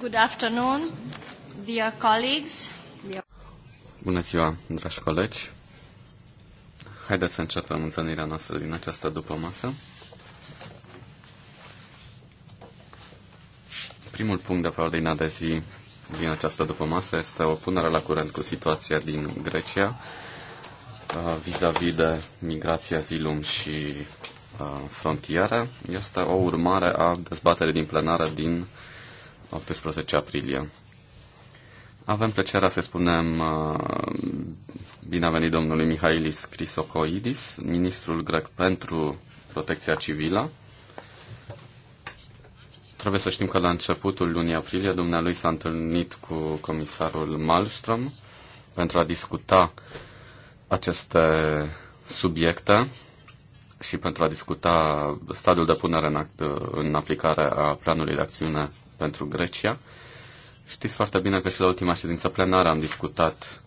Good afternoon, dear colleagues. Bună ziua, dragi colegi. Haideți să începem întâlnirea noastră din această după masă. Primul punct de pe ordinea de zi din această după masă este o punere la curent cu situația din Grecia uh, vis-a-vis -vis de migrația zilum și uh, frontiere. Este o urmare a dezbaterii din plenară din 18 aprilie. Avem plăcerea să spunem uh, bine a venit domnului Mihailis Crisocoidis, ministrul grec pentru protecția civilă. Trebuie să știm că la începutul lunii aprilie dumnealui s-a întâlnit cu comisarul Malmström pentru a discuta aceste subiecte și pentru a discuta stadiul de punere în, act, în aplicare a planului de acțiune pentru Grecia. Știți foarte bine că și la ultima ședință plenară am discutat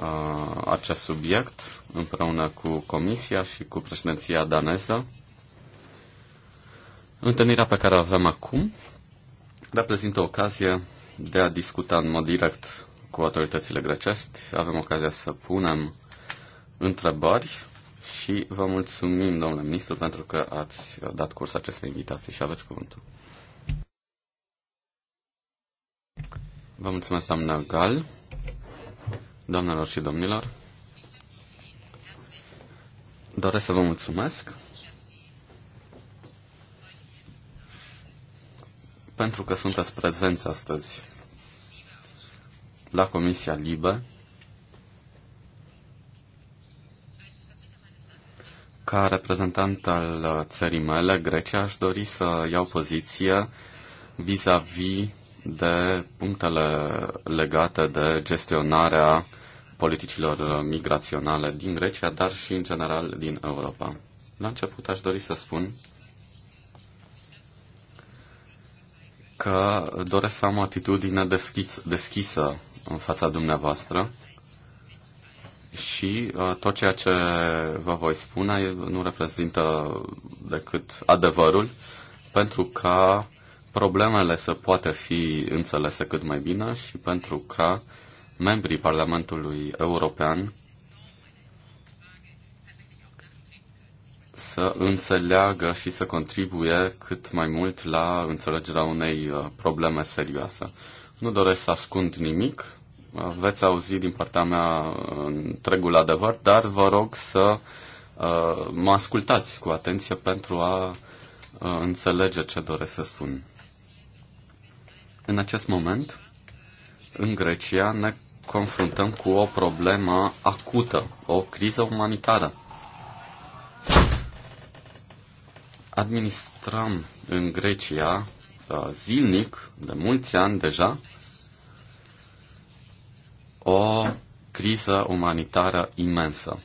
uh, acest subiect împreună cu Comisia și cu președinția daneză. Întâlnirea pe care o avem acum reprezintă ocazie de a discuta în mod direct cu autoritățile grecești. Avem ocazia să punem întrebări și vă mulțumim, domnule ministru, pentru că ați dat curs acestei invitații și aveți cuvântul. Vă mulțumesc, doamna Gal. Doamnelor și domnilor, doresc să vă mulțumesc pentru că sunteți prezenți astăzi la Comisia Libă, ca reprezentant al țării mele, Grecia, aș dori să iau poziție vis-a-vis de punctele legate de gestionarea politicilor migraționale din Grecia, dar și în general din Europa. La început aș dori să spun că doresc să am o atitudine deschis, deschisă în fața dumneavoastră și uh, tot ceea ce vă voi spune nu reprezintă decât adevărul, pentru uh, problemele să poată fi înțelese cât mai bine și pentru ca membrii Parlamentului European să înțeleagă și să contribuie cât mai mult la înțelegerea unei uh, probleme serioase. Nu doresc să ascund nimic, uh, veți auzi din partea mea uh, întregul adevăr, dar vă rog să mă ascultați cu atenție pentru a înțelege ce doresc să spun. În acest moment, în Grecia, ne confruntăm cu o problemă acută, o criză umanitară. Administrăm în Grecia uh, zilnic, de mulți ani deja, o criză umanitară imensă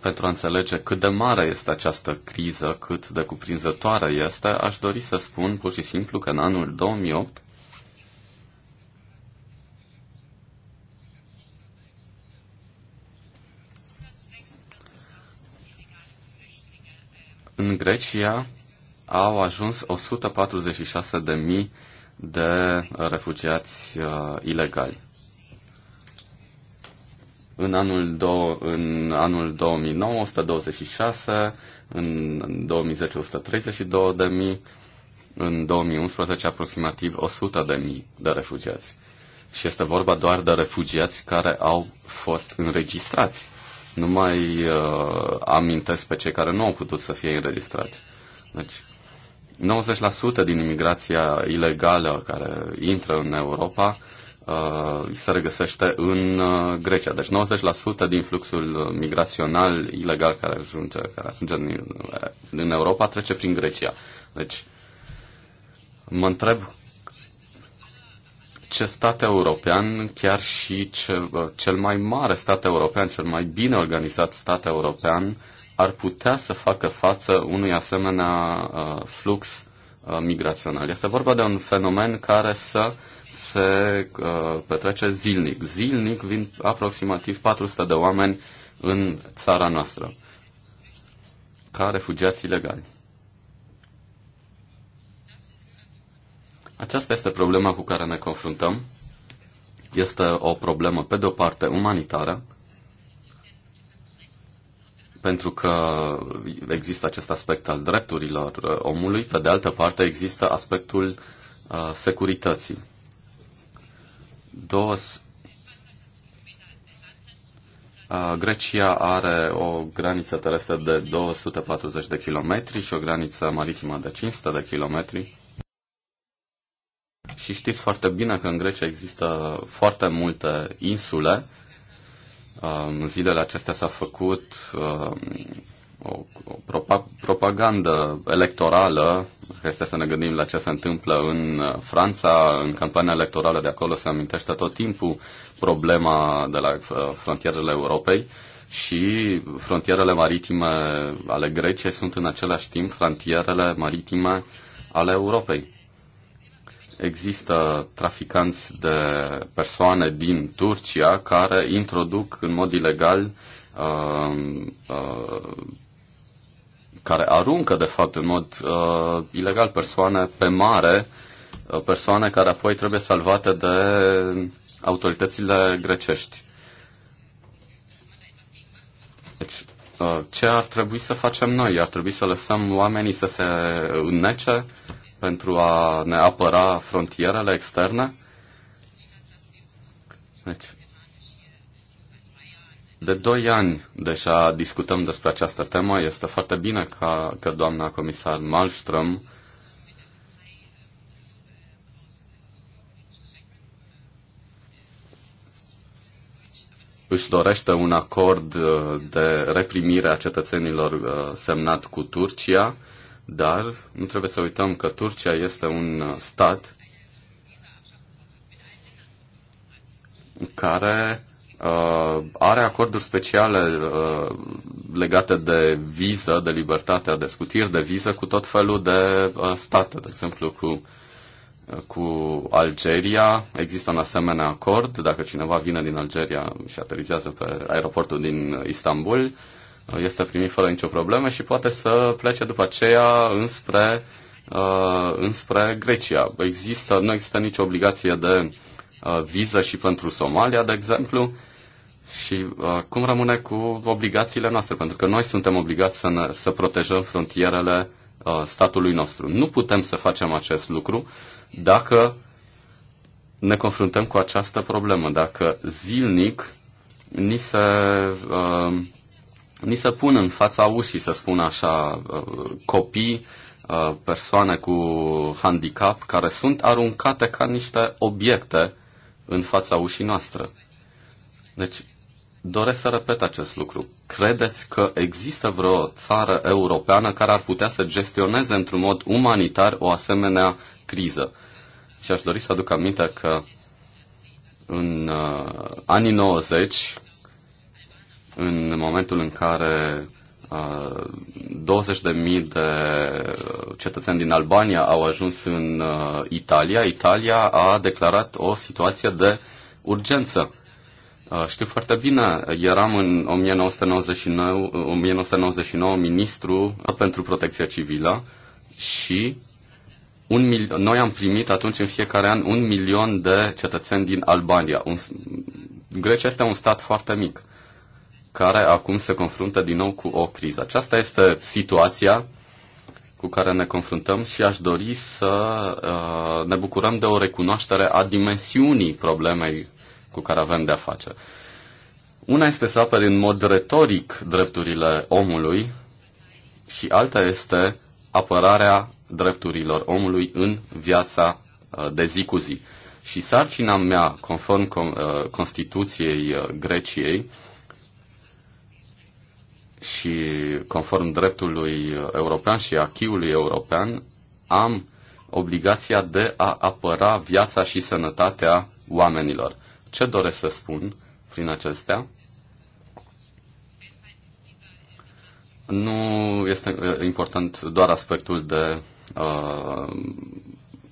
pentru a înțelege cât de mare este această criză, cât de cuprinzătoare este, aș dori să spun pur și simplu că în anul 2008 în Grecia au ajuns 146.000 de refugiați uh, ilegali în anul, do- în anul 2009 126, în 2010 132 de mii, în 2011 aproximativ 100 de mii de refugiați. Și este vorba doar de refugiați care au fost înregistrați. Nu mai uh, amintesc pe cei care nu au putut să fie înregistrați. Deci, 90% din imigrația ilegală care intră în Europa Uh, se regăsește în uh, Grecia. Deci 90% din fluxul migrațional ilegal care ajunge, care ajunge în, uh, în Europa trece prin Grecia. Deci mă întreb ce stat european, chiar și ce, cel mai mare stat european, cel mai bine organizat stat european, ar putea să facă față unui asemenea flux migrațional. Este vorba de un fenomen care să uh, se uh, petrece zilnic. Zilnic vin aproximativ 400 de oameni în țara noastră ca refugiați ilegali. Aceasta este problema cu care ne confruntăm. Este o problemă, pe de-o parte, umanitară, pentru că există acest aspect al drepturilor uh, omului, pe de altă parte există aspectul uh, securității două Grecia are o graniță terestră de 240 de kilometri și o graniță maritimă de 500 de kilometri. Și știți foarte bine că în Grecia există foarte multe insule. În zilele acestea s-a făcut o, o propagandă electorală este să ne gândim la ce se întâmplă în Franța, în campania electorală de acolo se amintește tot timpul problema de la uh, frontierele Europei și frontierele maritime ale Greciei sunt în același timp frontierele maritime ale Europei. Există traficanți de persoane din Turcia care introduc în mod ilegal uh, uh, care aruncă, de fapt, în mod uh, ilegal persoane pe mare, uh, persoane care apoi trebuie salvate de autoritățile grecești. Deci, uh, ce ar trebui să facem noi? Ar trebui să lăsăm oamenii să se înnece pentru a ne apăra frontierele externe? Deci, de doi ani deja discutăm despre această temă. Este foarte bine ca, că doamna comisar Malmström își dorește un acord uh, de reprimire a cetățenilor uh, semnat cu Turcia, dar nu trebuie să uităm că Turcia este un uh, stat care uh, are acorduri speciale uh, legate de viză, de libertatea de scutiri de viză cu tot felul de uh, state, de exemplu cu uh, cu Algeria. Există un asemenea acord. Dacă cineva vine din Algeria și aterizează pe aeroportul din Istanbul, uh, este primit fără nicio problemă și poate să plece după aceea înspre, uh, înspre Grecia. Există, nu există nicio obligație de Uh, viză și pentru Somalia, de exemplu, și uh, cum rămâne cu obligațiile noastre? Pentru că noi suntem obligați să, ne, să protejăm frontierele uh, statului nostru. Nu putem să facem acest lucru dacă ne confruntăm cu această problemă, dacă zilnic ni se, uh, ni se pun în fața ușii, să spun așa, uh, copii, uh, persoane cu handicap care sunt aruncate ca niște obiecte în fața ușii noastre. Deci, doresc să repet acest lucru. Credeți că există vreo țară europeană care ar putea să gestioneze într-un mod umanitar o asemenea criză? Și aș dori să aduc aminte că în uh, anii 90, în momentul în care 20.000 de cetățeni din Albania au ajuns în uh, Italia. Italia a declarat o situație de urgență. Uh, știu foarte bine, eram în 1999, 1999 uh, ministru pentru protecția civilă și un mil- noi am primit atunci în fiecare an un milion de cetățeni din Albania. Un, Grecia este un stat foarte mic. Uh, care acum se confruntă din nou cu o criză. Aceasta este situația cu care ne confruntăm și aș dori să uh, ne bucurăm de o recunoaștere a dimensiunii problemei cu care avem de-a face. Una este să aperi în mod retoric drepturile omului și alta este apărarea drepturilor omului în viața uh, de zi cu zi. Și sarcina mea, conform uh, Constituției Greciei, și conform dreptului european și achiului european, am obligația de a apăra viața și sănătatea oamenilor. Ce doresc să spun prin acestea? Nu este important doar aspectul de uh,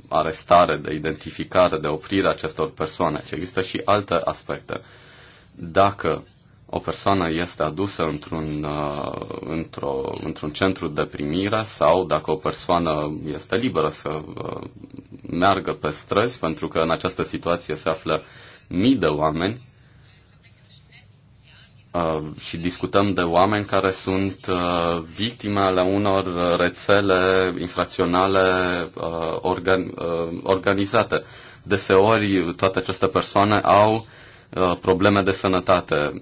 arestare, de identificare, de oprire acestor persoane, ci există și alte aspecte. Dacă o persoană este adusă într-un, uh, într-o, într-un centru de primire sau dacă o persoană este liberă să uh, meargă pe străzi, pentru că în această situație se află mii de oameni uh, și discutăm de oameni care sunt victime ale unor rețele infracționale organ, organizate. Deseori toate aceste persoane au probleme de sănătate,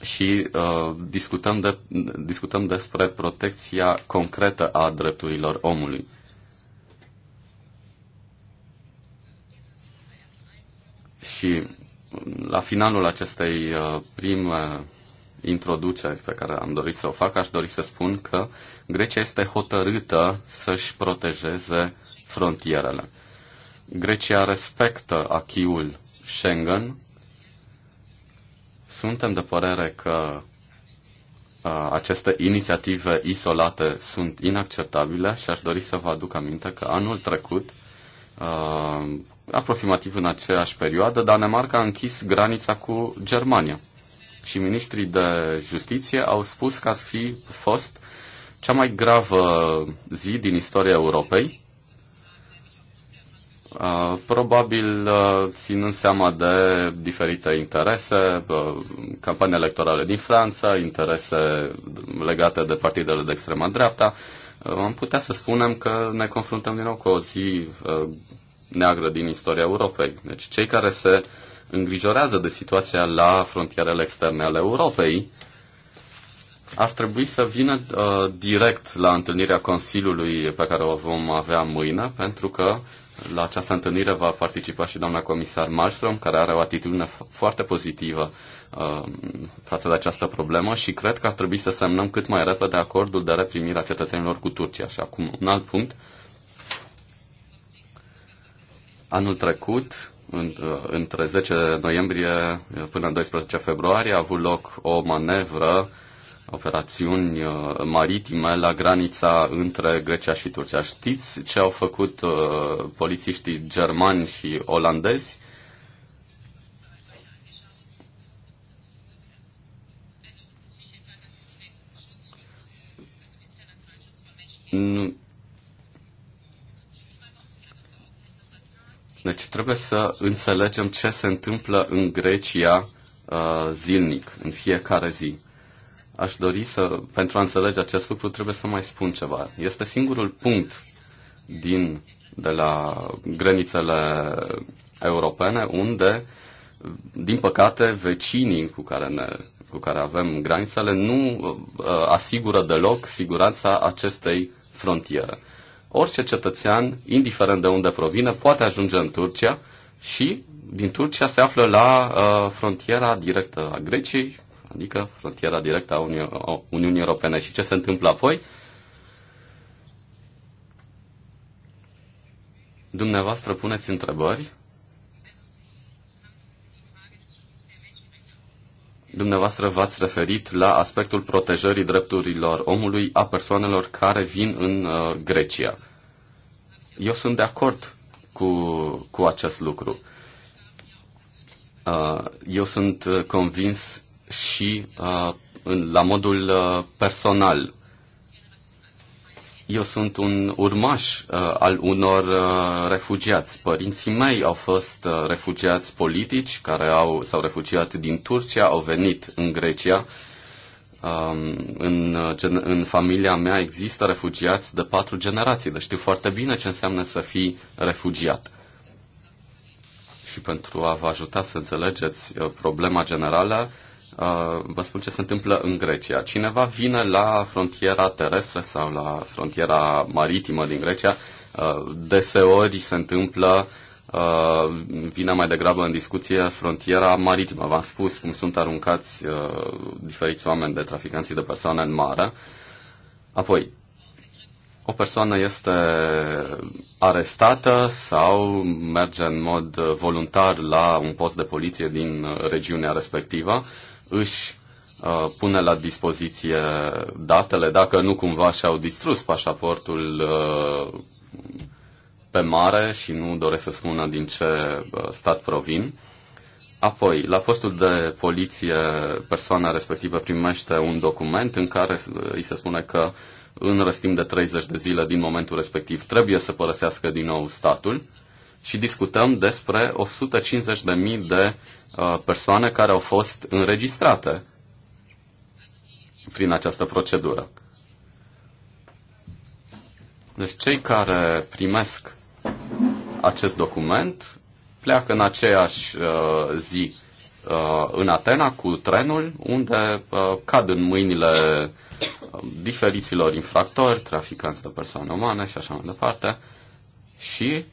și uh, discutăm, de, discutăm despre protecția concretă a drepturilor omului. Și mm, la finalul acestei uh, prime introduceri pe care am dorit să o fac, aș dori să spun că Grecia este hotărâtă să-și protejeze frontierele. Grecia respectă achiul Schengen suntem de părere că aceste inițiative izolate sunt inacceptabile și aș dori să vă aduc aminte că anul trecut, aproximativ în aceeași perioadă, Danemarca a închis granița cu Germania. Și ministrii de justiție au spus că ar fi fost cea mai gravă zi din istoria Europei Uh, probabil uh, ținând seama de diferite interese, uh, campanii electorale din Franța, interese legate de partidele de extrema dreapta, am putea să spunem că ne confruntăm din nou cu o zi neagră din istoria Europei. Deci cei care se îngrijorează de situația la frontierele externe ale Europei ar trebui să vină uh, direct la întâlnirea Consiliului pe care o vom avea mâine, pentru că la această întâlnire va participa și doamna comisar Malmström, care are o atitudine foarte pozitivă uh, față de această problemă și cred că ar trebui să semnăm cât mai repede acordul de reprimire a cetățenilor cu Turcia. Și acum, un alt punct. Anul trecut, în, uh, între 10 noiembrie până 12 februarie, a avut loc o manevră operațiuni uh, maritime la granița între Grecia și Turcia. Știți ce au făcut uh, polițiștii germani și olandezi? Nu. Deci trebuie să înțelegem ce se întâmplă în Grecia uh, zilnic, în fiecare zi aș dori să, pentru a înțelege acest lucru, trebuie să mai spun ceva. Este singurul punct din, de la granițele europene unde, din păcate, vecinii cu care, ne, cu care avem granițele nu uh, asigură deloc siguranța acestei frontiere. Orice cetățean, indiferent de unde provine, poate ajunge în Turcia și din Turcia se află la uh, frontiera directă a Greciei adică frontiera directă a, Uni- Uniunii Europene. Și ce se întâmplă apoi? Dumneavoastră puneți întrebări. Dumneavoastră v-ați referit la aspectul protejării drepturilor omului a persoanelor care vin în uh, Grecia. Eu sunt de acord cu, cu acest lucru. Uh, eu sunt uh, convins și uh, în, la modul uh, personal. Eu sunt un urmaș uh, al unor uh, refugiați. Părinții mei au fost uh, refugiați politici care au, s-au refugiat din Turcia, au venit în Grecia. Um, în, uh, în familia mea există refugiați de patru generații, deci știu foarte bine ce înseamnă să fii refugiat. Și pentru a vă ajuta să înțelegeți uh, problema generală, uh, Uh, vă spun ce se întâmplă în Grecia. Cineva vine la frontiera terestră sau la frontiera maritimă din Grecia, uh, deseori se întâmplă uh, vine mai degrabă în discuție frontiera maritimă. V-am spus cum sunt aruncați diferiți oameni de traficanții de persoane în mare. Apoi, o persoană este arestată sau merge în mod voluntar la un post de poliție din regiunea respectivă își uh, pune la dispoziție datele, dacă nu cumva și-au distrus pașaportul uh, pe mare și nu doresc să spună din ce uh, stat provin. Apoi, la postul de poliție, persoana respectivă primește un document în care îi se spune că în răstim de 30 de zile din momentul respectiv trebuie să părăsească din nou statul și discutăm despre 150.000 de uh, persoane care au fost înregistrate prin această procedură. Deci cei care primesc acest document pleacă în aceeași uh, zi uh, în Atena cu trenul, unde uh, cad în mâinile uh, diferiților infractori, traficanți de persoane umane și așa mai departe, și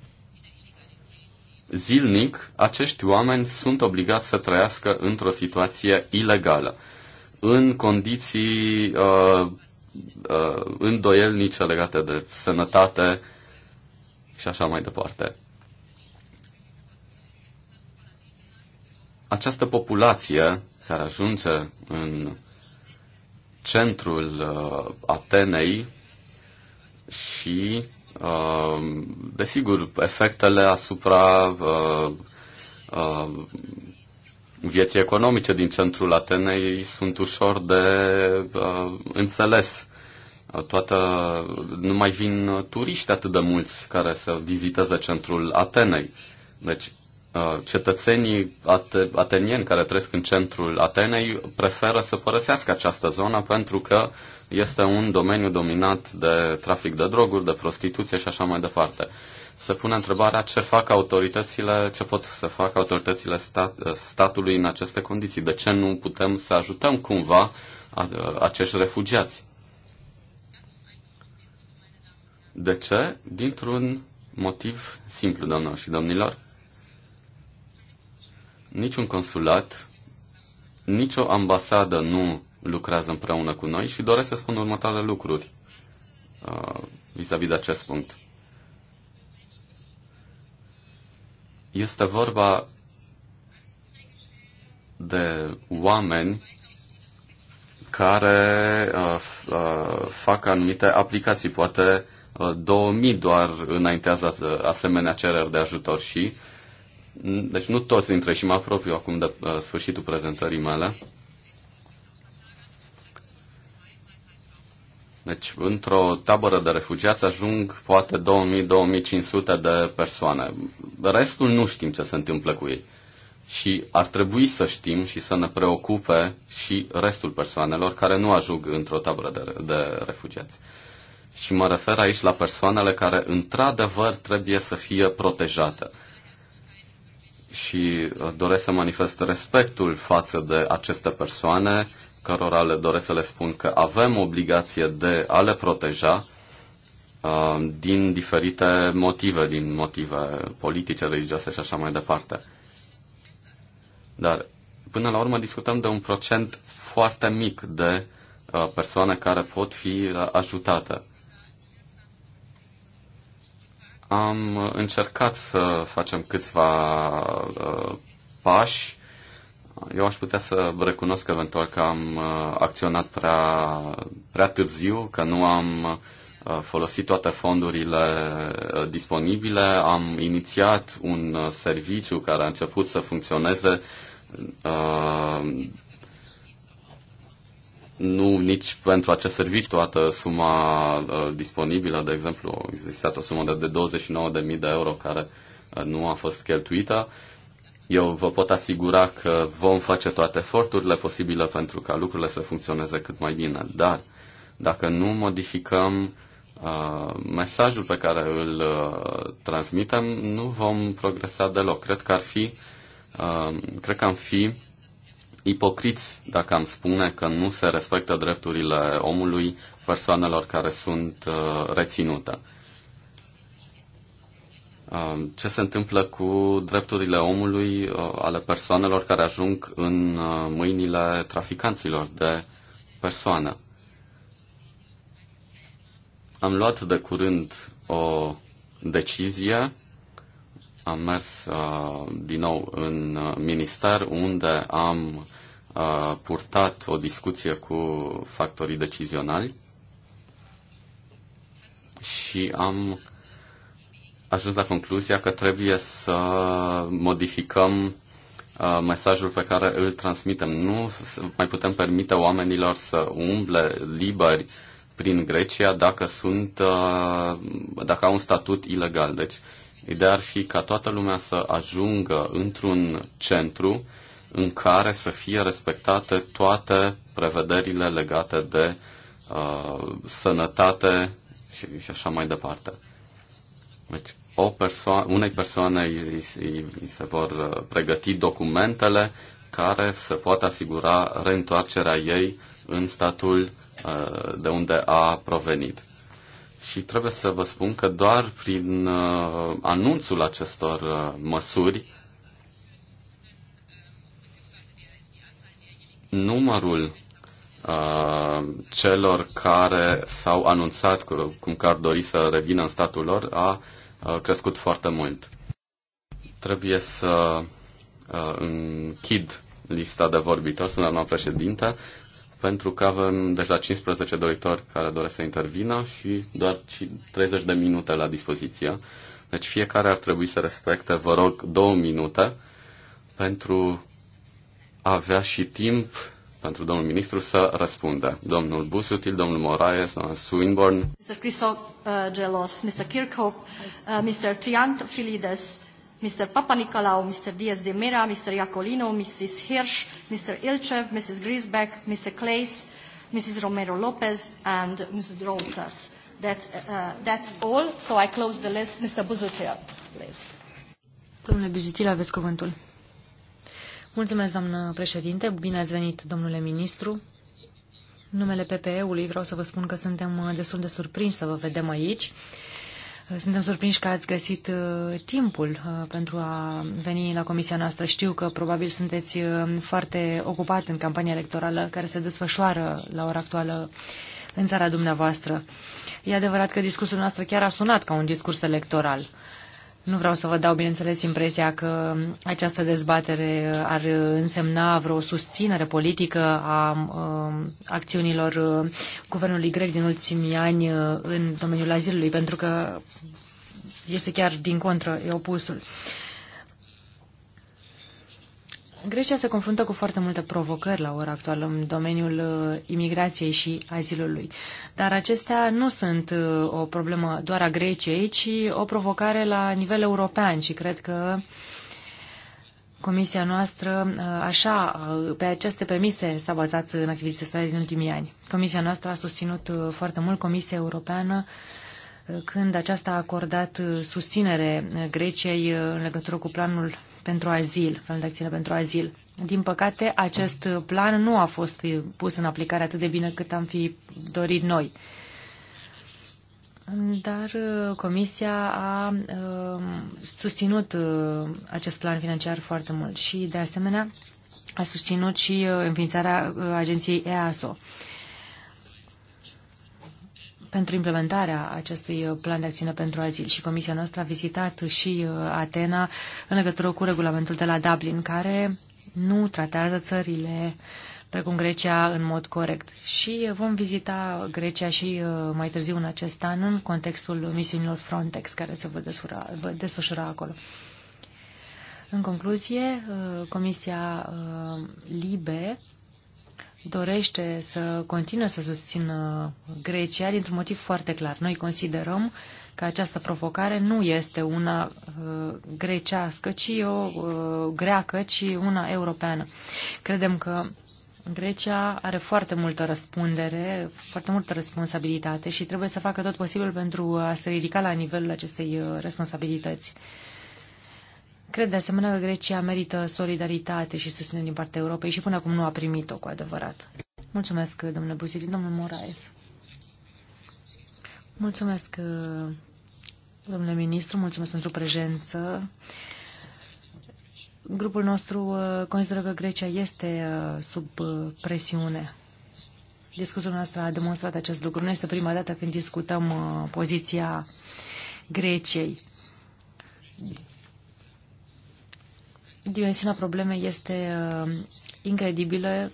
zilnic acești oameni sunt obligați să trăiască într-o situație ilegală, în condiții uh, uh, îndoielnice legate de sănătate și așa mai departe. Această populație care ajunge în centrul uh, Atenei și Um, desigur, efectele asupra uh, um, vieții economice din centrul Atenei sunt ușor de uh, înțeles. Uh, toată, nu mai vin turiști atât de mulți care să viziteze centrul Atenei. Deci Uh, cetățenii atenieni care trăiesc în centrul Atenei preferă să părăsească această zonă pentru că este un domeniu dominat de trafic de droguri, de prostituție și așa mai departe. Se pune întrebarea ce fac autoritățile, ce pot să facă autoritățile stat, uh, statului în aceste condiții. De ce nu putem să ajutăm cumva uh, acești refugiați? De ce? Dintr-un motiv simplu, doamnelor și domnilor niciun consulat, nicio ambasadă nu lucrează împreună cu noi și doresc să spun următoarele lucruri uh, vis-a-vis de acest punct. Este vorba de oameni care uh, uh, fac anumite aplicații, poate uh, 2000 doar înaintează asemenea cereri de ajutor și uh, deci nu toți dintre și mă apropiu acum de uh, sfârșitul prezentării mele. Deci, într-o tabără de refugiați ajung poate 2000-2500 de persoane. Restul nu știm ce se întâmplă cu ei. Și ar trebui să știm și să ne preocupe și restul persoanelor care nu ajung într-o tabără de, de refugiați. Și mă refer aici la persoanele care într-adevăr trebuie să fie protejate și uh, doresc să manifest respectul față de aceste persoane, cărora le doresc să le spun că avem obligație de a le proteja uh, din diferite motive, din motive politice, religioase și așa mai departe. Dar, până la urmă, discutăm de un procent foarte mic de uh, persoane care pot fi ajutate am încercat să facem câțiva uh, pași. Eu aș putea să recunosc eventual că am uh, acționat prea, prea târziu, că nu am uh, folosit toate fondurile uh, disponibile. Am inițiat un uh, serviciu care a început să funcționeze uh, nu nici pentru acest serviciu toată suma uh, disponibilă, de exemplu, există o sumă de, de 29.000 de euro care uh, nu a fost cheltuită. Eu vă pot asigura că vom face toate eforturile posibile pentru ca lucrurile să funcționeze cât mai bine, dar dacă nu modificăm uh, mesajul pe care îl uh, transmitem, nu vom progresa deloc. Cred că ar fi, uh, cred că am fi ipocriți dacă am spune că nu se respectă drepturile omului persoanelor care sunt uh, reținute. Um, ce se întâmplă cu drepturile omului uh, ale persoanelor care ajung în uh, mâinile traficanților de persoană? Am luat de curând o decizie am mers uh, din nou în uh, minister unde am uh, purtat o discuție cu factorii decizionali și am ajuns la concluzia că trebuie să modificăm uh, mesajul pe care îl transmitem. Nu mai putem permite oamenilor să umble liberi prin Grecia dacă sunt uh, dacă au un statut ilegal. Deci Ideea ar fi ca toată lumea să ajungă într-un centru în care să fie respectate toate prevederile legate de uh, sănătate și, și așa mai departe. Deci, o persoană, unei persoane îi, îi, îi se vor uh, pregăti documentele care se poate asigura reîntoarcerea ei în statul uh, de unde a provenit și trebuie să vă spun că doar prin uh, anunțul acestor uh, măsuri numărul uh, celor care s-au anunțat cum că ar dori să revină în statul lor a uh, crescut foarte mult. Trebuie să uh, închid lista de vorbitori, sunt la președinte pentru că avem deja 15 doritori care doresc să intervină și doar 30 de minute la dispoziție. Deci fiecare ar trebui să respecte, vă rog, două minute pentru a avea și timp pentru domnul ministru să răspundă. Domnul Busutil, domnul Moraes, domnul Swinburne. Mr. Uh, Gelos, Mr. Kirchhoff, uh, Mr. Filides. Mr. Papanikolaou, Mr. Diaz de Mera, Mr. Iacolino, Mrs. Hirsch, Mr. Ilchev, Mrs. Griesbeck, Mr. Claes, Mrs. Romero-Lopez, and Mrs. Rolzas. That, uh, uh, that's all. So I close the list. Mr. Buzutil, please. Domnule Bijitil, aveți cuvântul. Mulțumesc, doamnă președinte. Bine ați venit, domnule ministru. În numele PPE-ului vreau să vă spun că suntem uh, destul de surprinși să vă vedem aici. Uh, suntem surprinși că ați găsit uh, timpul uh, pentru a veni la comisia noastră. Știu că probabil sunteți uh, foarte ocupat în campania electorală care se desfășoară la ora actuală în țara dumneavoastră. E adevărat că discursul noastră chiar a sunat ca un discurs electoral. Nu vreau să vă dau, bineînțeles, impresia că această dezbatere ar însemna vreo susținere politică a um, acțiunilor uh, guvernului grec din ultimii ani uh, în domeniul azilului, pentru că este chiar din contră, e opusul. Uh, Grecia se confruntă cu foarte multe provocări la ora actuală în domeniul uh, imigrației și azilului, dar acestea nu sunt uh, o problemă doar a Greciei, ci o provocare la nivel european și cred că Comisia noastră, uh, așa, pe aceste premise s-a bazat în activitățile sale din ultimii ani. Comisia noastră a susținut foarte mult Comisia Europeană când aceasta a acordat susținere Greciei în legătură cu planul pentru azil, planul de acțiune pentru azil. Din păcate, acest plan nu a fost pus în aplicare atât de bine cât am fi dorit noi. Dar uh, Comisia a uh, susținut uh, acest plan financiar foarte mult și, de asemenea, a susținut și înființarea agenției EASO pentru implementarea acestui uh, plan de acțiune pentru azil și comisia noastră a vizitat și uh, Atena în legătură cu regulamentul de la Dublin, care nu tratează țările precum Grecia în mod corect. Și uh, vom vizita Grecia și mai târziu în acest an în contextul misiunilor Frontex care se vor desfășura, desfășura acolo. În concluzie, Comisia LIBE dorește să continue să susțină Grecia dintr-un motiv foarte clar. Noi considerăm că această provocare nu este una uh, grecească, ci o uh, greacă, ci una europeană. Credem că Grecia are foarte multă răspundere, foarte multă responsabilitate și trebuie să facă tot posibil pentru a se ridica la nivelul acestei uh, responsabilități. Uh, Cred de asemenea că Grecia merită solidaritate și susținere din partea Europei și până acum nu a primit-o cu adevărat. Mulțumesc, domnule Buzitin, domnule Moraes. Mulțumesc, domnule ministru, mulțumesc pentru prezență. Grupul nostru uh, consideră că Grecia este uh, sub uh, presiune. Discuția noastră a demonstrat acest lucru. Nu este prima dată când discutăm poziția Greciei dimensiunea problemei este uh, incredibilă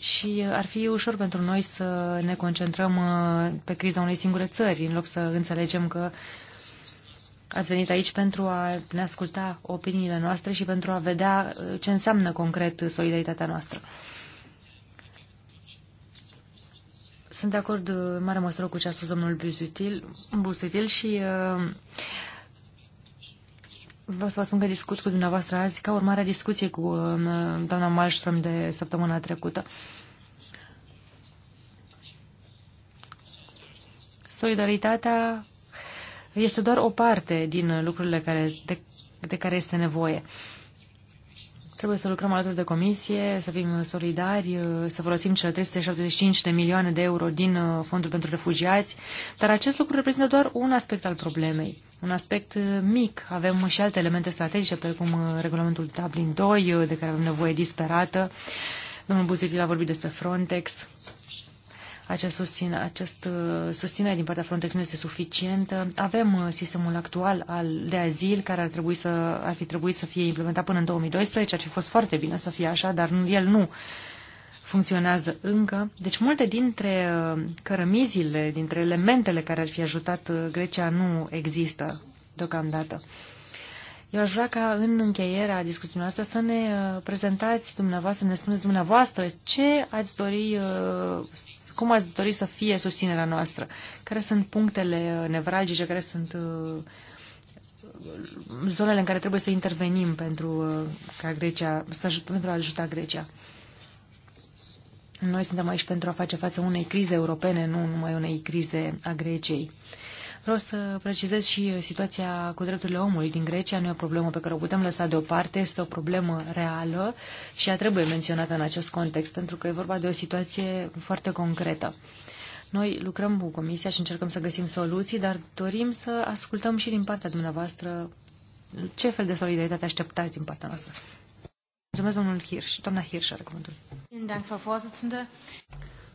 și uh, ar fi ușor pentru noi să ne concentrăm uh, pe criza unei singure țări, în loc să înțelegem că ați venit aici pentru a ne asculta opiniile noastre și pentru a vedea ce înseamnă concret solidaritatea noastră. Sunt de acord în mare măsură cu ce a spus domnul Busutil, Busutil și uh, Vreau să vă spun că discut cu dumneavoastră azi ca urmare a discuției cu um, doamna Malmström de săptămâna trecută. Solidaritatea este doar o parte din lucrurile care, de, de care este nevoie. Uh, Trebuie să lucrăm alături de comisie, să fim solidari, uh, să folosim cele 375 de milioane de euro din uh, Fondul pentru Refugiați, dar acest lucru reprezintă doar un aspect al problemei, un aspect uh, mic. Avem și alte elemente strategice, precum regulamentul Dublin 2, de care avem nevoie disperată. Domnul Buzitil a vorbit despre Frontex acest susține, acest uh, susținere din partea Frontex nu este suficientă. Avem uh, sistemul actual al, de azil care ar, trebui să, ar fi trebuit să fie implementat până în 2012, ar fi fost foarte bine să fie așa, dar el nu funcționează încă. Deci multe dintre uh, cărămizile, dintre elementele care ar fi ajutat Grecia nu există deocamdată. Eu aș vrea ca în încheierea discuției noastre să ne prezentați dumneavoastră, să ne spuneți dumneavoastră ce ați dori cum ați dori să fie susținerea noastră? Care sunt punctele nevralgice, care sunt uh, zonele în care trebuie să intervenim pentru, uh, ca Grecia, să, pentru a ajuta Grecia? Noi suntem aici pentru a face față unei crize europene, nu numai unei crize a Greciei. Vreau să precizez și uh, situația cu drepturile omului din Grecia. Nu e o problemă pe care o putem lăsa deoparte, este o problemă reală și ea trebuie menționată în acest context, pentru că e vorba de o situație foarte concretă. Noi lucrăm cu Comisia și încercăm să găsim soluții, dar dorim să ascultăm și din partea dumneavoastră ce fel de solidaritate așteptați din partea noastră. Mulțumesc, domnul Hirsch. Doamna Hirsch are cuvântul.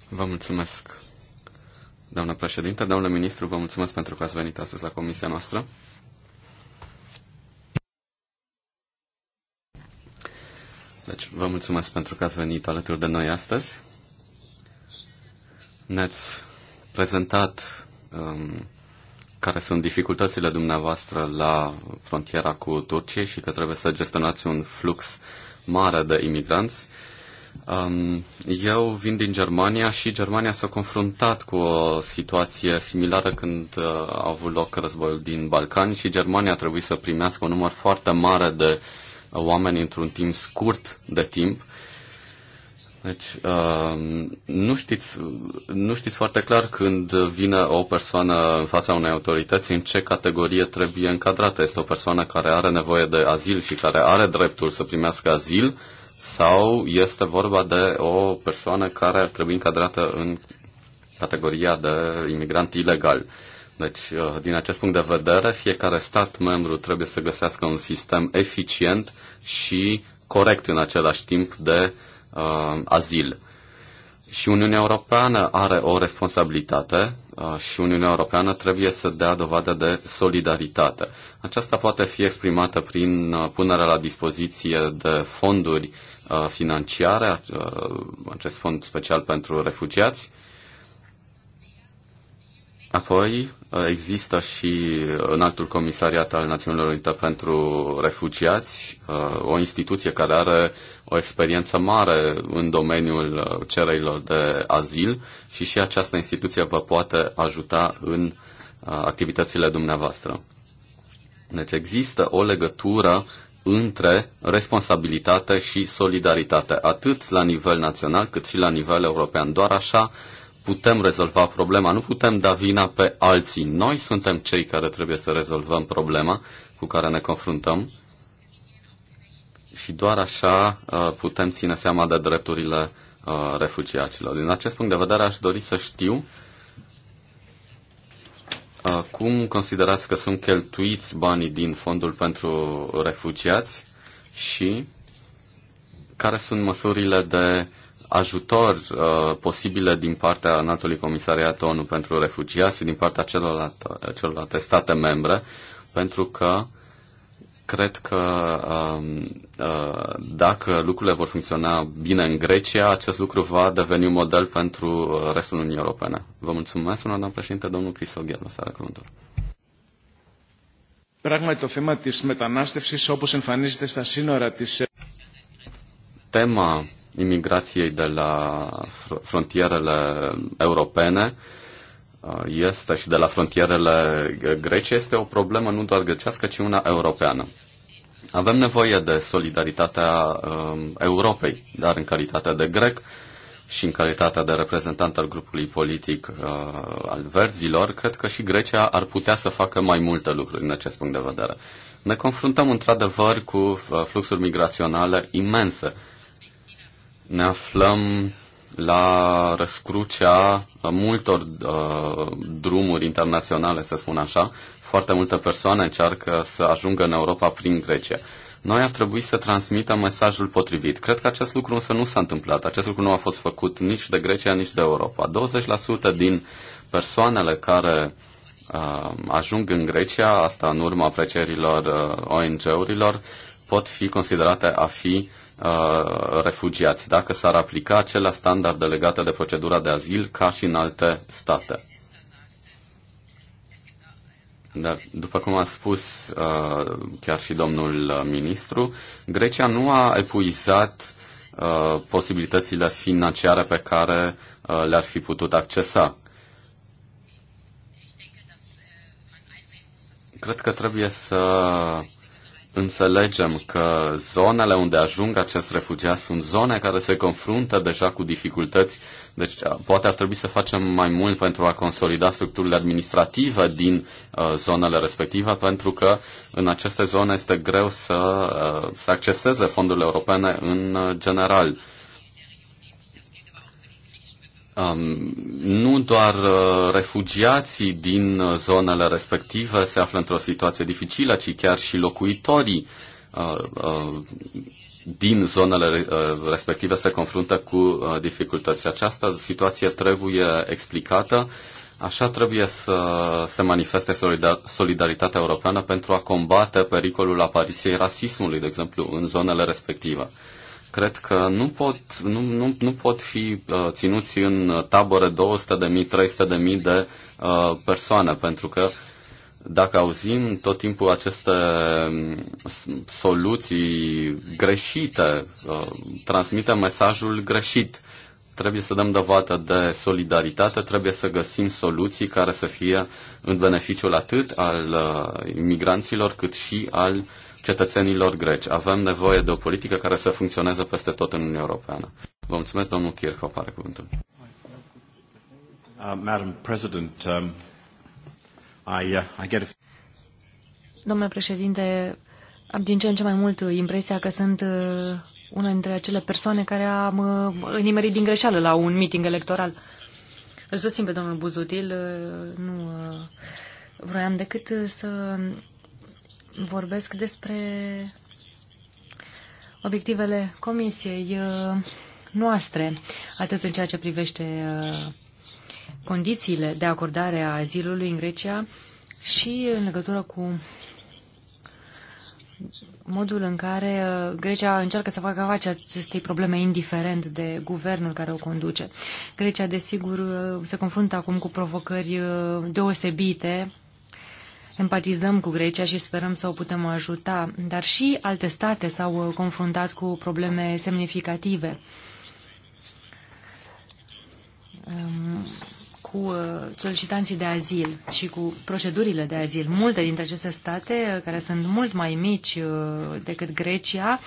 Vă mulțumesc, Doamna președinte. Domnule ministru, vă mulțumesc pentru că ați venit astăzi la comisia noastră. Deci, vă mulțumesc pentru că ați venit alături de noi astăzi. Ne-ați prezentat um, care sunt dificultățile dumneavoastră la frontiera cu Turcia și că trebuie să gestionați un flux mare de imigranți. Uh, Um, eu vin din Germania și Germania s-a confruntat cu o situație similară când uh, a avut loc războiul din Balcani și Germania a trebuit să primească un număr foarte mare de oameni într-un timp scurt de timp. Deci, uh, nu, știți, nu știți foarte clar când vine o persoană în fața unei autorități în ce categorie trebuie încadrată. Este o persoană care are nevoie de azil și care are dreptul să primească azil sau este vorba de o persoană care ar trebui încadrată în categoria de imigrant ilegal. Deci, uh, din acest punct de vedere, fiecare stat membru trebuie să găsească un sistem eficient și corect în același timp de uh, azil. Și Uniunea Europeană are o responsabilitate uh, și Uniunea Europeană trebuie să dea dovadă de solidaritate. Aceasta poate fi exprimată prin uh, punerea la dispoziție de fonduri uh, Uh, financiare, uh, acest fond special pentru refugiați. Apoi uh, există și în altul comisariat al Națiunilor Unite pentru Refugiați, o instituție care are o experiență mare în domeniul cererilor de azil și și această instituție vă poate ajuta în activitățile dumneavoastră. Deci există o legătură între responsabilitate și solidaritate, atât la nivel național cât și la nivel european. Doar așa putem rezolva problema, nu putem da vina pe alții. Noi suntem cei care trebuie să rezolvăm problema cu care ne confruntăm și doar așa uh, putem ține seama de drepturile uh, refugiaților. Din acest punct de vedere aș dori să știu cum considerați că sunt cheltuiți banii din fondul pentru refugiați și care sunt măsurile de ajutor uh, posibile din partea înaltului comisariat ONU pentru refugiați și din partea celorlalte, celorlalte state membre, pentru că Cred că um, uh, dacă lucrurile vor funcționa bine în Grecia, acest lucru va deveni un model pentru uh, restul Uniunii Europene. Vă mulțumesc, doamna președinte, domnul Crisoghel, să are cuvântul. Πράγματι το θέμα της μετανάστευσης όπως εμφανίζεται στα σύνορα της... Θέμα imigrației de la frontierele europene Uh, este și de la frontierele Greciei este o problemă nu doar grecească, ci una europeană. Avem nevoie de solidaritatea uh, Europei, dar în calitate de grec și în calitatea de reprezentant al grupului politic uh, al verzilor, cred că și Grecia ar putea să facă mai multe lucruri în acest punct de vedere. Ne confruntăm într-adevăr cu uh, fluxuri migraționale imense. Ne aflăm la răscrucea multor uh, drumuri internaționale, să spun așa. Foarte multe persoane încearcă să ajungă în Europa prin Grecia. Noi ar trebui să transmitem mesajul potrivit. Cred că acest lucru însă nu s-a întâmplat. Acest lucru nu a fost făcut nici de Grecia, nici de Europa. 20% din persoanele care uh, ajung în Grecia, asta în urma aprecierilor uh, ONG-urilor, pot fi considerate a fi uh, Uh, refugiați, dacă s-ar aplica acelea standarde legate de procedura de azil ca și în alte state. Dar, după cum a spus uh, chiar și domnul ministru, Grecia nu a epuizat uh, posibilitățile financiare pe care uh, le-ar fi putut accesa. Cred că trebuie să înțelegem că zonele unde ajung acești refugiați sunt zone care se confruntă deja cu dificultăți, deci poate ar trebui să facem mai mult pentru a consolida structurile administrative din uh, zonele respective, pentru că în aceste zone este greu să, uh, să acceseze fondurile europene în uh, general. Um, nu doar uh, refugiații din uh, zonele respective se află într-o situație dificilă, ci chiar și locuitorii uh, uh, din zonele uh, respective se confruntă cu dificultăți. această situație trebuie explicată. Așa trebuie să se manifeste solidaritatea europeană pentru a combate pericolul apariției rasismului, de exemplu, în zonele respective cred că nu pot, nu, nu, nu pot fi uh, ținuți în tabăre 200 de mii, 300 de mii de uh, persoane, pentru că dacă auzim tot timpul aceste um, soluții greșite, uh, transmite mesajul greșit. Trebuie să dăm dovadă de solidaritate, trebuie să găsim soluții care să fie în beneficiul atât al uh, imigranților cât și al uh, cetățenilor greci. Avem nevoie de o politică care să funcționeze peste tot în Uniunea Europeană. Vă mulțumesc, domnul Kirchhoff, pare cuvântul. Uh, um, uh, Domnule președinte, am din ce în ce mai mult impresia că sunt uh, una dintre acele persoane care am nimerit din greșeală la un meeting electoral. Îl susțin pe domnul Buzutil, nu vroiam decât să vorbesc despre obiectivele comisiei uh, noastre, atât în ceea ce privește uh, condițiile de acordare a azilului în Grecia și în legătură cu modul în care uh, Grecia încearcă să facă face acestei probleme indiferent de guvernul care o conduce. Grecia, desigur, se confruntă acum cu provocări deosebite empatizăm cu Grecia și sperăm să o putem ajuta, dar și alte state s-au uh, confruntat cu probleme semnificative um, cu uh, solicitanții de azil și cu procedurile de azil. Multe dintre aceste state, uh, care sunt mult mai mici decât Grecia,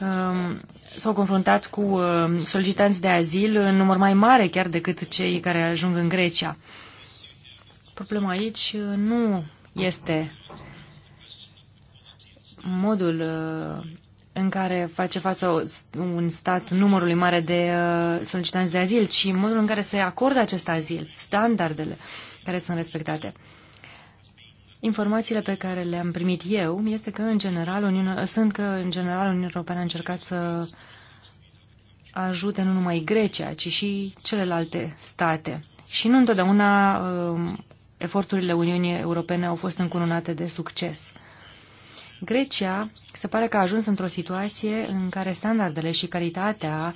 um, s-au confruntat cu solicitanți de azil în număr mai mare chiar decât cei care ajung în Grecia. Problema aici nu este modul uh, în care face față un stat numărului mare de uh, solicitanți de azil, ci modul în care se acordă acest azil, standardele care sunt respectate. Informațiile pe care le-am primit eu este că în general Uniunea, sunt că în general Uniunea Europeană a încercat să ajute nu numai Grecia, ci și celelalte state. Și nu întotdeauna uh, eforturile Uniunii Europene au fost încununate de succes. Grecia se pare că a ajuns într-o situație în care standardele și calitatea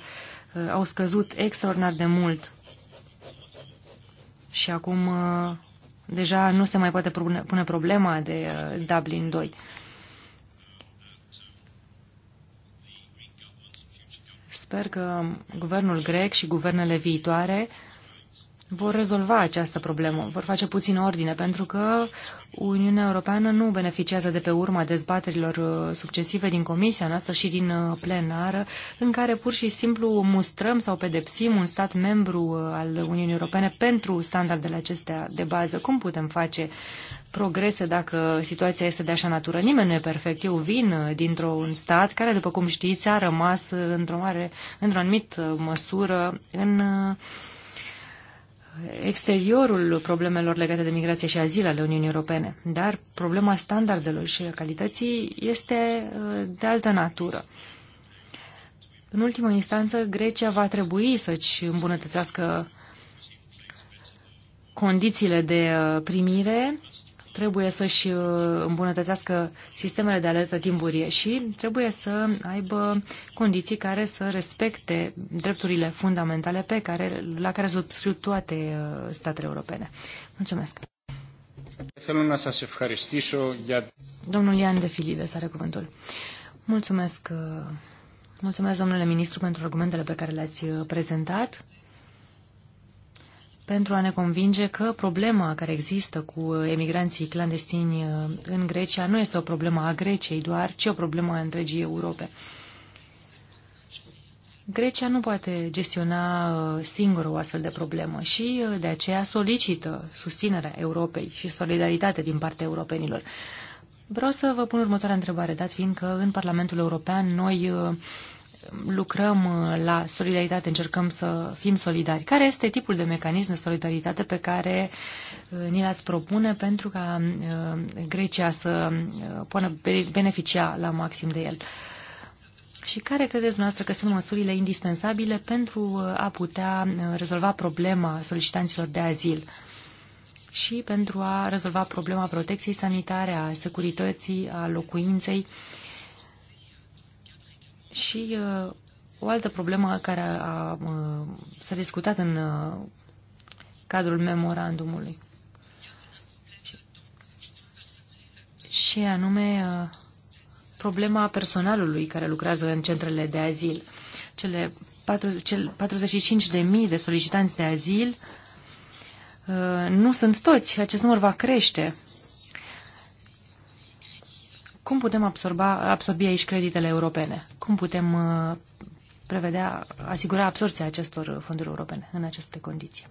uh, au scăzut extraordinar de mult și acum uh, deja nu se mai poate pune problema de uh, Dublin 2. Sper că guvernul grec și guvernele viitoare uh, vor rezolva această problemă, vor face puțin ordine, pentru că Uniunea Europeană nu beneficiază de pe urma dezbaterilor uh, succesive din comisia noastră și din uh, plenară, în care pur și simplu mustrăm sau pedepsim un stat membru uh, al Uniunii Europene pentru standardele acestea de bază. Cum putem face progrese dacă situația este de așa natură? Nimeni nu e perfect. Eu vin dintr-un stat care, după cum știți, a rămas într-o mare, într-o anumită măsură în exteriorul problemelor legate de migrație și azil ale Uniunii Europene, dar problema standardelor și a calității este uh, de altă natură. În ultimă instanță, Grecia va trebui să-și îmbunătățească condițiile de uh, primire trebuie să-și uh, îmbunătățească sistemele de alertă timpurie și trebuie să aibă condiții care să respecte drepturile fundamentale pe care, la care subscriu toate uh, statele europene. Mulțumesc! Domnul Ian de Filides are cuvântul. Mulțumesc, uh, mulțumesc domnule ministru pentru argumentele pe care le-ați prezentat pentru a ne convinge că problema care există cu uh, emigranții clandestini uh, în Grecia nu este o problemă a Greciei doar, ci o problemă a întregii Europe. Grecia nu poate gestiona uh, singură o astfel de problemă și de aceea solicită susținerea Europei și solidaritate din partea europenilor. Vreau să vă pun următoarea întrebare, dat fiind că în Parlamentul European noi lucrăm uh, la solidaritate, încercăm să fim solidari. Care este tipul de mecanism de solidaritate pe care uh, ni l-ați propune pentru ca uh, Grecia să poată beneficia la maxim de el? Și care credeți dumneavoastră că sunt măsurile indispensabile pentru a putea rezolva problema solicitanților de azil și pentru a rezolva problema protecției sanitare, a securității, a locuinței? Uh, și uh, o altă problemă care a, a, s-a discutat în uh, cadrul memorandumului. Și, anume uh, problema personalului care lucrează în centrele de azil. Cele 45.000 de, solicitanți de azil uh, nu sunt toți. Acest număr va crește cum putem absorba, absorbi aici creditele europene? Cum putem uh, prevedea, asigura absorția acestor fonduri europene în aceste condiții?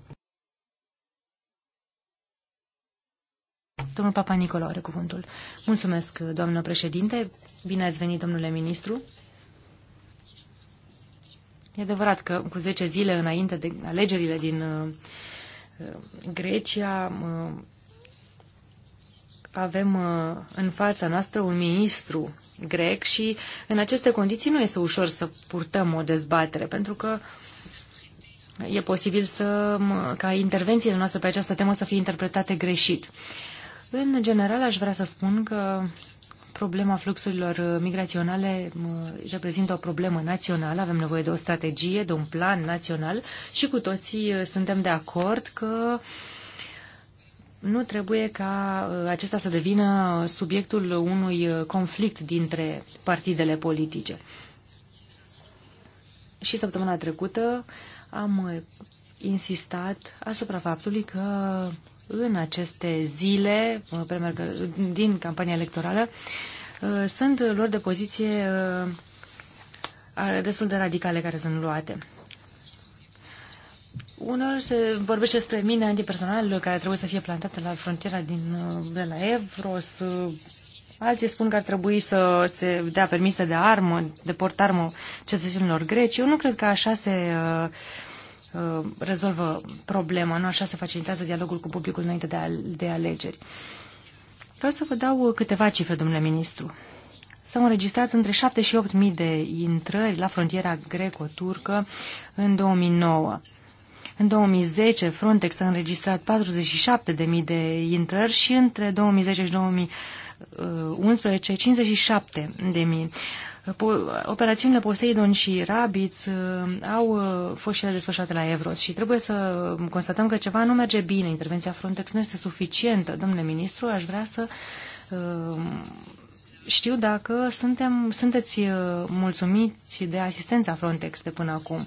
Domnul Papa Nicola are cuvântul. Mulțumesc, doamnă președinte. Bine ați venit, domnule ministru. E adevărat că cu 10 zile înainte de alegerile din uh, Grecia, uh, avem uh, în fața noastră un ministru grec și în aceste condiții nu este ușor să purtăm o dezbatere, pentru că e posibil să, ca intervențiile noastre pe această temă să fie interpretate greșit. În general, aș vrea să spun că problema fluxurilor migraționale uh, reprezintă o problemă națională, avem nevoie de o strategie, de un plan național și cu toții uh, suntem de acord că uh, nu trebuie ca uh, acesta să devină subiectul unui uh, conflict dintre partidele politice. Și săptămâna trecută am uh, insistat asupra faptului că în aceste zile din campania electorală sunt lor de poziție destul de radicale care sunt luate. Unor se vorbește despre mine antipersonal care trebuie să fie plantate la frontiera din, uh, de la Evros. Uh, alții spun că ar trebui să se dea permise de armă, de port armă cetățenilor greci. Eu nu cred că așa se uh, rezolvă problema, nu așa se facilitează dialogul cu publicul înainte de, de alegeri. Vreau să vă dau câteva cifre, domnule ministru. S-au înregistrat între 7 și 8 mii de intrări la frontiera greco-turcă în 2009. În 2010, Frontex a înregistrat 47.000 de intrări și între 2010 și 2011, 57.000. Operațiunile Poseidon și Rabbit uh, au uh, fost și ele desfășurate la Evros și trebuie să constatăm că ceva nu merge bine. Intervenția Frontex nu este suficientă. Domnule ministru, aș vrea să uh, știu dacă suntem, sunteți mulțumiți de asistența Frontex de până acum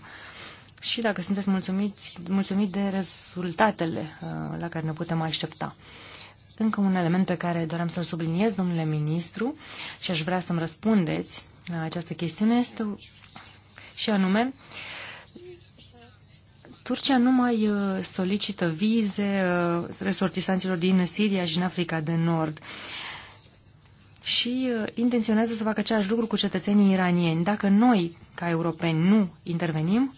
și dacă sunteți mulțumiți, mulțumit de rezultatele uh, la care ne putem aștepta. Încă un element pe care doream să-l subliniez, domnule ministru, și aș vrea să-mi răspundeți la această chestiune, este și anume, Turcia nu mai uh, solicită vize uh, resortisanților din Siria și în Africa de Nord și intenționează să facă același lucru cu cetățenii iranieni. Dacă noi, ca europeni, nu intervenim,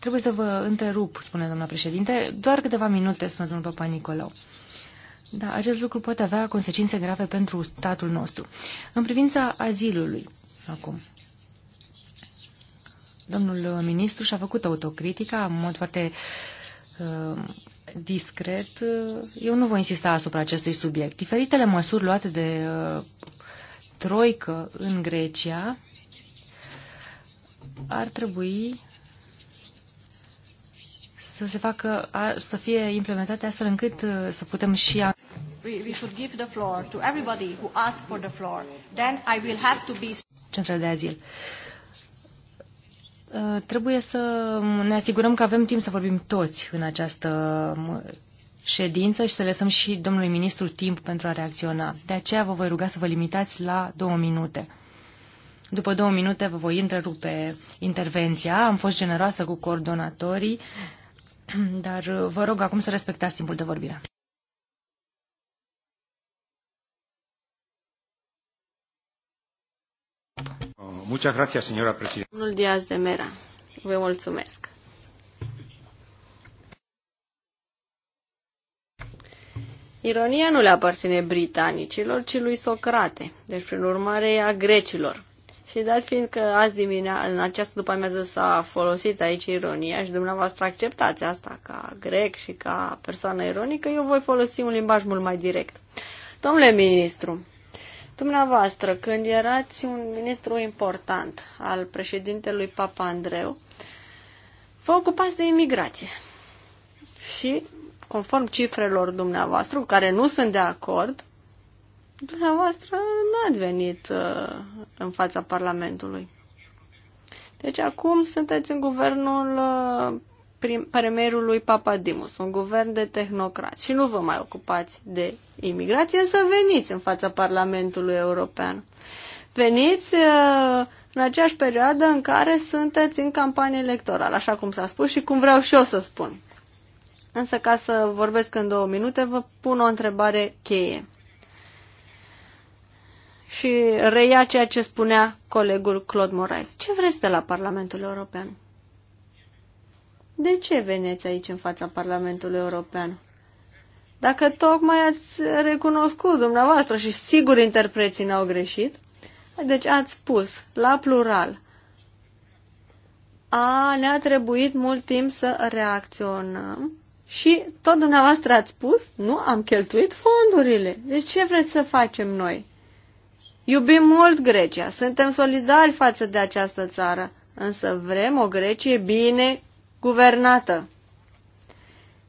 Trebuie să vă întrerup, spune doamna președinte, doar câteva minute, spune domnul Papa Nicolau. Da, acest lucru poate avea consecințe grave pentru statul nostru. În privința azilului, acum, domnul ministru și-a făcut autocritica în mod foarte uh, discret. Eu nu voi insista asupra acestui subiect. Diferitele măsuri luate de uh, troică în Grecia ar trebui să se facă, să fie implementate astfel încât uh, să putem și a... We, we should give the floor to everybody who asked for the floor. Then I will have to be... Centrele de azil. Uh, trebuie să ne asigurăm că avem timp să vorbim toți în această uh, ședință și să lăsăm și domnului ministru timp pentru a reacționa. De aceea vă voi ruga să vă limitați la două minute. După două minute vă voi întrerupe intervenția. Am fost generoasă cu coordonatorii dar uh, vă rog acum să respectați timpul de vorbire. Muchas gracias, señora presidenta. Domnul Diaz de Mera, vă mulțumesc. Ironia nu le aparține britanicilor, ci lui Socrate, deci prin urmare a grecilor. Și dat fiind că azi diminea în această după amiază s-a folosit aici ironia și dumneavoastră acceptați asta ca grec și ca persoană ironică, eu voi folosi un limbaj mult mai direct. Domnule ministru, dumneavoastră, când erați un ministru important al președintelui Papa Andreu, vă ocupați de imigrație. Și, conform cifrelor dumneavoastră, cu care nu sunt de acord, Dumneavoastră nu ați venit uh, în fața Parlamentului. Deci acum sunteți în guvernul uh, premierului Papadimus, un guvern de tehnocrați și nu vă mai ocupați de imigrație, să veniți în fața Parlamentului European. Veniți uh, în aceeași perioadă în care sunteți în campanie electorală, așa cum s-a spus și cum vreau și eu să spun. Însă ca să vorbesc în două minute, vă pun o întrebare cheie și reia ceea ce spunea colegul Claude Moraes. Ce vreți de la Parlamentul European? De ce veneți aici în fața Parlamentului European? Dacă tocmai ați recunoscut dumneavoastră și sigur interpreții n-au greșit, deci ați spus la plural a, ne-a trebuit mult timp să reacționăm și tot dumneavoastră ați spus, nu am cheltuit fondurile. Deci ce vreți să facem noi? Iubim mult Grecia, suntem solidari față de această țară, însă vrem o Grecie bine guvernată.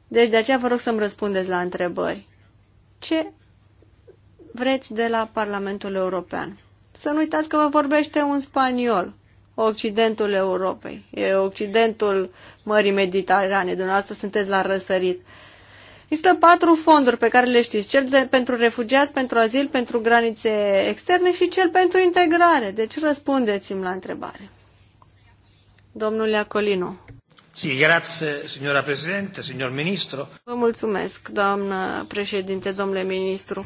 Deci de aceea vă rog să-mi răspundeți la întrebări. Ce vreți de la Parlamentul European? Să nu uitați că vă vorbește un spaniol, Occidentul Europei, e Occidentul Mării Mediterane, dumneavoastră sunteți la răsărit. Există patru fonduri pe care le știți, cel de, pentru refugiați, pentru azil, pentru granițe externe și cel pentru integrare. Deci răspundeți-mi la întrebare. Domnule Acolino. Sì, grazie signora Presidente, signor Ministro. Vă mulțumesc, doamnă președinte, domnule ministru.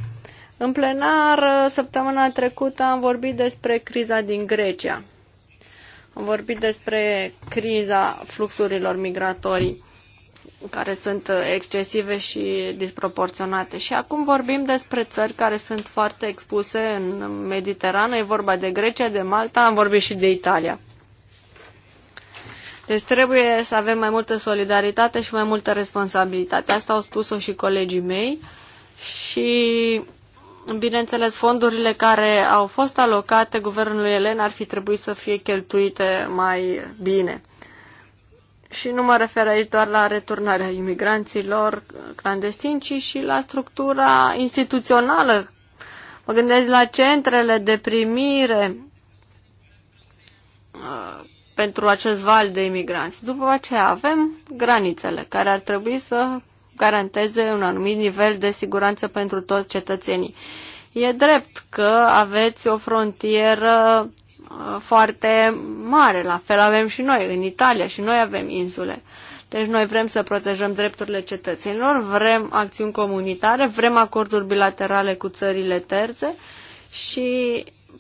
În plenar, săptămâna trecută am vorbit despre criza din Grecia. Am vorbit despre criza fluxurilor migratorii care sunt uh, excesive și disproporționate. Și acum vorbim despre țări care sunt foarte expuse în Mediterană, e vorba de Grecia, de Malta, am vorbit și de Italia. Deci trebuie să avem mai multă solidaritate și mai multă responsabilitate. Asta au spus-o și colegii mei și, bineînțeles, fondurile care au fost alocate guvernului Elen ar fi trebuit să fie cheltuite mai bine. Și nu mă refer aici doar la returnarea imigranților clandestini, ci și la structura instituțională. Mă gândesc la centrele de primire uh, pentru acest val de imigranți. După aceea avem granițele care ar trebui să garanteze un anumit nivel de siguranță pentru toți cetățenii. E drept că aveți o frontieră Uh, foarte mare. La fel avem și noi, în Italia, și noi avem insule. Deci noi vrem să protejăm drepturile cetățenilor, vrem acțiuni comunitare, vrem acorduri bilaterale cu țările terțe și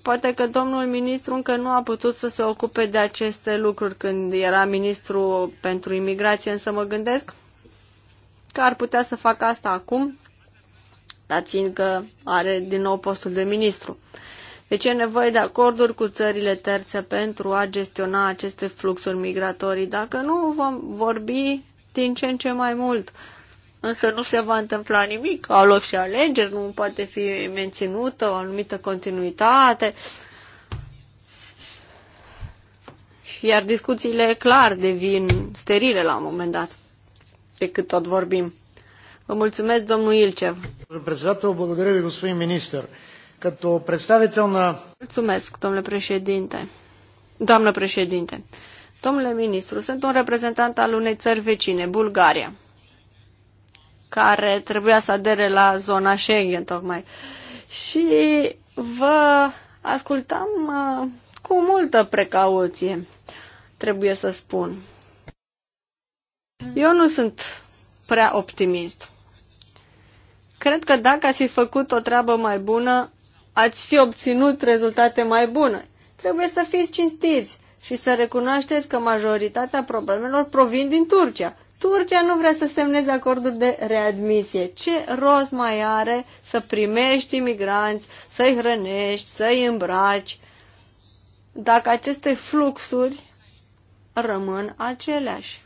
poate că domnul ministru încă nu a putut să se ocupe de aceste lucruri când era ministru pentru imigrație, însă mă gândesc că ar putea să facă asta acum, dar fiindcă că are din nou postul de ministru. Deci e nevoie de acorduri cu țările terțe pentru a gestiona aceste fluxuri migratorii. Dacă nu, vom vorbi din ce în ce mai mult. Însă nu se va întâmpla nimic. Au loc și alegeri, nu poate fi menținută o anumită continuitate. Iar discuțiile clar devin sterile la un moment dat, de cât tot vorbim. Vă mulțumesc, domnul Ilcev. Președinte, vă mulțumesc, ministru като представител на... Mulțumesc, domnule președinte. Doamnă președinte, domnule ministru, sunt un reprezentant al unei țări vecine, Bulgaria, care trebuia să adere la zona Schengen, tocmai. Și vă ascultam uh, cu multă precauție, trebuie să spun. Eu nu sunt prea optimist. Cred că dacă ați fi făcut o treabă mai bună, ați fi obținut rezultate mai bune. Trebuie să fiți cinstiți și să recunoașteți că majoritatea problemelor provin din Turcia. Turcia nu vrea să semneze acorduri de readmisie. Ce rost mai are să primești imigranți, să-i hrănești, să-i îmbraci, dacă aceste fluxuri rămân aceleași?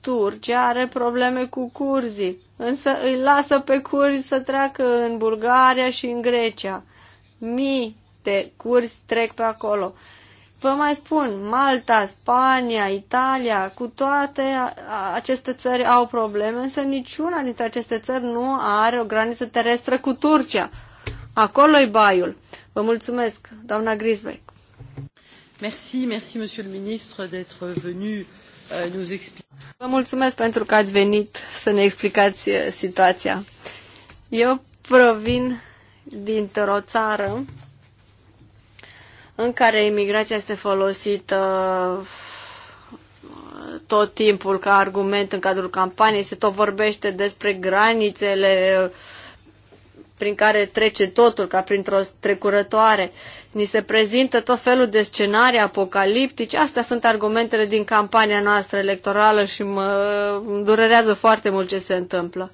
Turcia are probleme cu curzii însă îi lasă pe curzi să treacă în Bulgaria și în Grecia. Mii de curzi trec pe acolo. Vă mai spun, Malta, Spania, Italia, cu toate aceste țări au probleme, însă niciuna dintre aceste țări nu are o graniță terestră cu Turcia. Acolo-i baiul. Vă mulțumesc, doamna Grisbeck. Merci, merci, monsieur le ministre, d'être venu nous explique. Vă mulțumesc pentru că ați venit să ne explicați eh, situația. Eu provin dintr-o țară în care imigrația este folosită eh, tot timpul ca argument în cadrul campaniei, se tot vorbește despre granițele uh, prin care trece totul, ca printr-o trecurătoare. Ni se prezintă tot felul de scenarii apocaliptici. Astea sunt argumentele din campania noastră electorală și mă durerează foarte mult ce se întâmplă.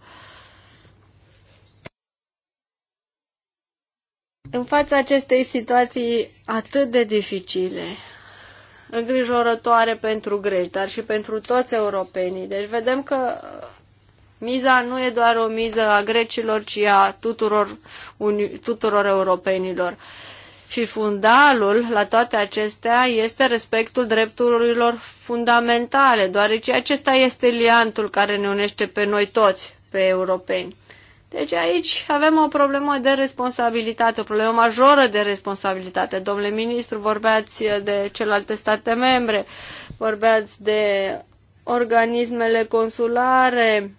În fața acestei situații atât de dificile, îngrijorătoare pentru greci, dar și pentru toți europenii. Deci vedem că Miza nu e doar o miză a grecilor, ci a tuturor, uni- tuturor europenilor. Și fundalul la toate acestea este respectul drepturilor fundamentale, deoarece acesta este liantul care ne unește pe noi toți, pe europeni. Deci aici avem o problemă de responsabilitate, o problemă majoră de responsabilitate. Domnule ministru, vorbeați de celelalte state membre, vorbeați de organismele consulare,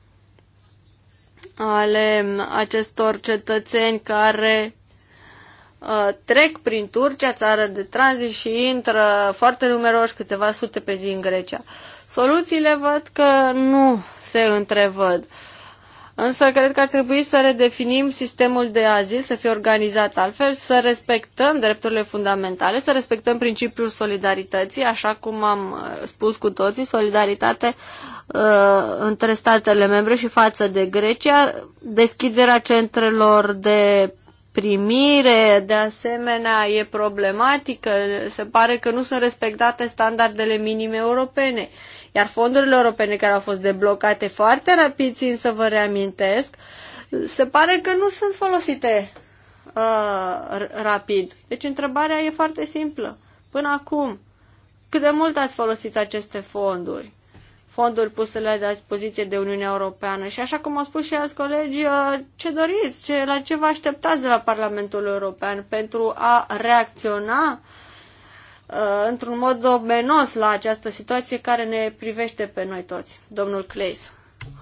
ale acestor cetățeni care uh, trec prin Turcia, țară de tranzit și intră foarte numeroși, câteva sute pe zi în Grecia. Soluțiile văd că nu se întrevăd. Însă cred că ar trebui să redefinim sistemul de azil, să fie organizat altfel, să respectăm drepturile fundamentale, să respectăm principiul solidarității, așa cum am uh, spus cu toții, solidaritate Uh, între statele membre și față de Grecia, deschiderea centrelor de primire, de asemenea, e problematică. Se pare că nu sunt respectate standardele minime europene. Iar fondurile europene care au fost deblocate foarte rapid, țin să vă reamintesc, se pare că nu sunt folosite uh, rapid. Deci întrebarea e foarte simplă. Până acum, cât de mult ați folosit aceste fonduri? fonduri puse la dispoziție de Uniunea Europeană. Și așa cum au spus și alți colegi, uh, ce doriți, ce, la ce vă așteptați de la Parlamentul European pentru a reacționa uh, într-un mod menos la această situație care ne privește pe noi toți. Domnul Claes.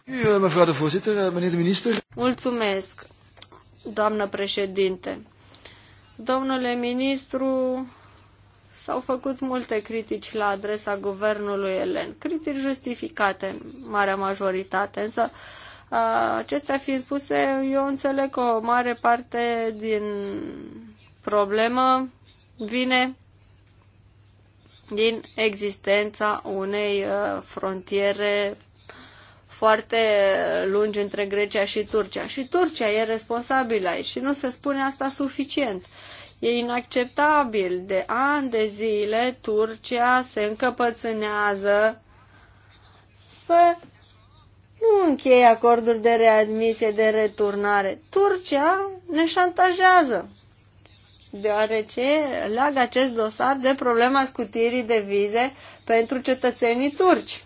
Eh, eh, Mulțumesc, doamnă președinte. Domnule ministru, S-au făcut multe critici la adresa guvernului elen, critici justificate în marea majoritate, însă acestea fiind spuse, eu înțeleg că o mare parte din problemă vine din existența unei frontiere foarte lungi între Grecia și Turcia. Și Turcia e responsabilă aici și nu se spune asta suficient. Uh, E inacceptabil. De ani de zile Turcia se încăpățânează să nu încheie acorduri de readmisie, de returnare. Turcia ne șantajează, deoarece leagă acest dosar de problema scutirii de vize pentru cetățenii turci.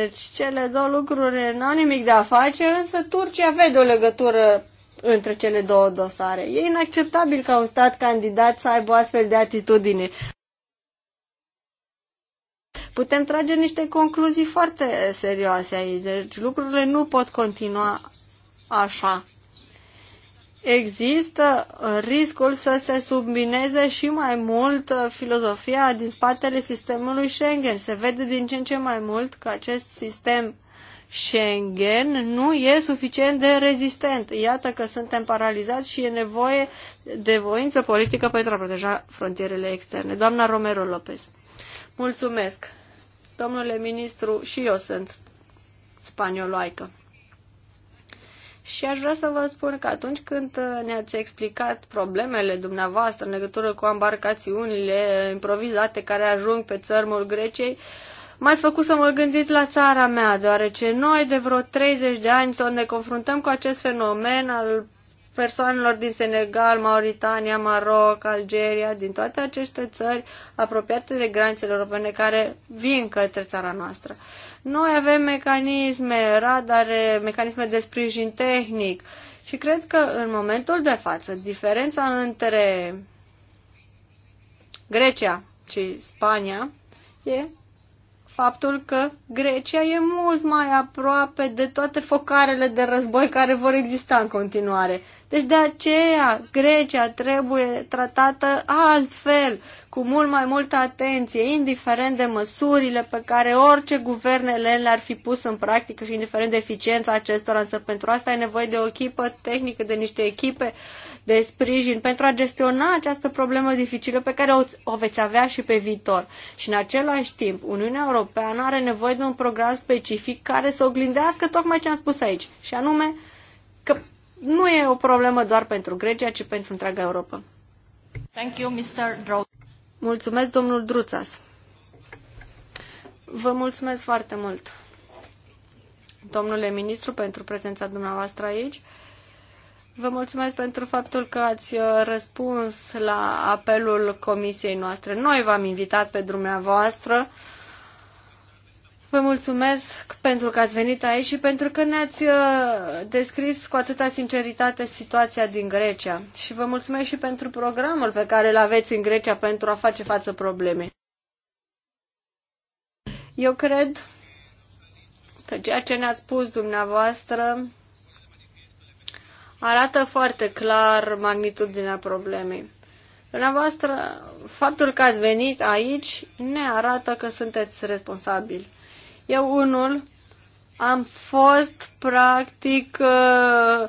Deci cele două lucruri nu au nimic de a face, însă Turcia vede o legătură între cele două dosare. E inacceptabil ca un stat candidat să aibă astfel de atitudine. Putem trage niște concluzii foarte serioase aici. Deci lucrurile nu pot continua așa există uh, riscul să se submineze și mai mult uh, filozofia din spatele sistemului Schengen. Se vede din ce în ce mai mult că acest sistem Schengen nu e suficient de rezistent. Iată că suntem paralizați și e nevoie de voință politică pentru a proteja frontierele externe. Doamna Romero Lopez. Mulțumesc. Domnule ministru, și eu sunt spanioloaică. Și aș vrea să vă spun că atunci când uh, ne-ați explicat problemele dumneavoastră în legătură cu embarcațiunile improvizate care ajung pe țărmul Greciei, m-ați făcut să mă gândit la țara mea, deoarece noi de vreo 30 de ani tot ne confruntăm cu acest fenomen al persoanelor din Senegal, Mauritania, Maroc, Algeria, din toate aceste țări apropiate de granițele europene care vin către țara noastră. Noi avem mecanisme, radare, mecanisme de sprijin tehnic și cred că în momentul de față diferența între Grecia și Spania e faptul că Grecia e mult mai aproape de toate focarele de război care vor exista în continuare. Deci de aceea Grecia trebuie tratată altfel, cu mult mai multă atenție, indiferent de măsurile pe care orice guvern le-ar fi pus în practică și indiferent de eficiența acestora. Însă pentru asta ai nevoie de o echipă tehnică, de niște echipe uh, de sprijin pentru a gestiona această problemă dificilă pe care o, o veți avea și pe viitor. Și în același timp, Uniunea Europeană are nevoie de un program specific care să oglindească tocmai ce am spus aici, și anume că nu e o problemă doar pentru Grecia, ci pentru întreaga Europa. Thank you, Mr. Dro Mulțumesc, domnul Druțas. Vă mulțumesc foarte mult, domnule ministru, pentru prezența dumneavoastră aici. Vă mulțumesc pentru faptul că ați uh, răspuns la apelul comisiei noastre. Noi v-am invitat pe dumneavoastră. Vă mulțumesc pentru că ați venit aici și pentru că ne-ați uh, descris cu atâta sinceritate situația din Grecia. Și vă mulțumesc și pentru programul pe care îl aveți în Grecia pentru a face față problemei. Eu cred că ceea ce ne-ați spus dumneavoastră arată foarte clar magnitudinea problemei. Dumneavoastră, faptul că ați venit aici ne arată că sunteți responsabili. Eu unul am fost practic uh,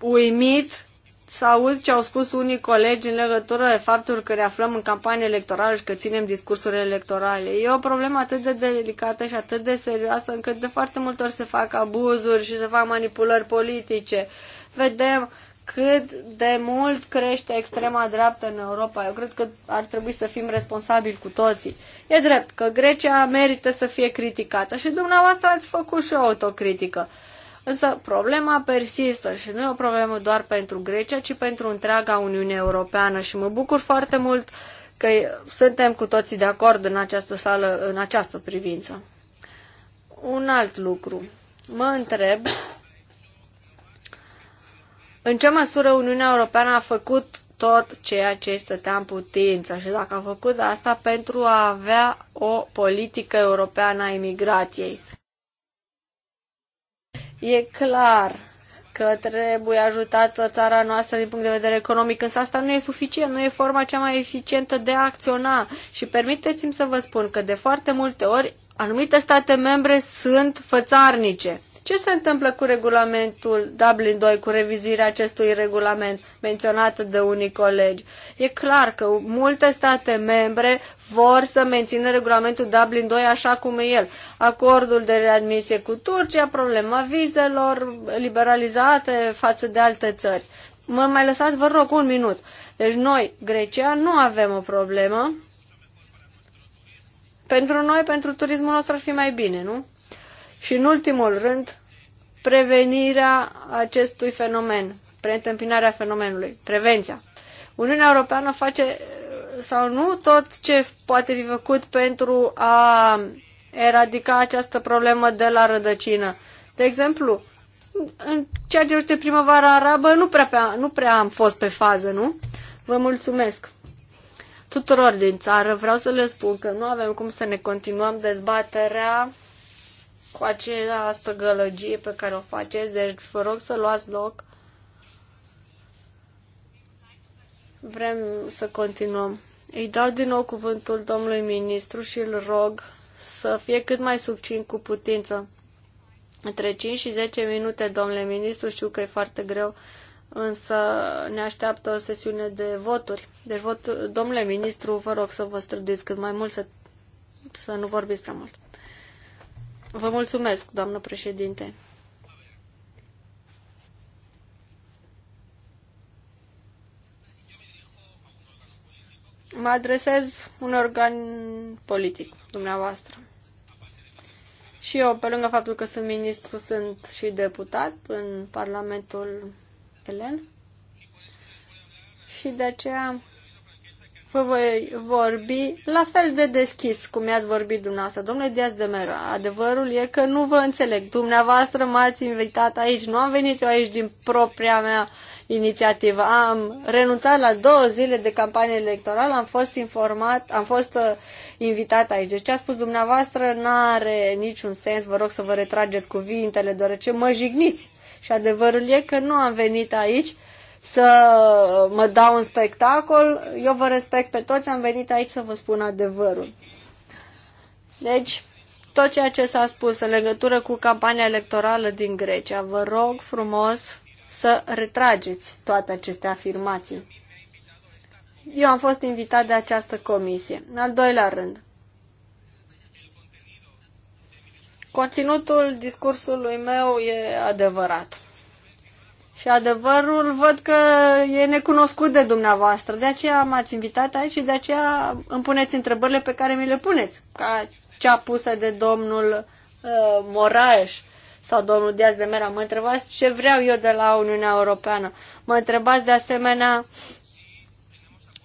uimit să auzi ce au spus unii colegi în legătură de faptul că ne aflăm în campanie electorală și că ținem discursuri electorale. E o problemă atât de delicată și atât de serioasă încât de foarte multe ori se fac abuzuri și se fac manipulări politice. Vedem cât de mult crește extrema dreaptă în Europa. Eu cred că ar trebui să fim responsabili cu toții. E drept că Grecia merită să fie criticată și dumneavoastră ați făcut și o autocritică. Însă problema persistă și nu e o problemă doar pentru Grecia, ci pentru întreaga Uniune Europeană și mă bucur foarte mult că suntem cu toții de acord în această sală, în această privință. Un alt lucru. Mă întreb în ce măsură Uniunea Europeană a făcut tot ceea ce stătea în putință și dacă a făcut asta pentru a avea o politică europeană a imigrației. E clar că trebuie ajutată țara noastră din punct de vedere economic, însă asta nu e suficient, nu e forma cea mai eficientă de a acționa. Și permiteți-mi să vă spun că de foarte multe ori anumite state membre sunt fățarnice ce se întâmplă cu regulamentul Dublin 2, cu revizuirea acestui regulament menționat de unii colegi? E clar că multe state membre vor să mențină regulamentul Dublin 2 așa cum e el. Acordul de readmisie cu Turcia, problema vizelor liberalizate față de alte țări. Mă mai lăsați, vă rog, un minut. Deci noi, Grecia, nu avem o problemă. Pentru noi, pentru turismul nostru ar fi mai bine, nu? Și în ultimul rând, prevenirea acestui fenomen, preîntâmpinarea fenomenului, prevenția. Uniunea Europeană face uh, sau nu tot ce poate fi făcut pentru a eradica această problemă de la rădăcină. De exemplu, în ceea ce este primăvara arabă, nu prea, pe, nu prea am fost pe fază, nu? Vă mulțumesc! Tuturor din țară vreau să le spun că nu avem cum să ne continuăm dezbaterea cu această gălăgie pe care o faceți, deci vă rog să luați loc. Vrem să continuăm. Îi dau din nou cuvântul domnului ministru și îl rog să fie cât mai subțin cu putință. Între 5 și 10 minute, domnule ministru, știu că e foarte greu, însă ne așteaptă o sesiune de voturi. Deci, vot, domnule ministru, vă rog să vă străduiți cât mai mult, să, să nu vorbiți prea mult. Vă mulțumesc, doamnă președinte. Mă adresez un organ politic, dumneavoastră. Și eu, pe lângă faptul că sunt ministru, sunt și deputat în Parlamentul Elen. Și de aceea vă voi vorbi la fel de deschis cum i ați vorbit dumneavoastră. Domnule Diaz de Mero, adevărul e că nu vă înțeleg. Dumneavoastră m-ați invitat aici, nu am venit eu aici din propria mea inițiativă. Am renunțat la două zile de campanie electorală, am fost informat, am fost uh, invitat aici. Deci ce a spus dumneavoastră nu are niciun sens, vă rog să vă retrageți cuvintele, deoarece mă jigniți. Și adevărul e că nu am venit aici să mă dau un spectacol. Eu vă respect pe toți, am venit aici să vă spun adevărul. Deci, tot ceea ce s-a spus în legătură cu campania electorală din Grecia, vă rog frumos să retrageți toate aceste afirmații. Eu am fost invitat de această comisie. În al doilea rând, conținutul discursului meu e adevărat. Și adevărul văd că e necunoscut de dumneavoastră. De aceea m-ați invitat aici și de aceea îmi puneți întrebările pe care mi le puneți. Ca cea pusă de domnul uh, Moraș sau domnul Diaz de Mera. Mă întrebați ce vreau eu de la Uniunea Europeană. Mă întrebați de asemenea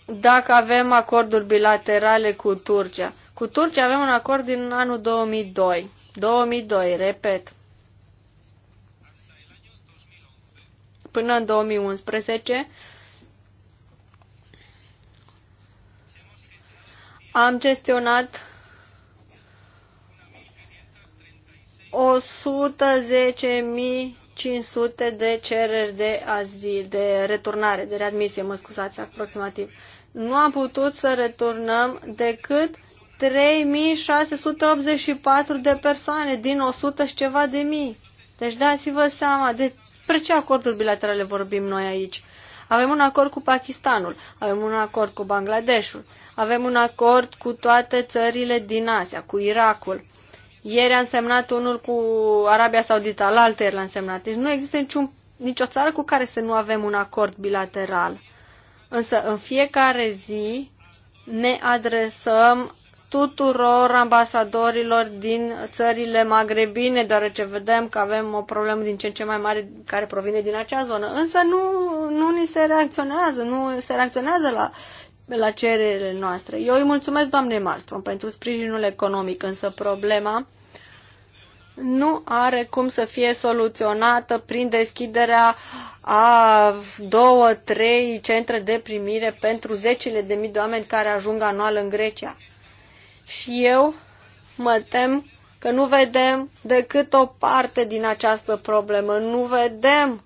dacă avem acorduri bilaterale cu Turcia. Cu Turcia avem un acord din anul 2002. 2002, repet. până în 2011, am gestionat 110.500 de cereri de azil, de returnare, de readmisie, mă scuzați, aproximativ. Nu am putut să returnăm decât 3684 de persoane din 100 și ceva de mii. Deci dați-vă seama de despre ce acorduri bilaterale vorbim noi aici? Avem un acord cu Pakistanul, avem un acord cu Bangladeshul, avem un acord cu toate țările din Asia, cu Irakul. Ieri a semnat unul cu Arabia Saudită, al altă ieri l-a semnat. Deci nu există niciun, nicio țară cu care să nu avem un acord bilateral. Însă în fiecare zi ne adresăm tuturor ambasadorilor din țările magrebine, deoarece vedem că avem o problemă din ce în ce mai mare care provine din acea zonă. Însă nu, nu ni se reacționează, nu se reacționează la, la cererile noastre. Eu îi mulțumesc doamnei Malmström pentru sprijinul economic, însă problema nu are cum să fie soluționată prin deschiderea a două, trei centre de primire pentru zecile de mii de oameni care ajung anual în Grecia și eu mă tem că nu vedem decât o parte din această problemă, nu vedem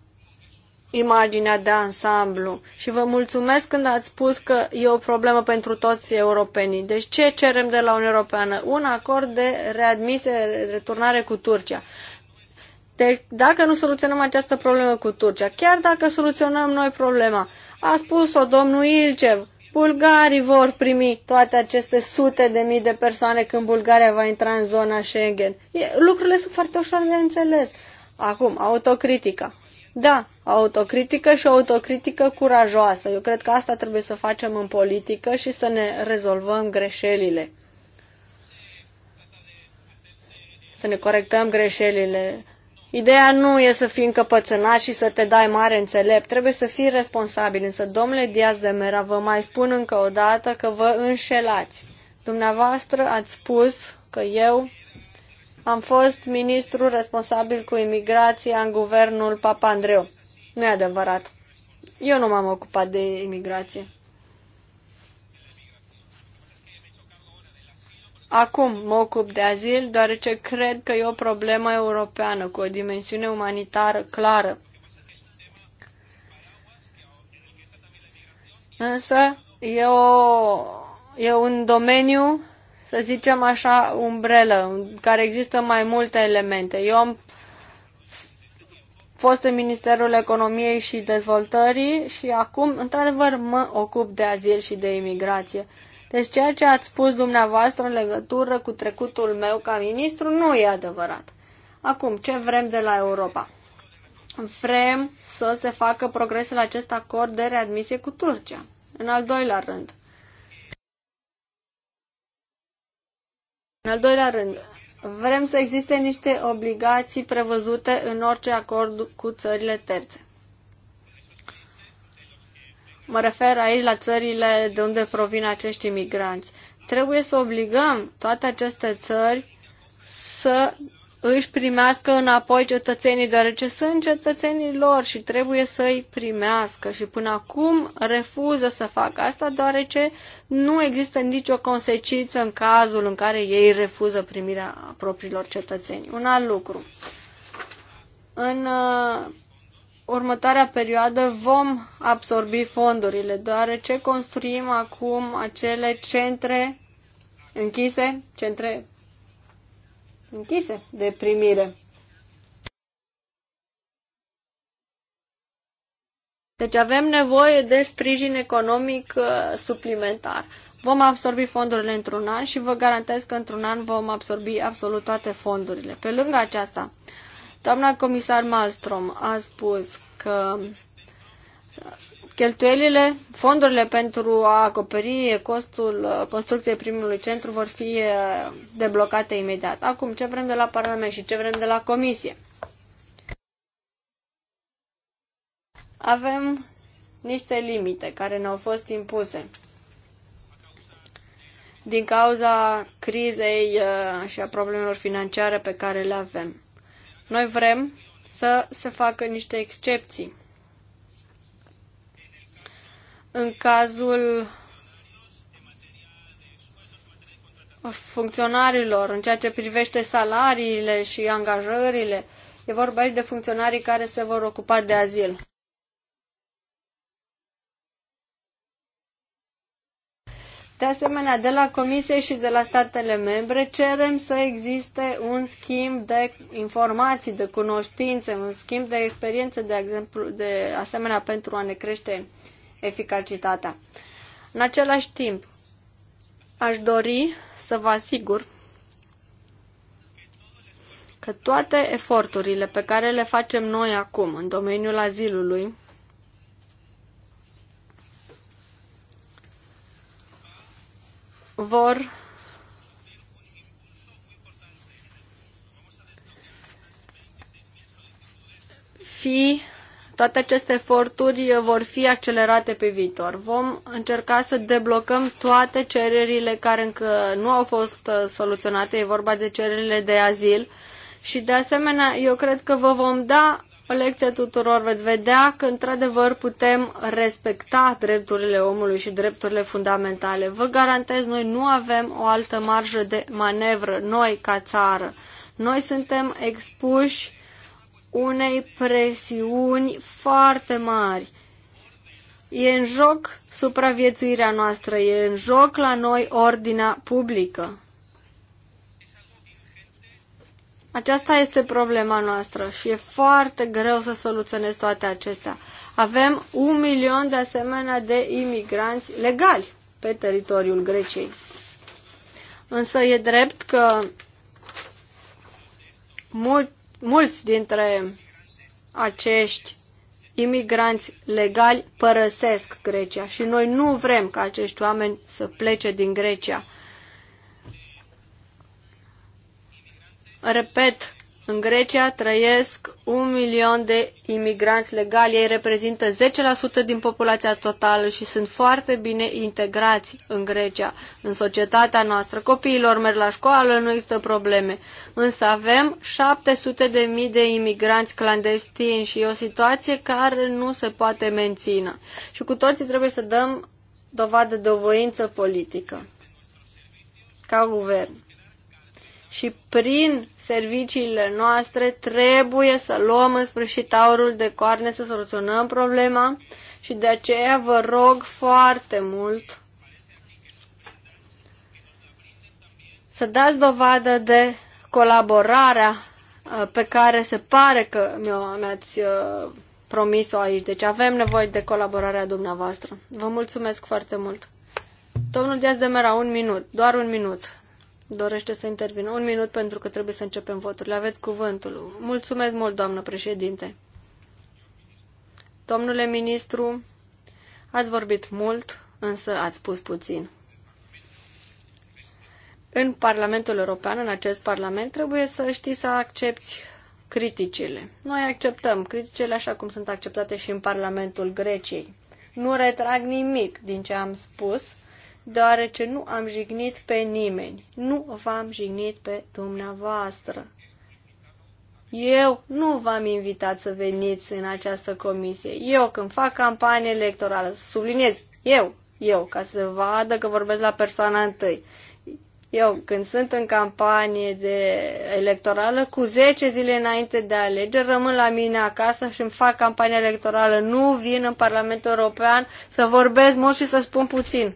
imaginea de ansamblu. Și vă mulțumesc când ați spus că e o problemă pentru toți europenii. Deci ce cerem de la Uniunea Europeană? Un acord de readmisie, returnare cu Turcia. Deci dacă nu soluționăm această problemă cu Turcia, chiar dacă soluționăm noi problema, a spus-o domnul Ilcev, bulgarii vor primi toate aceste sute de mii de persoane când Bulgaria va intra în zona Schengen. E, lucrurile sunt foarte ușor de înțeles. Acum, autocritica. Da, autocritică și autocritică curajoasă. Eu cred că asta trebuie să facem în politică și să ne rezolvăm greșelile. Să ne corectăm greșelile. Ideea nu e să fii încăpățânat și să te dai mare înțelept, trebuie să fii responsabil. Însă, domnule Diaz de Mera, vă mai spun încă o dată că vă înșelați. Dumneavoastră ați spus că eu am fost ministru responsabil cu imigrația în guvernul Papandreu. Nu e adevărat. Eu nu m-am ocupat de imigrație. Acum mă ocup de azil, deoarece cred că e o problemă europeană cu o dimensiune umanitară clară. Însă e, o, e un domeniu, să zicem așa, umbrelă, în care există mai multe elemente. Eu am fost în Ministerul Economiei și Dezvoltării și acum, într-adevăr, mă ocup de azil și de imigrație. Deci ceea ce ați spus dumneavoastră în legătură cu trecutul meu ca ministru nu e adevărat. Acum, ce vrem de la Europa? Vrem să se facă progrese la acest acord de readmisie cu Turcia. În al doilea rând. În al doilea rând, vrem să existe niște obligații prevăzute în orice acord cu țările terțe. Mă refer aici la țările de unde provin acești imigranți. Trebuie să obligăm toate aceste țări să își primească înapoi cetățenii, deoarece sunt cetățenii lor și trebuie să îi primească. Și până acum refuză să facă asta, deoarece nu există nicio consecință în cazul în care ei refuză primirea propriilor cetățeni. Un alt lucru. În uh, următoarea perioadă vom absorbi fondurile, deoarece construim acum acele centre închise, centre închise de primire. Deci avem nevoie de sprijin economic uh, suplimentar. Vom absorbi fondurile într-un an și vă garantez că într-un an vom absorbi absolut toate fondurile. Pe lângă aceasta, Doamna comisar Malmström a spus că cheltuielile, fondurile pentru a acoperi costul construcției primului centru vor fi eh, deblocate imediat. Acum, ce vrem de la Parlament și ce vrem de la Comisie? Avem niște limite care ne-au fost impuse din cauza crizei eh, și a problemelor financiare pe care le avem. Noi vrem să se facă niște excepții. În cazul funcționarilor, în ceea ce privește salariile și angajările, e vorba aici de funcționarii care se vor ocupa de azil. De asemenea, de la Comisie și de la statele membre cerem să existe un schimb de informații, de cunoștințe, un schimb de experiențe, de, exemplu, de asemenea, pentru a ne crește eficacitatea. În același timp, aș dori să vă asigur că toate eforturile pe care le facem noi acum în domeniul azilului vor fi toate aceste eforturi vor fi accelerate pe viitor. Vom încerca să deblocăm toate cererile care încă nu au fost uh, soluționate, e vorba de cererile de azil și de asemenea eu cred că vă vom da o lecție tuturor. Veți vedea că, într-adevăr, putem respecta drepturile omului și drepturile fundamentale. Vă garantez, noi nu avem o altă marjă de manevră, noi ca țară. Noi suntem expuși unei presiuni foarte mari. E în joc supraviețuirea noastră, e în joc la noi ordinea publică. Aceasta este problema noastră și e foarte greu să soluționez toate acestea. Avem un milion de asemenea de imigranți legali pe teritoriul Greciei. Însă e drept că mult, mulți dintre acești imigranți legali părăsesc Grecia și noi nu vrem ca acești oameni să plece din Grecia. Repet, în Grecia trăiesc un milion de imigranți legali, ei reprezintă 10% din populația totală și sunt foarte bine integrați în Grecia, în societatea noastră. Copiilor merg la școală, nu există probleme. Însă avem 700 de mii de imigranți clandestini și e o situație care nu se poate menține. Și cu toții trebuie să dăm dovadă de o voință politică, ca guvern și prin serviciile noastre trebuie să luăm în sfârșit aurul de coarne, să soluționăm problema și de aceea vă rog foarte mult să dați dovadă de colaborarea uh, pe care se pare că mi-ați uh, promis-o aici. Deci avem nevoie de colaborarea dumneavoastră. Vă mulțumesc foarte mult. Domnul Diaz de Mera, un minut, doar un minut dorește să intervină. Un minut pentru că trebuie să începem voturile. Aveți cuvântul. Mulțumesc mult, doamnă președinte. Domnule ministru, ați vorbit mult, însă ați spus puțin. În Parlamentul European, în acest Parlament, trebuie să știi să accepti criticile. Noi acceptăm criticile așa cum sunt acceptate și în Parlamentul Greciei. Nu retrag nimic din ce am spus, deoarece nu am jignit pe nimeni. Nu v-am jignit pe dumneavoastră. Eu nu v-am invitat să veniți în această comisie. Eu, când fac campanie electorală, subliniez eu, eu, ca să vadă că vorbesc la persoana întâi. Eu, când sunt în campanie de electorală, cu 10 zile înainte de alegeri, rămân la mine acasă și îmi fac campanie electorală. Nu vin în Parlamentul European să vorbesc mult și să spun puțin.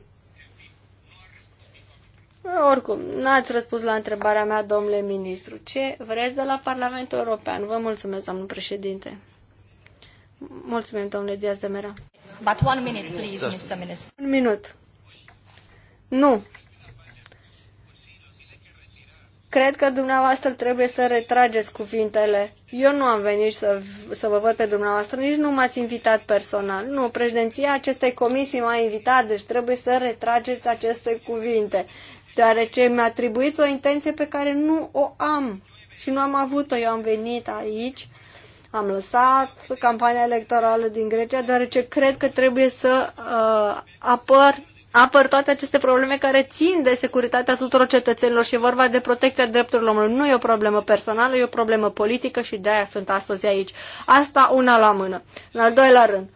Oricum, n-ați răspuns la întrebarea mea, domnule ministru. Ce vreți de la Parlamentul European? Vă mulțumesc, domnul președinte. Mulțumim, domnule Diaz de Mera. But one minute, please, Mr. Minister. Un minut. Nu. Cred că dumneavoastră trebuie să retrageți cuvintele. Eu nu am venit să, să vă văd pe dumneavoastră, nici nu m-ați invitat personal. Nu, președinția acestei comisii m-a invitat, deci trebuie să retrageți aceste cuvinte deoarece mi-a atribuit o intenție pe care nu o am și nu am avut-o. Eu am venit aici, am lăsat campania electorală din Grecia, deoarece cred că trebuie să uh, apăr apăr toate aceste probleme care țin de securitatea tuturor cetățenilor și e vorba de protecția drepturilor omului. Nu e o problemă personală, e o problemă politică și de-aia sunt astăzi aici. Asta una la mână. În al doilea rând,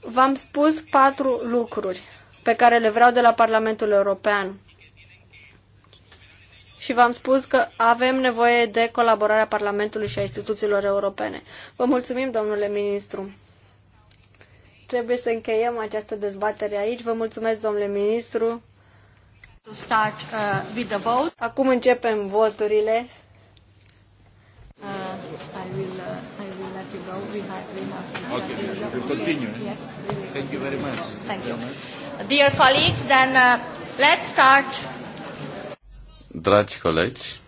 v-am spus patru lucruri pe care le vreau de la Parlamentul European și v-am spus că avem nevoie de colaborarea Parlamentului și a instituțiilor europene. Vă mulțumim, domnule ministru. Trebuie să încheiem această dezbatere aici. Vă mulțumesc, domnule ministru. To start, uh, with the vote. Acum începem voturile. Uh, uh, okay, Yes, Thank you very much. Thank you. Dear colleagues, then uh, let's start Dragi colegi,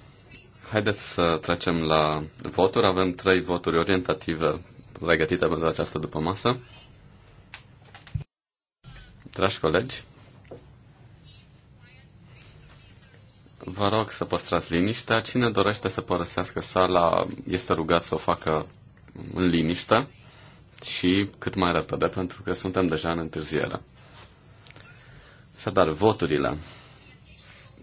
haideți să trecem la voturi. Avem trei voturi orientative pregătite pentru această după masă. Dragi colegi, vă rog să păstrați liniștea. Cine dorește să părăsească sala este rugat să o facă în liniște și cât mai repede, pentru că suntem deja în întârziere. Așadar, voturile.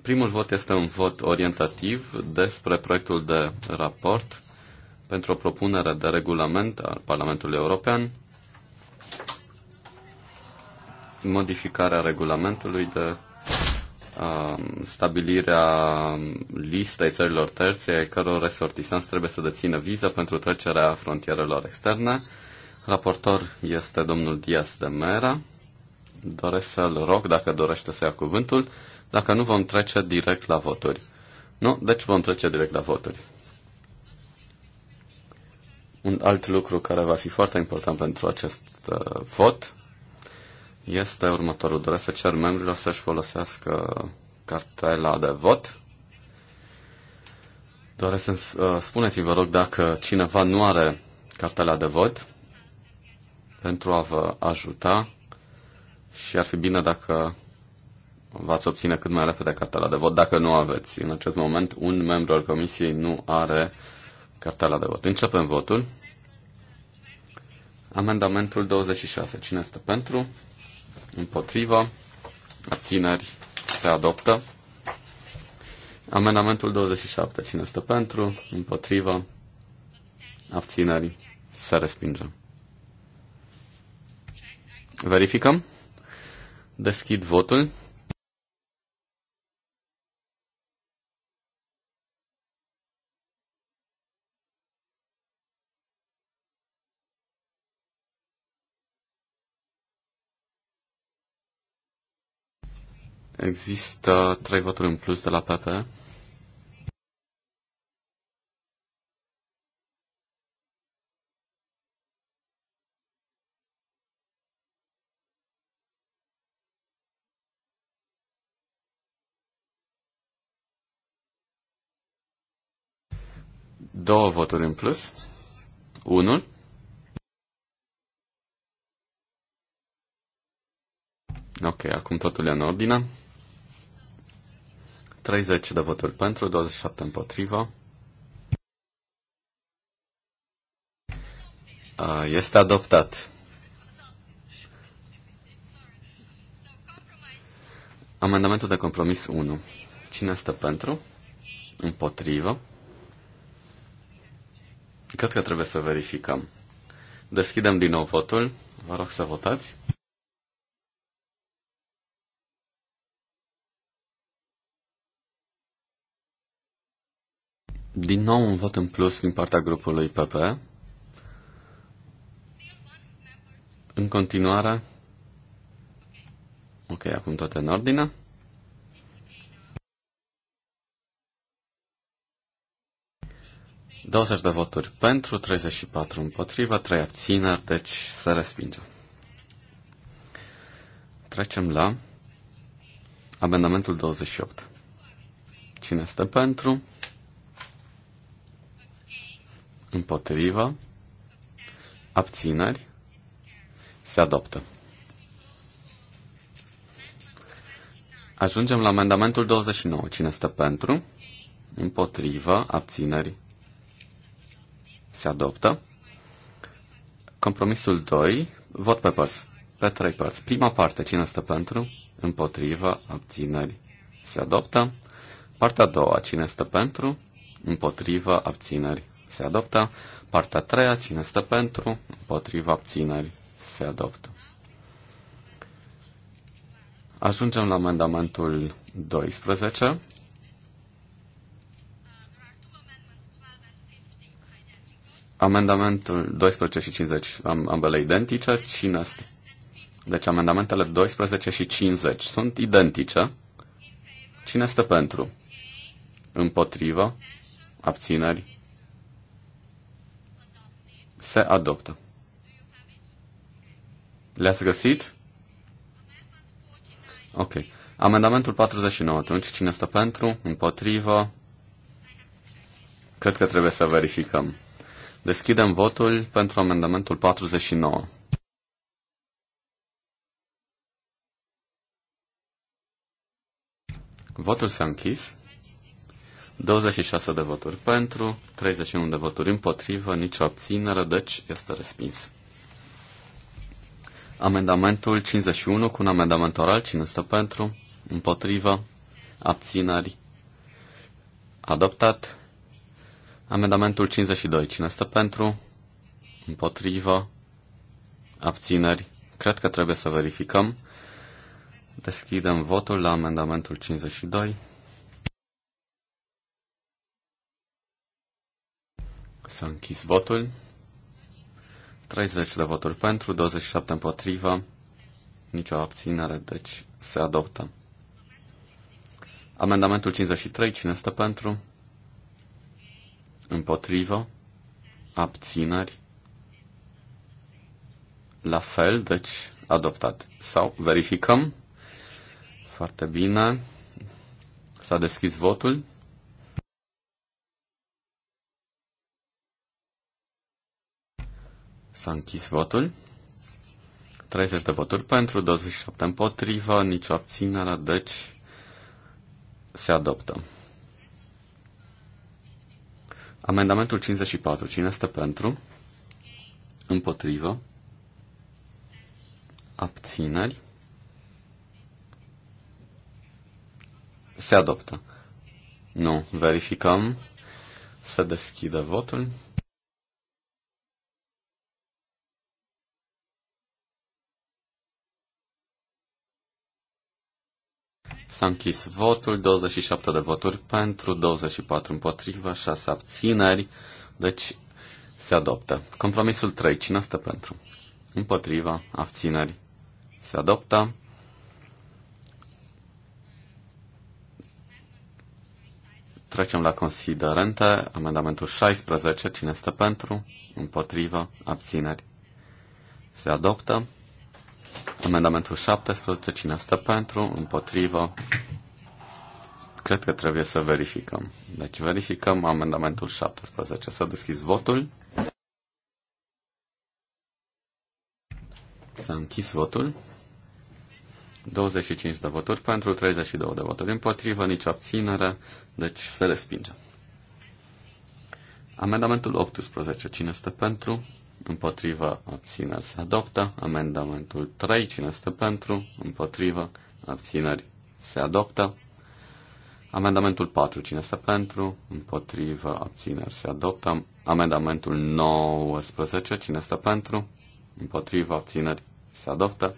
Primul vot este un vot orientativ despre proiectul de raport pentru o propunere de regulament al Parlamentului European, modificarea regulamentului de uh, stabilirea listei țărilor terțe ai căror resortisanți trebuie să dețină viză pentru trecerea frontierelor externe. Raportor este domnul Dias de Mera. Doresc să-l rog, dacă dorește să ia cuvântul, dacă nu, vom trece direct la voturi. Nu? Deci vom trece direct la voturi. Un alt lucru care va fi foarte important pentru acest uh, vot este următorul. Doresc să cer membrilor să-și folosească cartela de vot. Doresc să uh, spuneți, vă rog, dacă cineva nu are cartela de vot pentru a vă ajuta și ar fi bine dacă v-ați obține cât mai repede cartela de vot dacă nu aveți. În acest moment, un membru al comisiei nu are cartela de vot. Începem votul. Amendamentul 26. Cine este pentru? Împotriva? Abțineri? Se adoptă. Amendamentul 27. Cine este pentru? Împotriva? Abțineri? Se respinge. Verificăm. Deschid votul. Există trei voturi în plus de la PP. Două voturi în plus. Unul. Ok, acum totul e în ordine. 30 de voturi pentru, 27 împotriva. Este adoptat. Amendamentul de compromis 1. Cine stă pentru? Împotrivă? Cred că trebuie să verificăm. Deschidem din nou votul. Vă rog să votați. Din nou un vot în plus din partea grupului PP. În continuare. Ok, acum toate în ordine. Douăzeci de voturi pentru, 34 împotriva, 3 abțineri, deci se respinge. Trecem la amendamentul 28. Cine este pentru? împotrivă, abțineri, se adoptă. Ajungem la amendamentul 29. Cine stă pentru? Împotrivă, abțineri, se adoptă. Compromisul 2, vot pe părți, pe trei părți. Prima parte, cine stă pentru? Împotrivă, abțineri, se adoptă. Partea a doua, cine stă pentru? Împotrivă, abțineri, se adoptă. Partea a treia, cine stă pentru, împotriva abțineri, se adoptă. Ajungem la amendamentul 12. Amendamentul 12 și 50, am, ambele identice. Cine este? Deci amendamentele 12 și 50 sunt identice. Cine este pentru? Împotrivă? Abțineri? Se adoptă. Le-ați găsit? Ok. Amendamentul 49. Atunci, cine stă pentru? Împotrivă? Cred că trebuie să verificăm. Deschidem votul pentru amendamentul 49. Votul s-a închis. 26 de voturi pentru, 31 de voturi împotrivă, nicio abținere, deci este respins. Amendamentul 51 cu un amendament oral, cine stă pentru, împotrivă, abțineri, adoptat. Amendamentul 52, cine stă pentru, împotrivă, abțineri, cred că trebuie să verificăm. Deschidem votul la amendamentul 52. S-a închis votul. 30 de voturi pentru, 27 împotrivă, nicio abținere, deci se adoptă. Amendamentul 53, cine stă pentru? Împotrivă, abțineri, la fel, deci adoptat. Sau verificăm. Foarte bine. S-a deschis votul. S-a închis votul. 30 de voturi pentru, 27 împotrivă, nicio abținere, deci se adoptă. Amendamentul 54. Cine este pentru? Împotrivă. Abțineri. Se adoptă. Nu. Verificăm. Se deschide votul. S-a închis votul, 27 de voturi pentru, 24 împotriva, 6 abțineri, deci se adoptă. Compromisul 3, cine stă pentru? Împotriva, abțineri, se adoptă. Trecem la considerente. Amendamentul 16. Cine stă pentru? Împotriva, Abțineri? Se adoptă. Amendamentul 17, cine este pentru, împotrivă. Cred că trebuie să verificăm. Deci verificăm amendamentul 17. Să deschis votul. S-a închis votul. 25 de voturi pentru, 32 de voturi împotrivă, nicio abținere, deci se respinge. Amendamentul 18. Cine este pentru? împotriva, abțineri se adoptă. Amendamentul 3, cine este pentru, împotriva, abțineri se adoptă. Amendamentul 4, cine este pentru, împotriva, abțineri se adoptă. Amendamentul 19, cine este pentru, împotriva, abțineri se adoptă.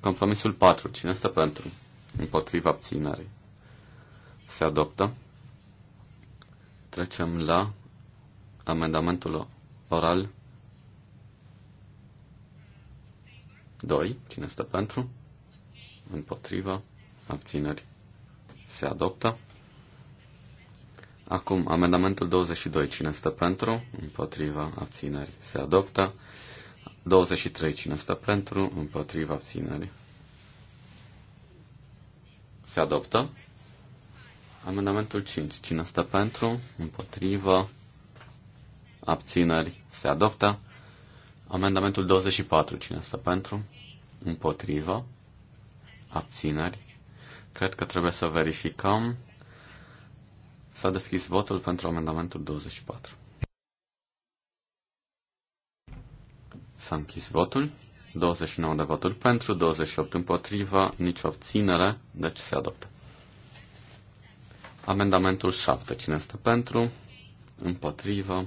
Compromisul 4, cine este pentru, împotriva, abținerii se adoptă. Trecem la amendamentul oral 2. Cine stă pentru? Împotrivă. Abțineri. Se adoptă. Acum, amendamentul 22. Cine stă pentru? Împotriva. Abțineri. Se adoptă. 23. Cine stă pentru? Împotriva. Abțineri. Se adoptă. Amendamentul 5. Cine stă pentru? Împotriva. Abțineri. Se adoptă. Amendamentul 24. Cine stă pentru? împotrivă, abțineri. Cred că trebuie să verificăm. S-a deschis votul pentru amendamentul 24. S-a închis votul. 29 de voturi pentru, 28 împotriva, nicio obținere, deci se adoptă. Amendamentul 7. Cine este pentru? Împotrivă.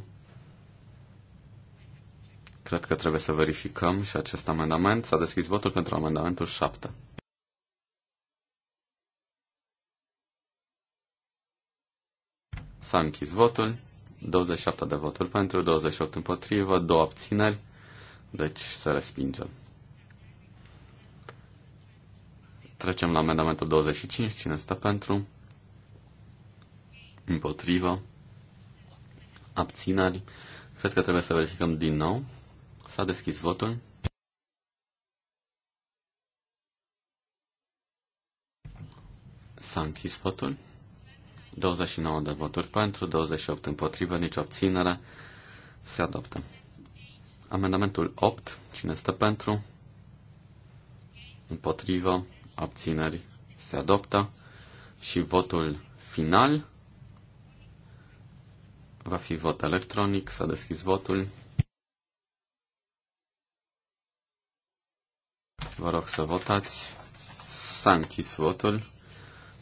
Cred că trebuie să verificăm și acest amendament. S-a deschis votul pentru amendamentul 7. S-a închis votul. 27 de voturi pentru, 28 împotrivă, 2 abțineri. Deci se respinge. Trecem la amendamentul 25. Cine stă pentru? Împotrivă. Abțineri. Cred că trebuie să verificăm din nou. S-a deschis votul. S-a închis votul. 29 de voturi pentru, 28 împotrivă, nicio obținere. Se adoptă. Amendamentul 8. Cine stă pentru? Împotrivă. Abțineri. Se adoptă. Și votul final va fi vot electronic. S-a deschis votul. Vă rog să votați. S-a închis votul.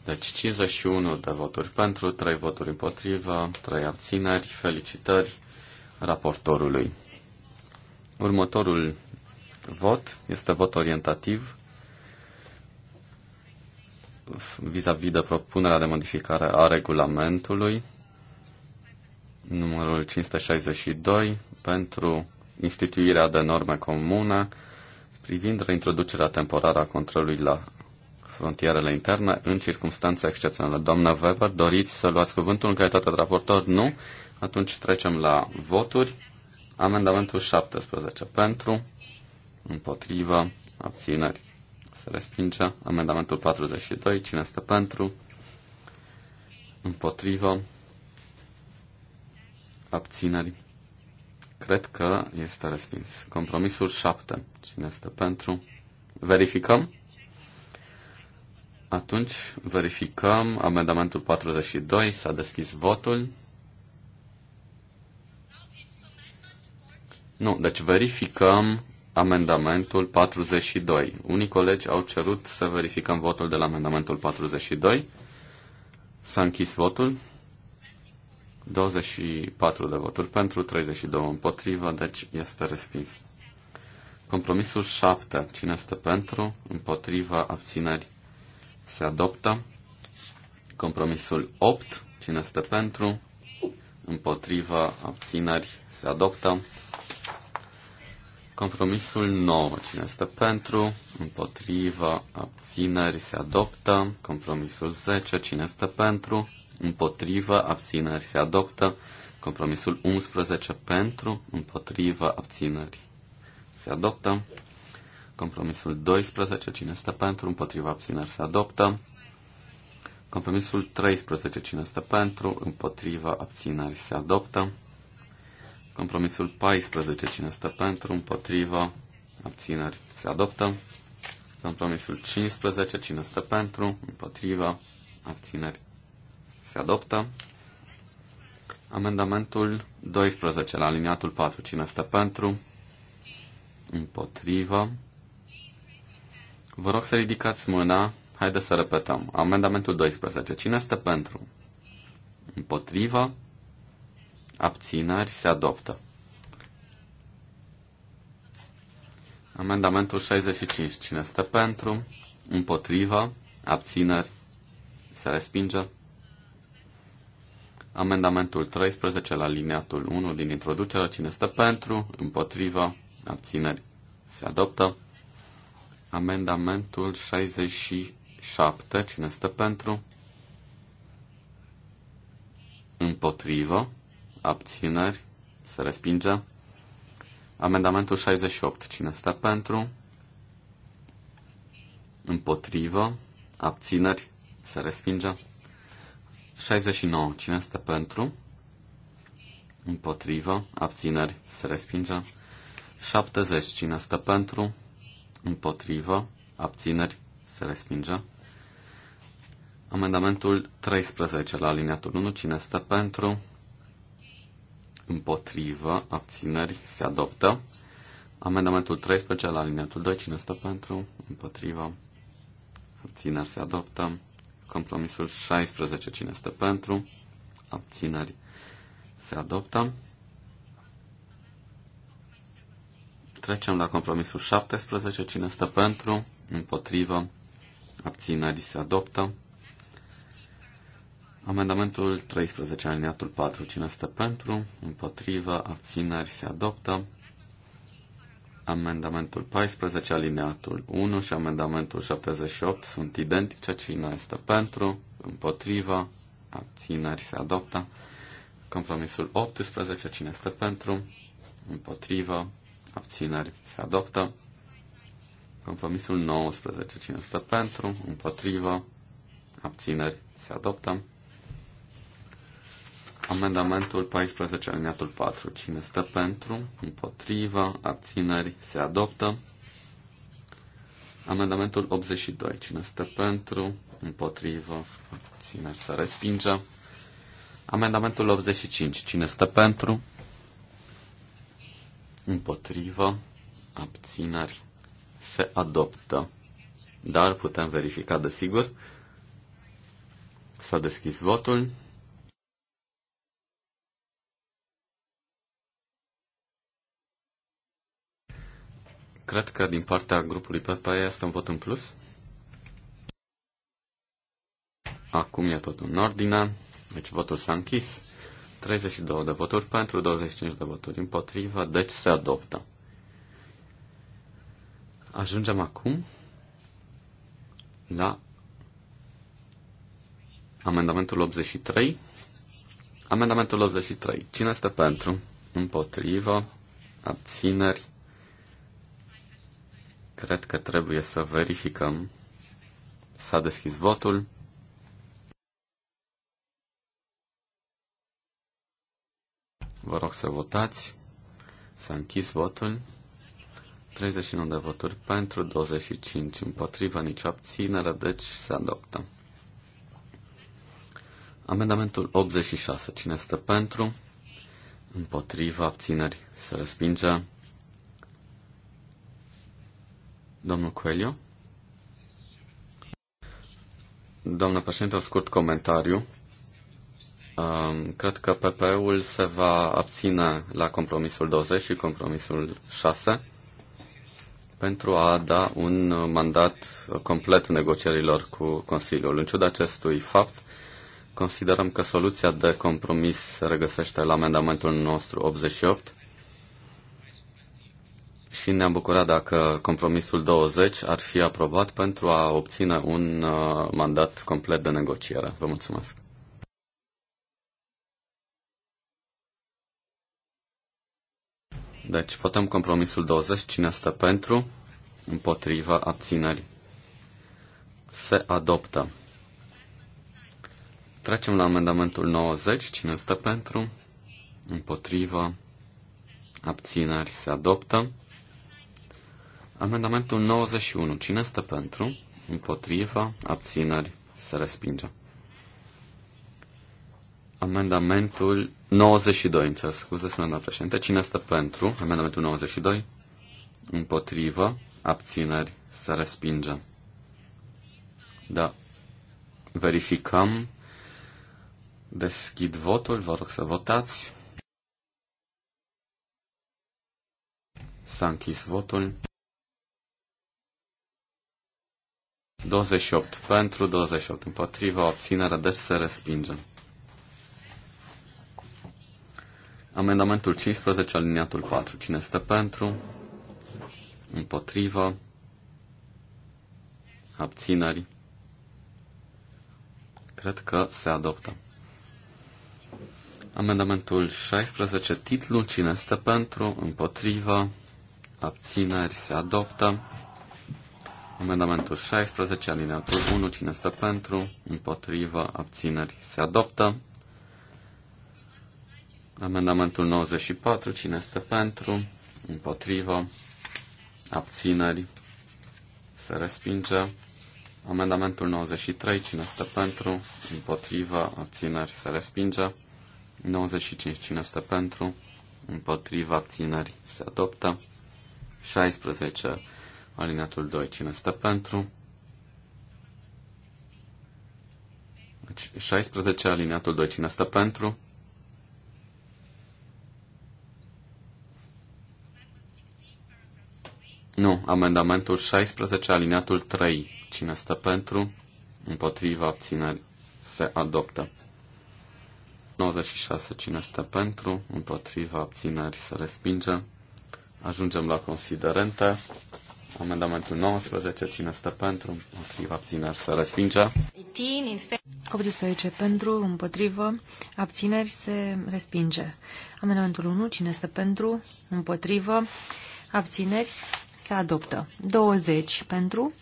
Deci 51 de voturi pentru, 3 voturi împotrivă, 3 abțineri. Felicitări raportorului. Următorul vot este vot orientativ vis-a-vis -vis de propunerea de modificare a regulamentului numărul 562 pentru instituirea de norme comune privind reintroducerea temporară a controlului la frontierele interne în circunstanțe excepționale. Doamna Weber, doriți să luați cuvântul în calitate de raportor? Nu? Atunci trecem la voturi. Amendamentul 17 pentru, împotrivă, abțineri. Se respinge. Amendamentul 42. Cine este pentru? Împotrivă. Abțineri. Cred că este respins. Compromisul 7. Cine este pentru? Verificăm. Atunci verificăm amendamentul 42. S-a deschis votul. Nu, deci verificăm amendamentul 42. Unii colegi au cerut să verificăm votul de la amendamentul 42. S-a închis votul. 24 de voturi pentru, 32 împotrivă, deci este respins. Compromisul 7. Cine este pentru? împotrivă, abțineri se adoptă. Compromisul 8. Cine este pentru? împotrivă, abțineri se adoptă. Compromisul 9. Cine este pentru? împotrivă, abțineri se adoptă. Compromisul 10. Cine este pentru? împotrivă, abțineri se adoptă. Compromisul 11 pentru, împotrivă, abțineri se adoptă. Compromisul 12, cine este pentru, împotriva abțineri se adoptă. Compromisul 13, cine este pentru, împotriva abțineri se adoptă. Compromisul 14, cine este pentru, împotriva abțineri se adoptă. Compromisul 15, cine este pentru, împotriva abțineri se adoptă. Amendamentul 12 la aliniatul 4. Cine este pentru? Împotrivă. Vă rog să ridicați mâna. Haideți să repetăm. Amendamentul 12. Cine este pentru? Împotrivă. Abțineri se adoptă. Amendamentul 65. Cine este pentru? Împotrivă. Abțineri se respinge. Amendamentul 13 la lineatul 1 din introducere. Cine stă pentru? Împotrivă? Abțineri? Se adoptă. Amendamentul 67. Cine stă pentru? Împotrivă? Abțineri? Se respinge. Amendamentul 68. Cine stă pentru? Împotrivă? Abțineri? Se respinge. 69. Cine este pentru? Împotrivă. Abțineri. Se respinge. 70. Cine este pentru? Împotrivă. Abțineri. Se respinge. Amendamentul 13 la aliniatul 1. Cine este pentru? Împotrivă. Abțineri. Se adoptă. Amendamentul 13 la aliniatul 2. Cine este pentru? Împotrivă. Abțineri. Se adoptă. Compromisul 16. Cine este pentru? Abțineri se adoptă. Trecem la compromisul 17. Cine este pentru? Împotrivă. Abțineri se adoptă. Amendamentul 13, aliniatul 4. Cine este pentru? Împotrivă. Abțineri se adoptă. Amendamentul 14, alineatul 1 și amendamentul 78 sunt identice. Cine este pentru, împotriva, abțineri se adoptă. Compromisul 18, cine este pentru, împotriva, abțineri se adoptă. Compromisul 19, cine este pentru, împotriva, abțineri se adoptă. Amendamentul 14, alineatul 4. Cine stă pentru? Împotrivă? Abțineri? Se adoptă. Amendamentul 82. Cine stă pentru? Împotrivă? Abțineri? Se respinge. Amendamentul 85. Cine stă pentru? Împotrivă? Abțineri? Se adoptă. Dar putem verifica, desigur. S-a deschis votul. Cred că din partea grupului PPE este un vot în plus. Acum e totul în ordine. Deci votul s-a închis. 32 de voturi pentru, 25 de voturi împotrivă, deci se adoptă. Ajungem acum la amendamentul 83. Amendamentul 83. Cine este pentru? Împotrivă? Abțineri? Cred că trebuie să verificăm. S-a deschis votul. Vă rog să votați. S-a închis votul. 31 de voturi pentru, 25 împotriva, nici abținere, deci se adoptă. Amendamentul 86. Cine este pentru? Împotriva abțineri se respinge. Domnul Coelho? Doamnă președinte, un scurt comentariu. Cred că pp ul se va abține la compromisul 20 și compromisul 6 pentru a da un mandat complet negocierilor cu Consiliul. În ciuda acestui fapt, considerăm că soluția de compromis se regăsește la amendamentul nostru 88 și ne-am bucurat dacă compromisul 20 ar fi aprobat pentru a obține un uh, mandat complet de negociere. Vă mulțumesc. Deci, votăm compromisul 20. Cine stă pentru? Împotriva abțineri. Se adoptă. Trecem la amendamentul 90. Cine stă pentru? Împotriva abțineri. Se adoptă. Amendamentul 91. Cine stă pentru? Împotriva? Abțineri? Se respinge. Amendamentul 92, îmi cer scuze, spune doamna președinte. Cine stă pentru? Amendamentul 92. împotriva, Abțineri. Se respinge. Da. Verificăm. Deschid votul. Vă rog să votați. S-a închis votul. 28 pentru, 28 împotriva, obținerea de deci se respinge. Amendamentul 15, aliniatul 4. Cine este pentru? Împotrivă? Abțineri? Cred că se adoptă. Amendamentul 16, titlul. Cine este pentru? Împotrivă? Abțineri? Se adoptă. Amendamentul 16, alineatul 1, cine stă pentru, împotrivă, abțineri, se adoptă. Amendamentul 94, cine stă pentru, împotrivă, abțineri, se respinge. Amendamentul 93, cine stă pentru, împotrivă, abțineri, se respinge. 95, cine stă pentru, împotrivă, abțineri, se adoptă. 16, Alineatul 2. Cine stă pentru? 16. Deci, alineatul 2. Cine stă pentru? Nu. Amendamentul 16. Alineatul 3. Cine stă pentru? Împotriva abțineri. Se adoptă. 96. Cine stă pentru? Împotriva abținerii Se respinge. Ajungem la considerente. Amendamentul 19, cine stă pentru, împotriva, abțineri, se respinge. 18 pentru, împotrivă, abțineri, se respinge. Amendamentul 1, cine stă pentru, împotrivă, abțineri, se adoptă. 20 pentru,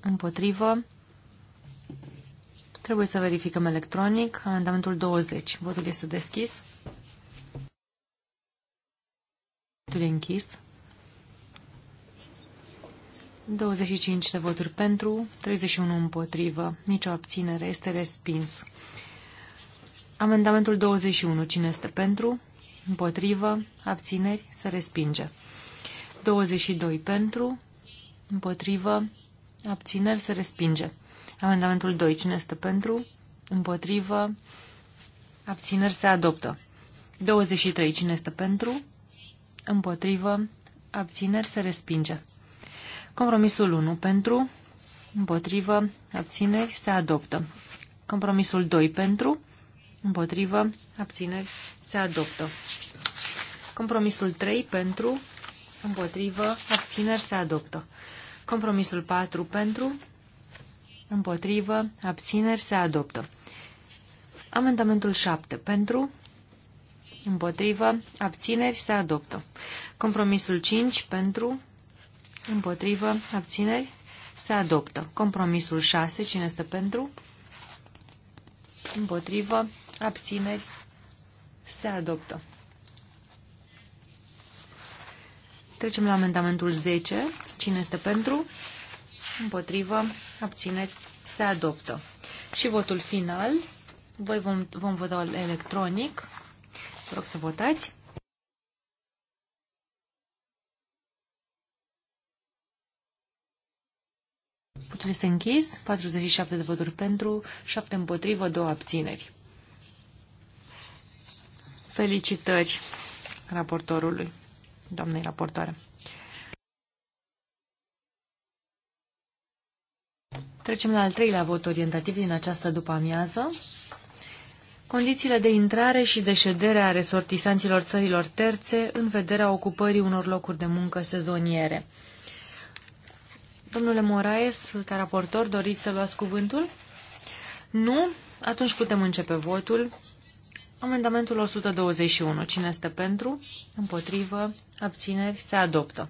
împotrivă, trebuie să verificăm electronic. Amendamentul 20, votul este deschis. Votul este închis. 25 de voturi pentru, 31 împotrivă, nicio abținere, este respins. Amendamentul 21, cine este pentru, împotrivă, abțineri, se respinge. 22 pentru, împotrivă, abțineri, se respinge. Amendamentul 2, cine este pentru, împotrivă, abțineri, se adoptă. 23, cine este pentru, împotrivă, abțineri, se respinge. Compromisul 1 pentru, împotrivă, abțineri, se adoptă. Compromisul 2 pentru, împotrivă, abțineri, se adoptă. Compromisul 3 pentru, împotrivă, abțineri, se adoptă. Compromisul 4 pentru, împotrivă, abțineri, se adoptă. Amendamentul 7 pentru, împotrivă, abțineri, se adoptă. Compromisul 5 pentru, Împotrivă. Abțineri. Se adoptă. Compromisul 6. Cine este pentru? Împotrivă. Abțineri. Se adoptă. Trecem la amendamentul 10. Cine este pentru? Împotrivă. Abțineri. Se adoptă. Și votul final. Voi vom, vom vota electronic. Vă rog să votați. Votul este închis. 47 de voturi pentru, 7 împotrivă, 2 abțineri. Felicitări raportorului, doamnei raportoare. Trecem la al treilea vot orientativ din această după-amiază. Condițiile de intrare și de ședere a resortisanților țărilor terțe în vederea ocupării unor locuri de muncă sezoniere. Domnule Moraes, ca raportor, doriți să luați cuvântul? Nu? Atunci putem începe votul. Amendamentul 121. Cine este pentru? Împotrivă? Abțineri? Se adoptă.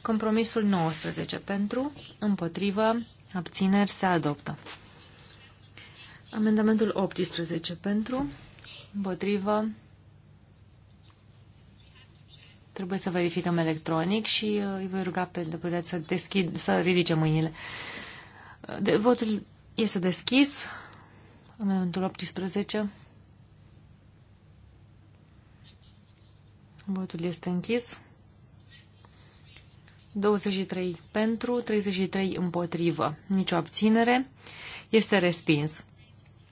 Compromisul 19. Pentru? Împotrivă? Abțineri? Se adoptă. Amendamentul 18. Pentru? Împotrivă? Trebuie să verificăm electronic și uh, îi voi ruga pe deputat să, deschid, să ridice mâinile. De, votul este deschis. momentul 18. Votul este închis. 23 pentru, 33 împotrivă. Nicio abținere. Este respins.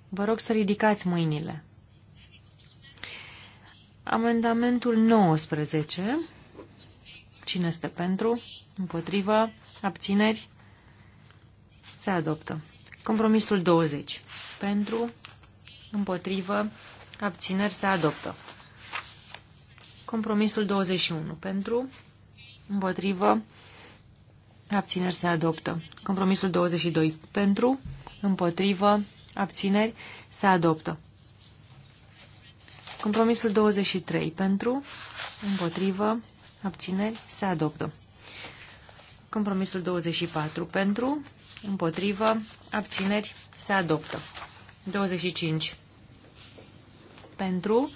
Vă rog să ridicați mâinile. Amendamentul 19. Cine este pentru? Împotrivă? Abțineri? Se adoptă. Compromisul 20. Pentru? Împotrivă? Abțineri? Se adoptă. Compromisul 21. Pentru? Împotrivă? Abțineri? Se adoptă. Compromisul 22. Pentru? Împotrivă? Abțineri? Se adoptă. Compromisul 23 pentru, împotrivă, abțineri, se adoptă. Compromisul 24 pentru, împotrivă, abțineri, se adoptă. 25 pentru,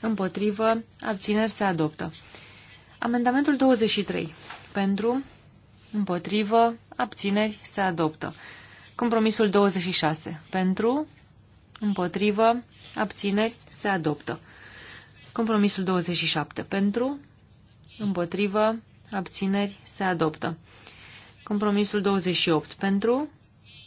împotrivă, abțineri, se adoptă. Amendamentul 23 pentru, împotrivă, abțineri, se adoptă. Compromisul 26 pentru, Împotrivă. Abțineri. Se adoptă. Compromisul 27. Pentru. Împotrivă. Abțineri. Se adoptă. Compromisul 28. Pentru.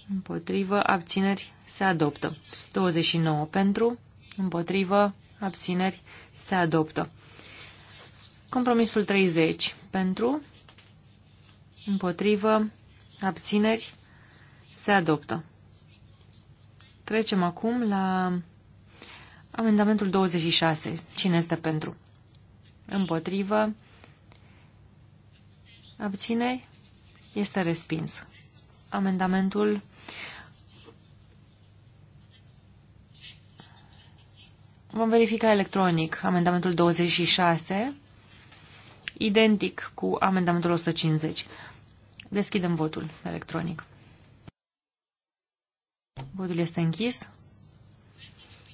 Împotrivă. Abțineri. Se adoptă. 29. Pentru. Împotrivă. Abțineri. Se adoptă. Compromisul 30. Pentru. Împotrivă. Abțineri. Se adoptă. Trecem acum la amendamentul 26. Cine este pentru? Împotrivă? abține? Este respins. Amendamentul Vom verifica electronic amendamentul 26, identic cu amendamentul 150. Deschidem votul electronic. Votul este închis.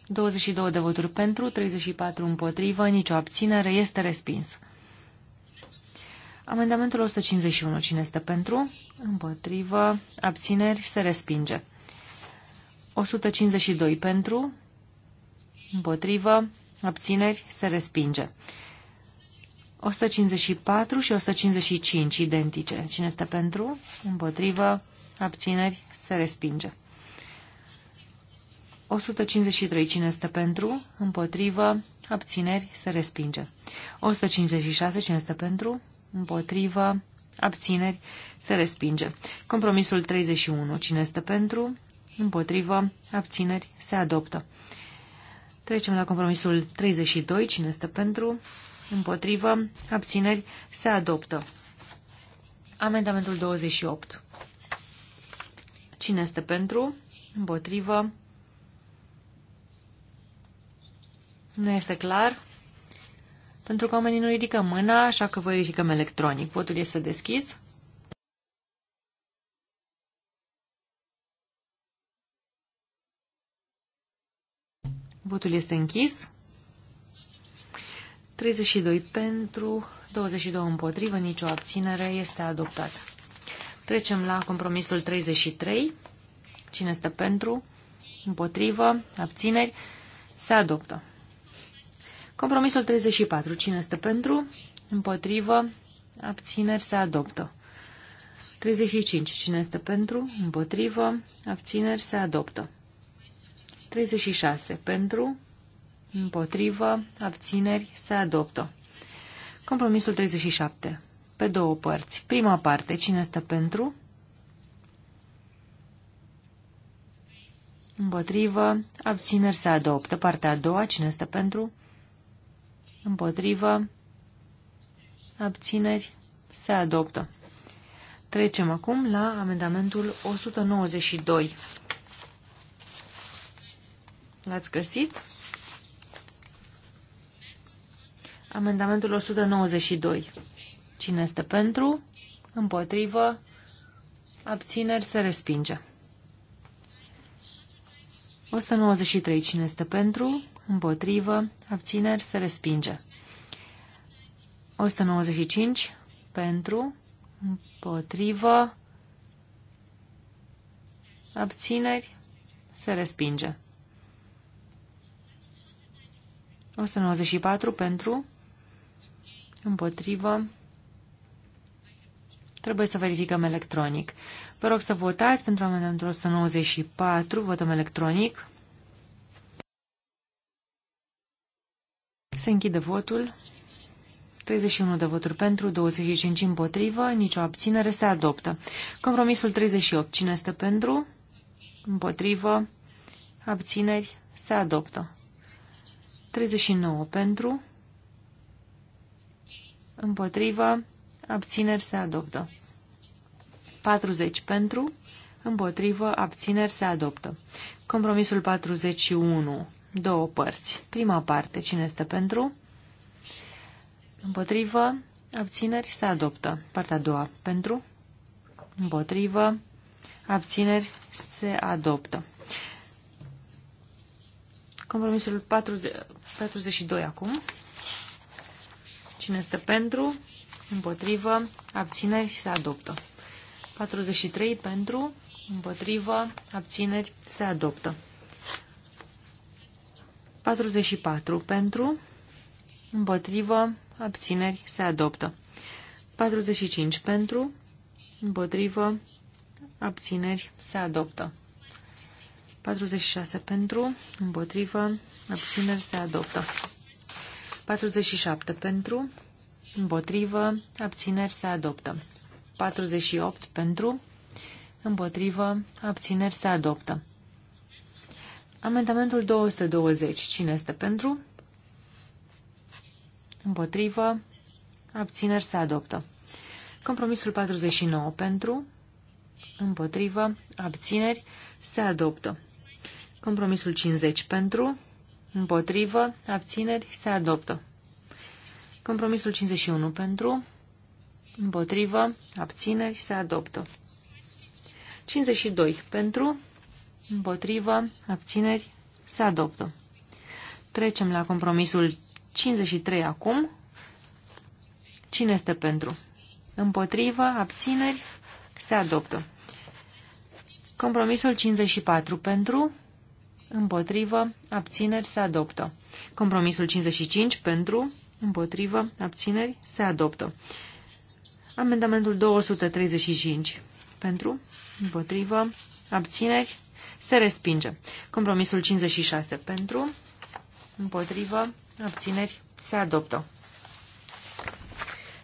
22 de voturi pentru, 34 împotrivă, nicio abținere, este respins. Amendamentul 151, cine este pentru? Împotrivă, abțineri, se respinge. 152 pentru, împotrivă, abțineri, se respinge. 154 și 155 identice. Cine este pentru? Împotrivă, abțineri, se respinge. 153. Cine este pentru? Împotrivă. Abțineri. Se respinge. 156. Cine este pentru? Împotrivă. Abțineri. Se respinge. Compromisul 31. Cine este pentru? Împotrivă. Abțineri. Se adoptă. Trecem la compromisul 32. Cine este pentru? Împotrivă. Abțineri. Se adoptă. Amendamentul 28. Cine este pentru? Împotrivă. Nu este clar. Pentru că oamenii nu ridică mâna, așa că verificăm electronic. Votul este deschis. Votul este închis. 32 pentru, 22 împotrivă, nicio abținere. Este adoptat. Trecem la compromisul 33. Cine este pentru? Împotrivă? Abțineri? Se adoptă. Compromisul 34. Cine este pentru? Împotrivă? Abțineri se adoptă. 35. Cine este pentru? Împotrivă? Abțineri se adoptă. 36. Pentru? Împotrivă? Abțineri se adoptă. Compromisul 37. Pe două părți. Prima parte. Cine este pentru? Împotrivă? Abțineri se adoptă. Partea a doua. Cine este pentru? împotrivă, abțineri, se adoptă. Trecem acum la amendamentul 192. L-ați găsit? Amendamentul 192. Cine este pentru? Împotrivă? Abțineri se respinge. 193. Cine este pentru? împotrivă, abțineri, se respinge. 195 pentru, împotrivă, abțineri, se respinge. 194 pentru, împotrivă, trebuie să verificăm electronic. Vă rog să votați pentru amendamentul 194, votăm electronic. Se închide votul. 31 de voturi pentru, 25 împotrivă, nicio abținere, se adoptă. Compromisul 38. Cine este pentru? Împotrivă. Abțineri, se adoptă. 39 pentru. Împotrivă. Abțineri, se adoptă. 40 pentru. Împotrivă. Abțineri, se adoptă. Compromisul 41 două părți. Prima parte, cine este pentru? Împotrivă, abțineri, se adoptă. Partea a doua, pentru? Împotrivă, abțineri, se adoptă. Compromisul 40, 42 acum. Cine este pentru? Împotrivă, abțineri, se adoptă. 43 pentru, împotrivă, abțineri, se adoptă. 44 pentru, împotrivă, abțineri, se adoptă. 45 pentru, împotrivă, abțineri, se adoptă. 46 pentru, împotrivă, abțineri, se adoptă. 47 pentru, împotrivă, abțineri, se adoptă. 48 pentru, împotrivă, abțineri, se adoptă. Amendamentul 220. Cine este pentru? Împotrivă. Abțineri se adoptă. Compromisul 49 pentru. Împotrivă. Abțineri se adoptă. Compromisul 50 pentru. Împotrivă. Abțineri se adoptă. Compromisul 51 pentru. Împotrivă. Abțineri se adoptă. 52 pentru împotrivă, abțineri, se adoptă. Trecem la compromisul 53 acum. Cine este pentru? Împotrivă, abțineri, se adoptă. Compromisul 54 pentru, împotrivă, abțineri, se adoptă. Compromisul 55 pentru, împotrivă, abțineri, se adoptă. Amendamentul 235 pentru, împotrivă, abțineri, se respinge. Compromisul 56 pentru, împotrivă, abțineri, se adoptă.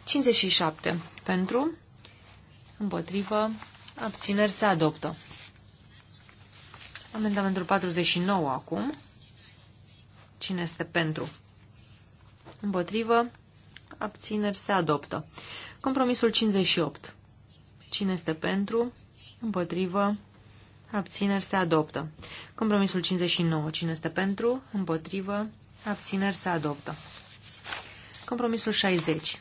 57 pentru, împotrivă, abțineri, se adoptă. Amendamentul 49 acum. Cine este pentru? Împotrivă, abțineri, se adoptă. Compromisul 58. Cine este pentru? Împotrivă, abțineri se adoptă. Compromisul 59, cine este pentru, împotrivă, abțineri se adoptă. Compromisul 60.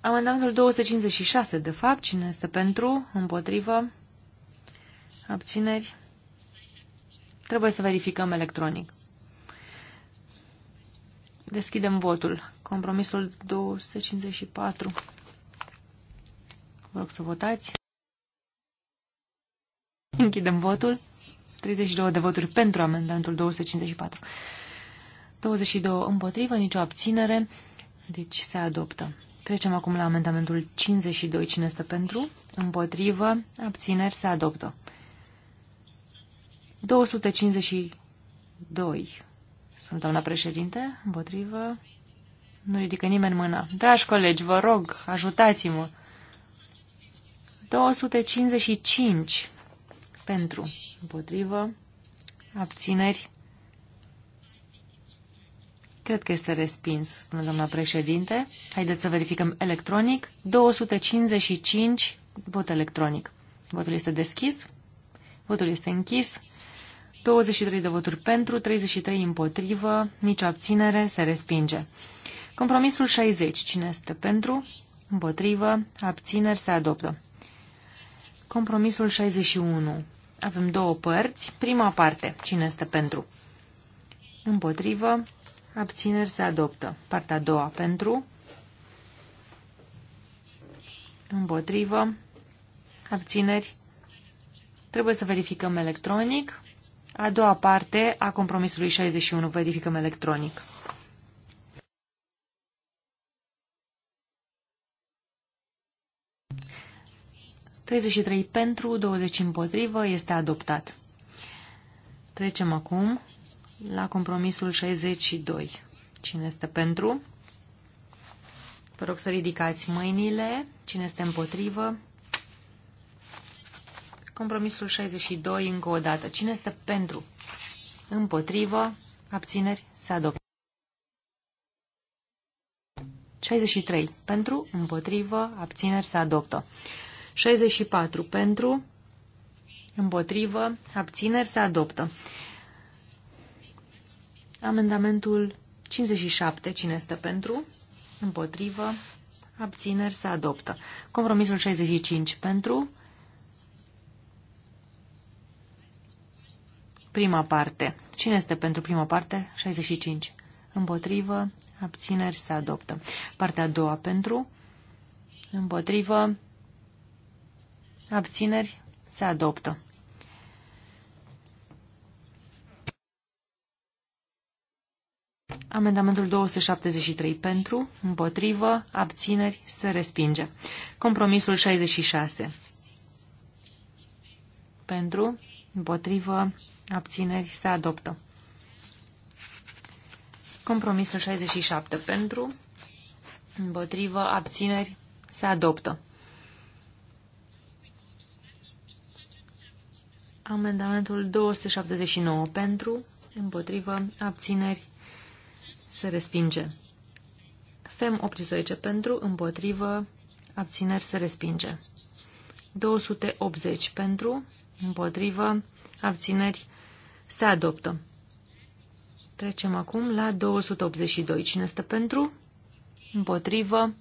Amendamentul 256, de fapt, cine este pentru, împotrivă, abțineri, trebuie să verificăm electronic. Deschidem votul. Compromisul 254. Vă rog să votați. Închidem votul. 32 de voturi pentru amendamentul 254. 22 împotrivă, nicio abținere. Deci se adoptă. Trecem acum la amendamentul 52. Cine este pentru? Împotrivă. Abțineri. Se adoptă. 252. Sunt doamna președinte. Împotrivă. Nu ridică nimeni mâna. Dragi colegi, vă rog, ajutați-mă. 255 pentru, împotrivă, abțineri. Cred că este respins, spune doamna președinte. Haideți să verificăm electronic. 255, vot electronic. Votul este deschis. Votul este închis. 23 de voturi pentru, 33 împotrivă, nicio abținere, se respinge. Compromisul 60. Cine este pentru? Împotrivă, abțineri, se adoptă. Compromisul 61. Avem două părți. Prima parte. Cine este pentru? Împotrivă. Abțineri se adoptă. Partea a doua. Pentru. Împotrivă. Abțineri. Trebuie să verificăm electronic. A doua parte a compromisului 61. Verificăm electronic. 33 pentru, 20 împotrivă, este adoptat. Trecem acum la compromisul 62. Cine este pentru? Vă rog să ridicați mâinile. Cine este împotrivă? Compromisul 62, încă o dată. Cine este pentru? Împotrivă? Abțineri? Se adoptă. 63. Pentru, împotrivă, abțineri se adoptă. 64 pentru, împotrivă, abțineri, se adoptă. Amendamentul 57, cine este pentru, împotrivă, abțineri, se adoptă. Compromisul 65 pentru, prima parte. Cine este pentru prima parte? 65. Împotrivă, abțineri se adoptă. Partea a doua pentru, împotrivă, abțineri, se adoptă. Amendamentul 273 pentru, împotrivă, abțineri, se respinge. Compromisul 66 pentru, împotrivă, abțineri, se adoptă. Compromisul 67 pentru, împotrivă, abțineri, se adoptă. Amendamentul 279 pentru, împotrivă, abțineri, se respinge. FEM 18 pentru, împotrivă, abțineri, se respinge. 280 pentru, împotrivă, abțineri, se adoptă. Trecem acum la 282. Cine este pentru? Împotrivă.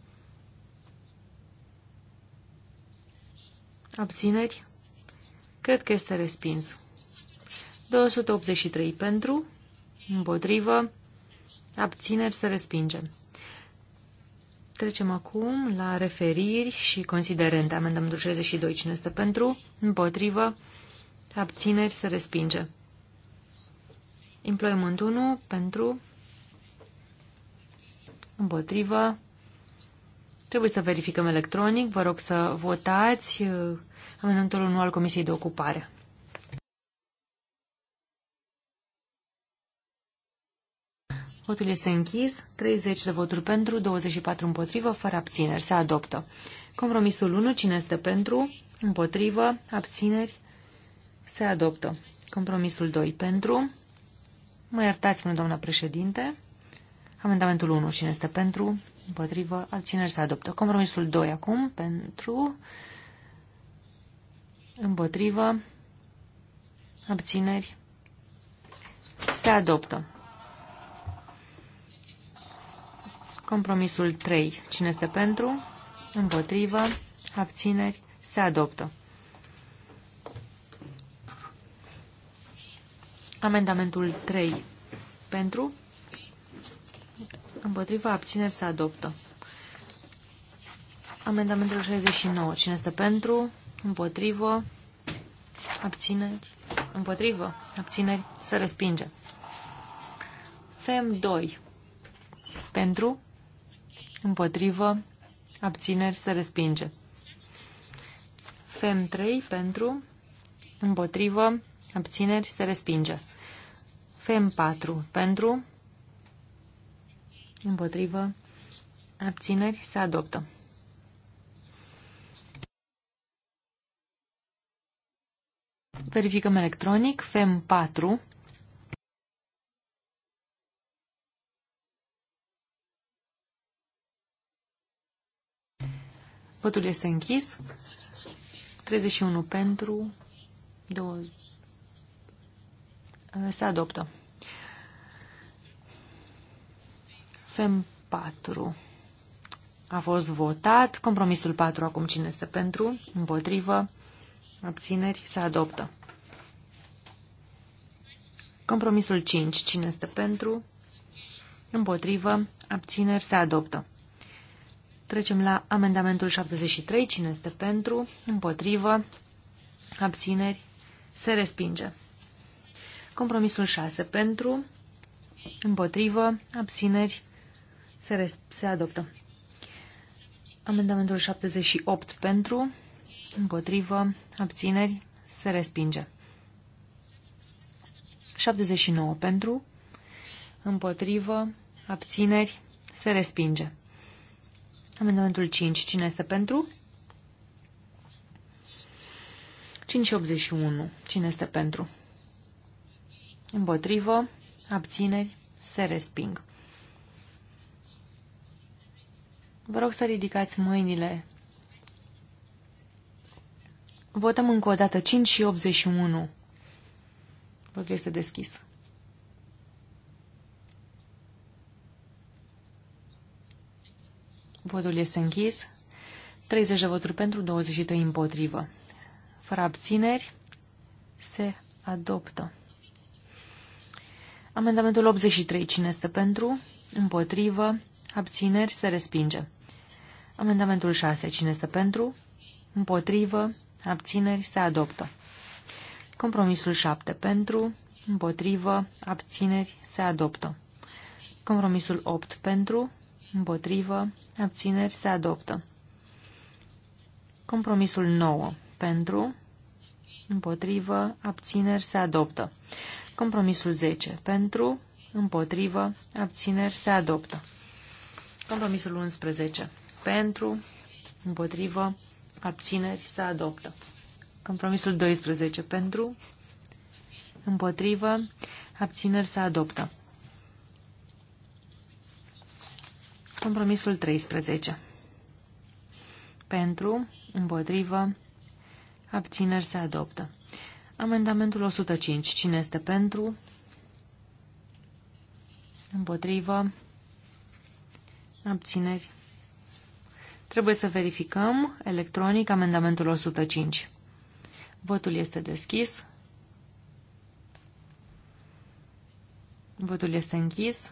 Abțineri. Cred că este respins. 283 pentru, împotrivă, abțineri se respinge. Trecem acum la referiri și considerente. Amendamentul 62. Cine este pentru? Împotrivă. Abțineri se respinge. Employment 1 pentru. Împotrivă. Trebuie să verificăm electronic. Vă rog să votați uh, amendamentul 1 al Comisiei de Ocupare. Votul este închis. 30 de voturi pentru, 24 împotrivă, fără abțineri. Se adoptă. Compromisul 1. Cine este pentru? Împotrivă. Abțineri. Se adoptă. Compromisul 2. Pentru. Mă iertați, mă, doamna președinte. Amendamentul 1. Cine este pentru? împotrivă, abțineri se adoptă. Compromisul 2 acum, pentru, împotrivă, abțineri se adoptă. Compromisul 3. Cine este pentru? Împotrivă. Abțineri. Se adoptă. Amendamentul 3. Pentru? împotriva, abțineri se adoptă. Amendamentul 69. Cine este pentru? Împotrivă? Abțineri? Împotrivă? Abțineri? Se respinge. FEM 2. Pentru? Împotrivă? Abțineri? Se respinge. FEM 3. Pentru? Împotrivă? Abțineri? Se respinge. FEM 4. Pentru? împotrivă, abțineri, se adoptă. Verificăm electronic, FEM 4. Votul este închis. 31 pentru, 2 se adoptă. FEM 4 a fost votat. Compromisul 4 acum cine este pentru? Împotrivă? Abțineri? Se adoptă. Compromisul 5. Cine este pentru? Împotrivă? Abțineri? Se adoptă. Trecem la amendamentul 73. Cine este pentru? Împotrivă? Abțineri? Se respinge. Compromisul 6. Pentru? Împotrivă? Abțineri? Se, se adoptă. Amendamentul 78 pentru, împotrivă, abțineri, se respinge. 79 pentru, împotrivă, abțineri, se respinge. Amendamentul 5. Cine este pentru? 581. Cine este pentru? Împotrivă, abțineri, se resping. Vă rog să ridicați mâinile. Votăm încă o dată 5 și 81. Votul este deschis. Votul este închis. 30 de voturi pentru, 23 împotrivă. Fără abțineri, se adoptă. Amendamentul 83. Cine este pentru? Împotrivă abțineri, se respinge. Amendamentul 6. Cine este pentru? Împotrivă, abțineri, se adoptă. Compromisul 7. Pentru, împotrivă, abțineri, se adoptă. Compromisul 8. Pentru, împotrivă, abțineri, se adoptă. Compromisul 9. Pentru, împotrivă, abțineri, se adoptă. Compromisul 10. Pentru, împotrivă, abțineri, se adoptă. Compromisul 11. Pentru, împotrivă, abțineri, se adoptă. Compromisul 12. Pentru, împotrivă, abțineri, se adoptă. Compromisul 13. Pentru, împotrivă, abțineri, se adoptă. Amendamentul 105. Cine este pentru? Împotrivă. Abțineri. Trebuie să verificăm electronic amendamentul 105. Votul este deschis. Votul este închis.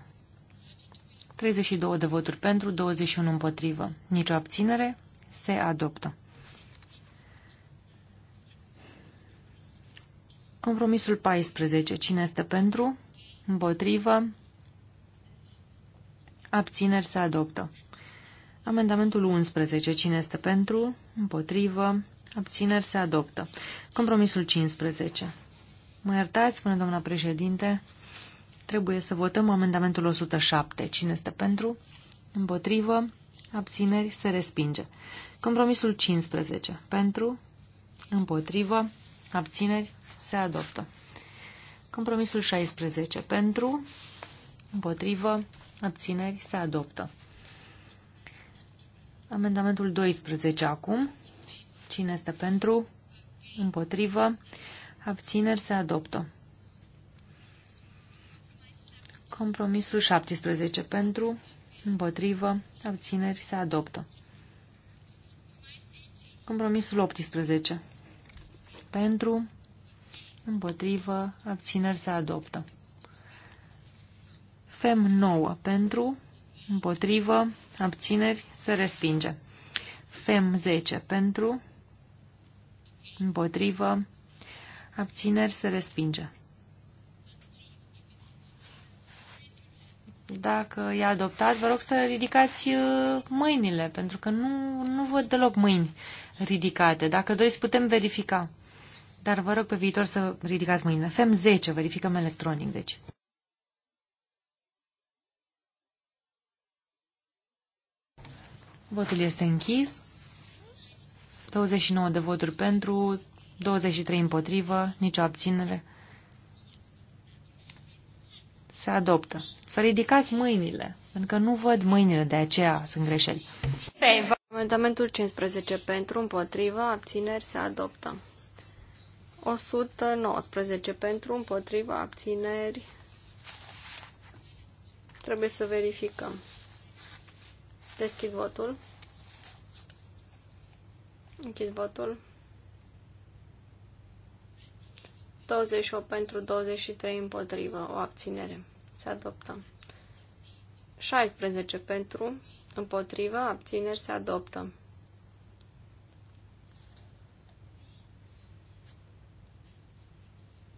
32 de voturi pentru, 21 împotrivă. Nicio abținere. Se adoptă. Compromisul 14. Cine este pentru? Împotrivă. Abțineri se adoptă. Amendamentul 11. Cine este pentru? Împotrivă. Abțineri se adoptă. Compromisul 15. Mă iertați, spune doamna președinte, trebuie să votăm amendamentul 107. Cine este pentru? Împotrivă. Abțineri se respinge. Compromisul 15. Pentru? Împotrivă. Abțineri se adoptă. Compromisul 16. Pentru? Împotrivă abțineri, se adoptă. Amendamentul 12 acum. Cine este pentru? Împotrivă. Abțineri se adoptă. Compromisul 17 pentru, împotrivă, abțineri se adoptă. Compromisul 18 pentru, împotrivă, abțineri se adoptă. FEM 9 pentru, împotrivă, abțineri, se respinge. FEM 10 pentru, împotrivă, abțineri, se respinge. Dacă e adoptat, vă rog să ridicați uh, mâinile, pentru că nu, nu văd deloc mâini ridicate. Dacă doriți, putem verifica. Dar vă rog pe viitor să ridicați mâinile. FEM 10, verificăm electronic, deci. Votul este închis. 29 de voturi pentru, 23 împotrivă, nicio abținere. Se adoptă. Să ridicați mâinile, pentru că nu văd mâinile, de aceea sunt greșeli. Favor. Amendamentul 15 pentru, împotrivă, abțineri se adoptă. 119 pentru, împotrivă, abțineri. Trebuie să verificăm. Deschid votul. Închid votul. 28 pentru 23 împotrivă. O abținere. Se adoptă. 16 pentru împotrivă. Abțineri se adoptă.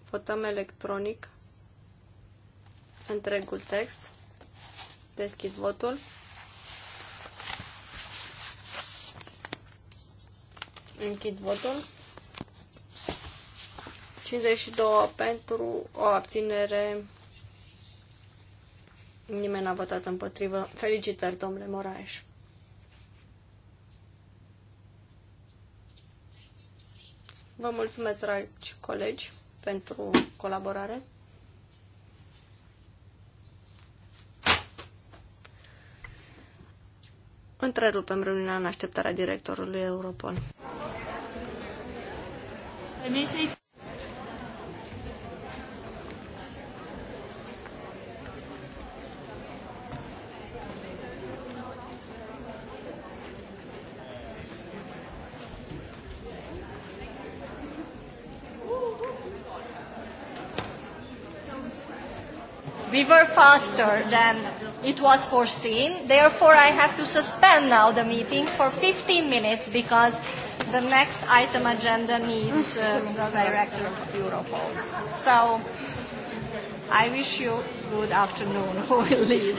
Votăm electronic întregul text. Deschid votul. Închid votul. 52 pentru o abținere. Nimeni n-a votat împotrivă. Felicitări, domnule Moraes. Vă mulțumesc, dragi colegi, pentru colaborare. Întrerupem reuniunea în așteptarea directorului Europol. faster than it was foreseen. Therefore, I have to suspend now the meeting for 15 minutes because the next item agenda needs uh, the director of Europol. So I wish you good afternoon who will leave.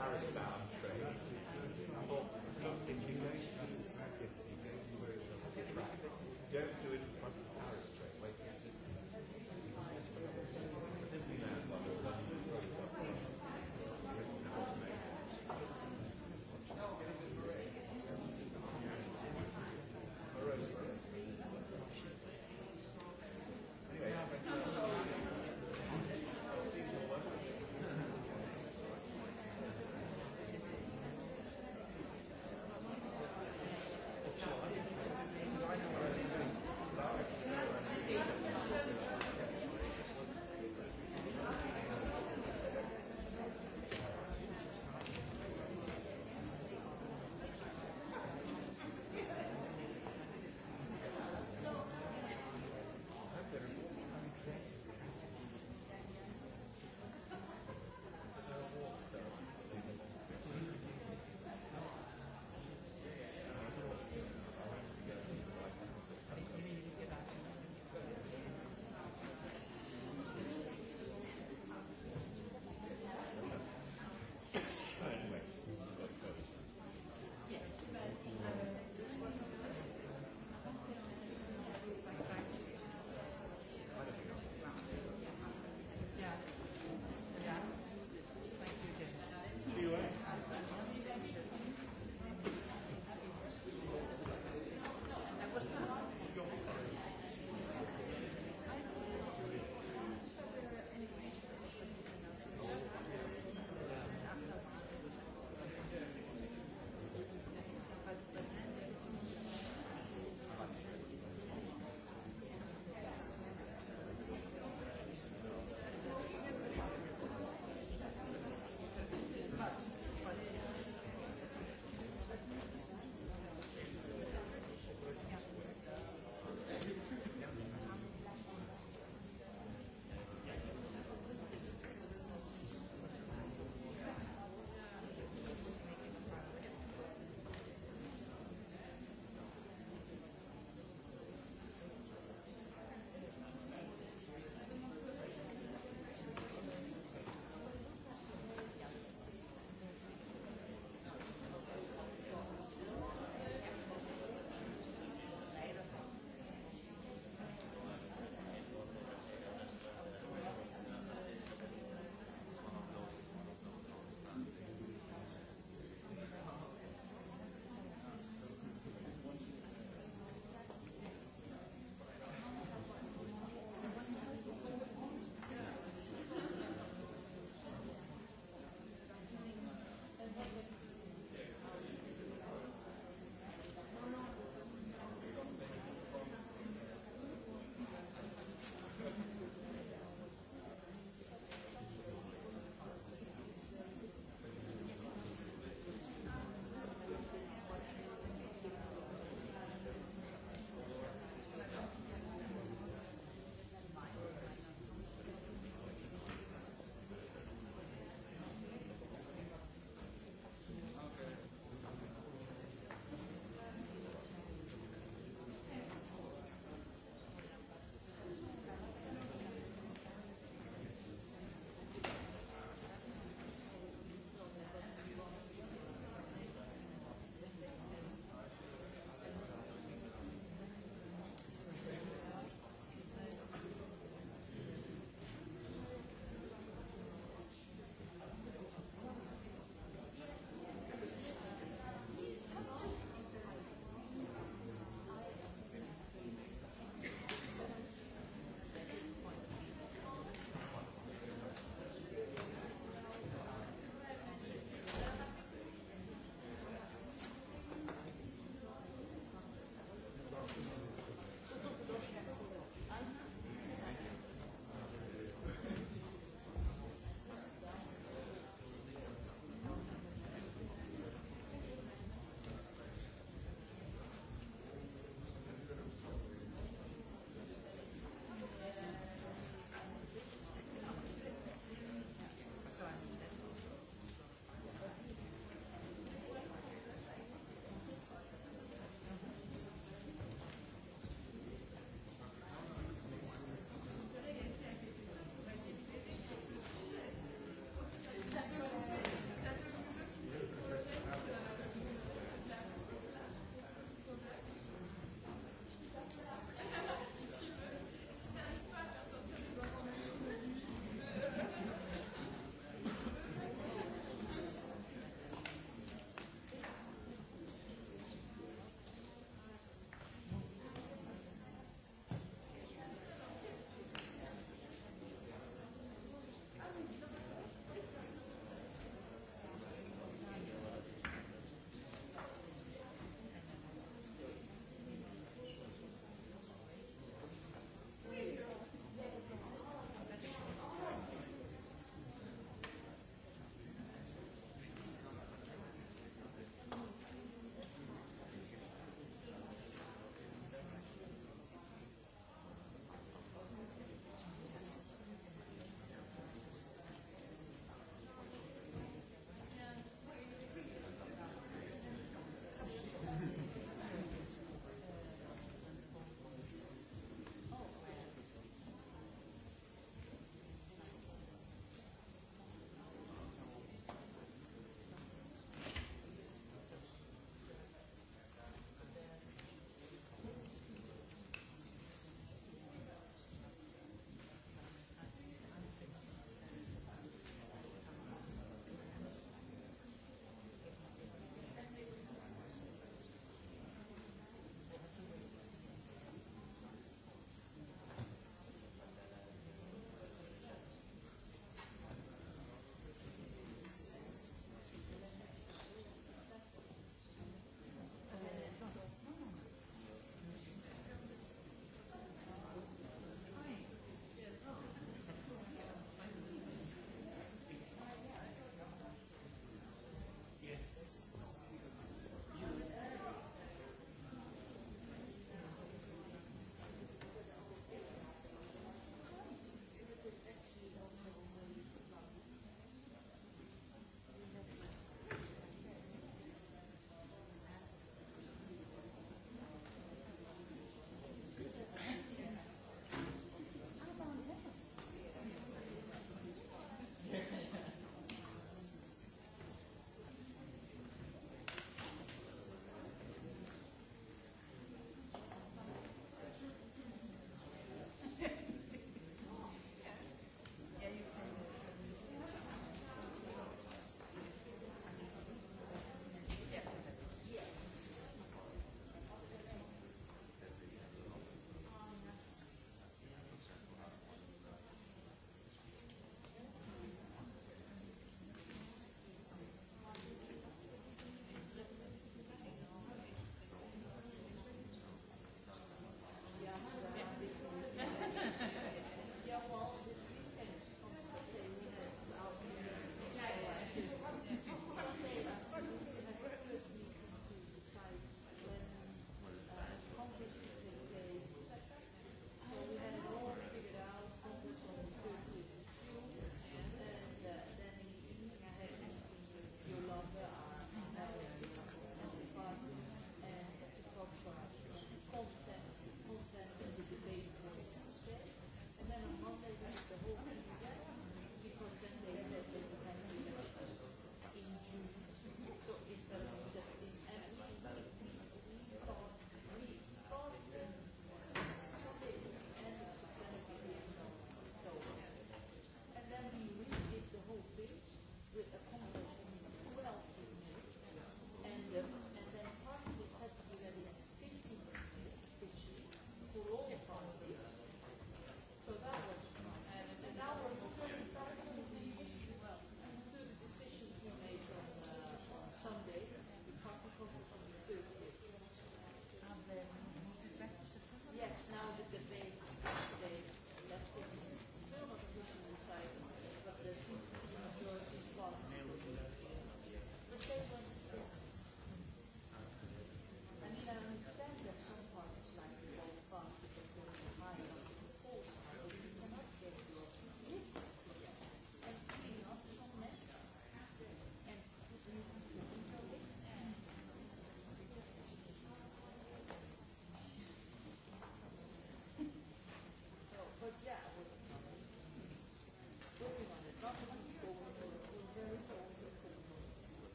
Harris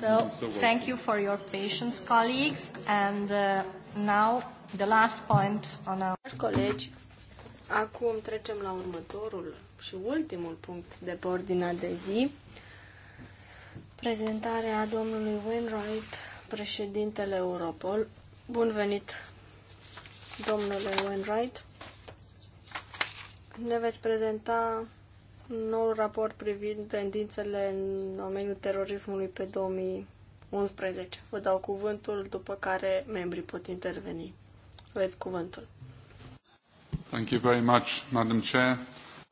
So thank you for your patience, colleagues, and uh, now the last point on our... Colegi, acum trecem la următorul și ultimul punct de pe ordinea de zi. Prezentarea domnului Wainwright, președintele Europol. Bun venit, domnule Wainwright. Ne veți prezenta noul raport privind tendințele în domeniul terorismului pe 2011. Vă dau cuvântul, după care membrii pot interveni. Aveți cuvântul. Thank you very much, Madam Chair.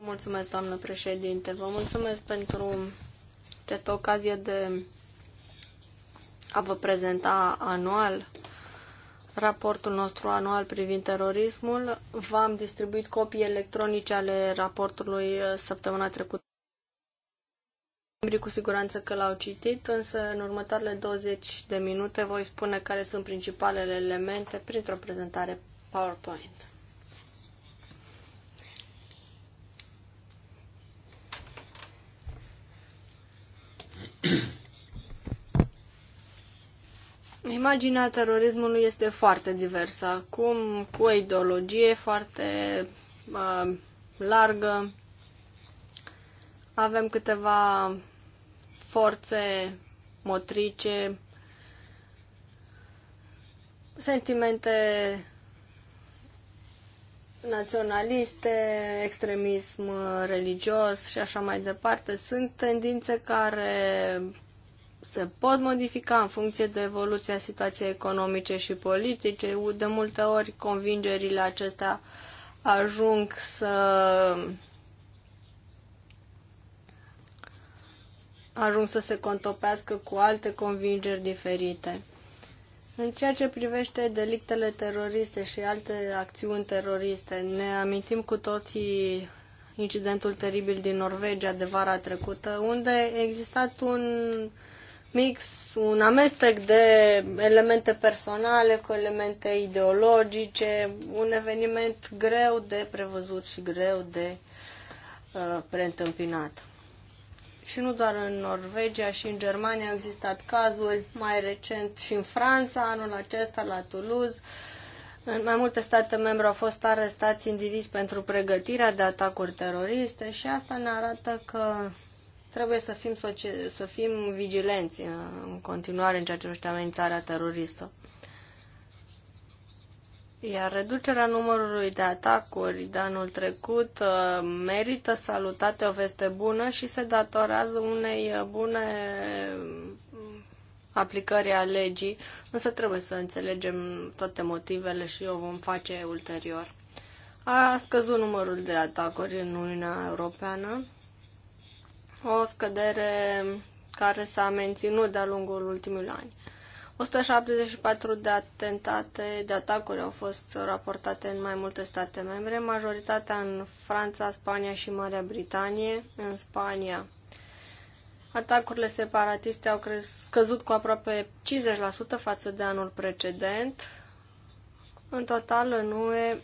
Mulțumesc, doamnă președinte. Vă mulțumesc pentru această ocazie de a vă prezenta anual raportul nostru anual privind terorismul. V-am distribuit copii electronice ale raportului uh, săptămâna trecută. Membrii cu siguranță că l-au citit, însă în următoarele 20 de minute voi spune care sunt principalele elemente printr-o prezentare PowerPoint. Imaginea terorismului este foarte diversă, acum cu o ideologie foarte uh, largă. Avem câteva forțe motrice, sentimente naționaliste, extremism religios și așa mai departe. Sunt tendințe care se pot modifica în funcție de evoluția situației economice și politice. De multe ori convingerile acestea ajung să ajung să se contopească cu alte convingeri diferite. În ceea ce privește delictele teroriste și alte acțiuni teroriste, ne amintim cu toții incidentul teribil din Norvegia de vara trecută, unde a existat un mix, un amestec de elemente personale cu elemente ideologice, un eveniment greu de prevăzut și greu de uh, preîntâmpinat. Și nu doar în Norvegia, și în Germania au existat cazuri, mai recent și în Franța, anul acesta la Toulouse. În mai multe state membre au fost arestați indivizi pentru pregătirea de atacuri teroriste și asta ne arată că trebuie să fim, să fim vigilenți uh, în continuare în ceea ce privește amenințarea teroristă. Iar reducerea numărului de atacuri de anul trecut uh, merită salutate o veste bună și se datorează unei uh, bune aplicări a legii, însă trebuie să înțelegem toate motivele și o vom face ulterior. A scăzut numărul de atacuri în Uniunea Europeană, o scădere care s-a menținut de-a lungul ultimilor ani. 174 de atentate, de atacuri au fost raportate în mai multe state membre, majoritatea în Franța, Spania și Marea Britanie. În Spania, atacurile separatiste au scăzut cu aproape 50% față de anul precedent. În total, în UE,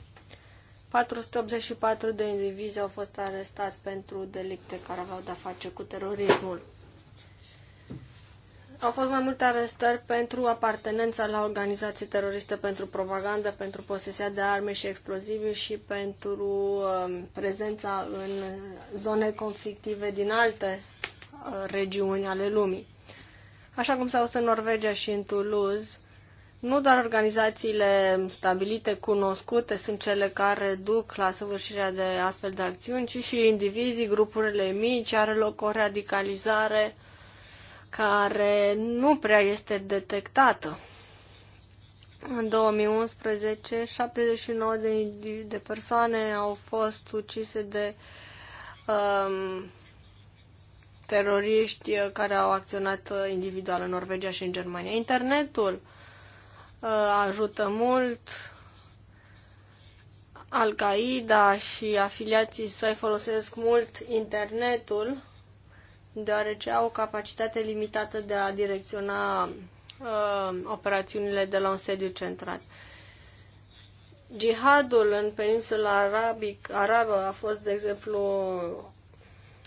484 de indivizi au fost arestați pentru delicte care aveau de-a face cu terorismul. Au fost mai multe arestări pentru apartenența la organizații teroriste, pentru propagandă, pentru posesia de arme și explozivi și pentru uh, prezența în zone conflictive din alte uh, regiuni ale lumii. Așa cum s-a auzit în Norvegia și în Toulouse, nu doar organizațiile stabilite, cunoscute, sunt cele care duc la săvârșirea de astfel de acțiuni, ci și indivizii, grupurile mici, are loc o radicalizare care nu prea este detectată. În 2011, 79 de, de persoane au fost ucise de um, teroriști care au acționat individual în Norvegia și în Germania. Internetul Uh, ajută mult. Al-Qaeda și afiliații săi folosesc mult internetul, deoarece au o capacitate limitată de a direcționa uh, operațiunile de la un sediu centrat. Jihadul în peninsula arabic, arabă a fost, de exemplu,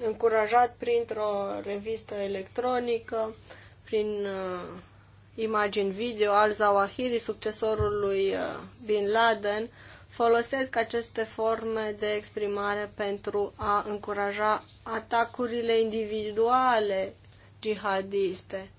încurajat printr-o revistă electronică, prin uh, imagini video al Zawahiri, succesorul lui uh, Bin Laden, folosesc aceste forme de exprimare pentru a încuraja atacurile individuale jihadiste.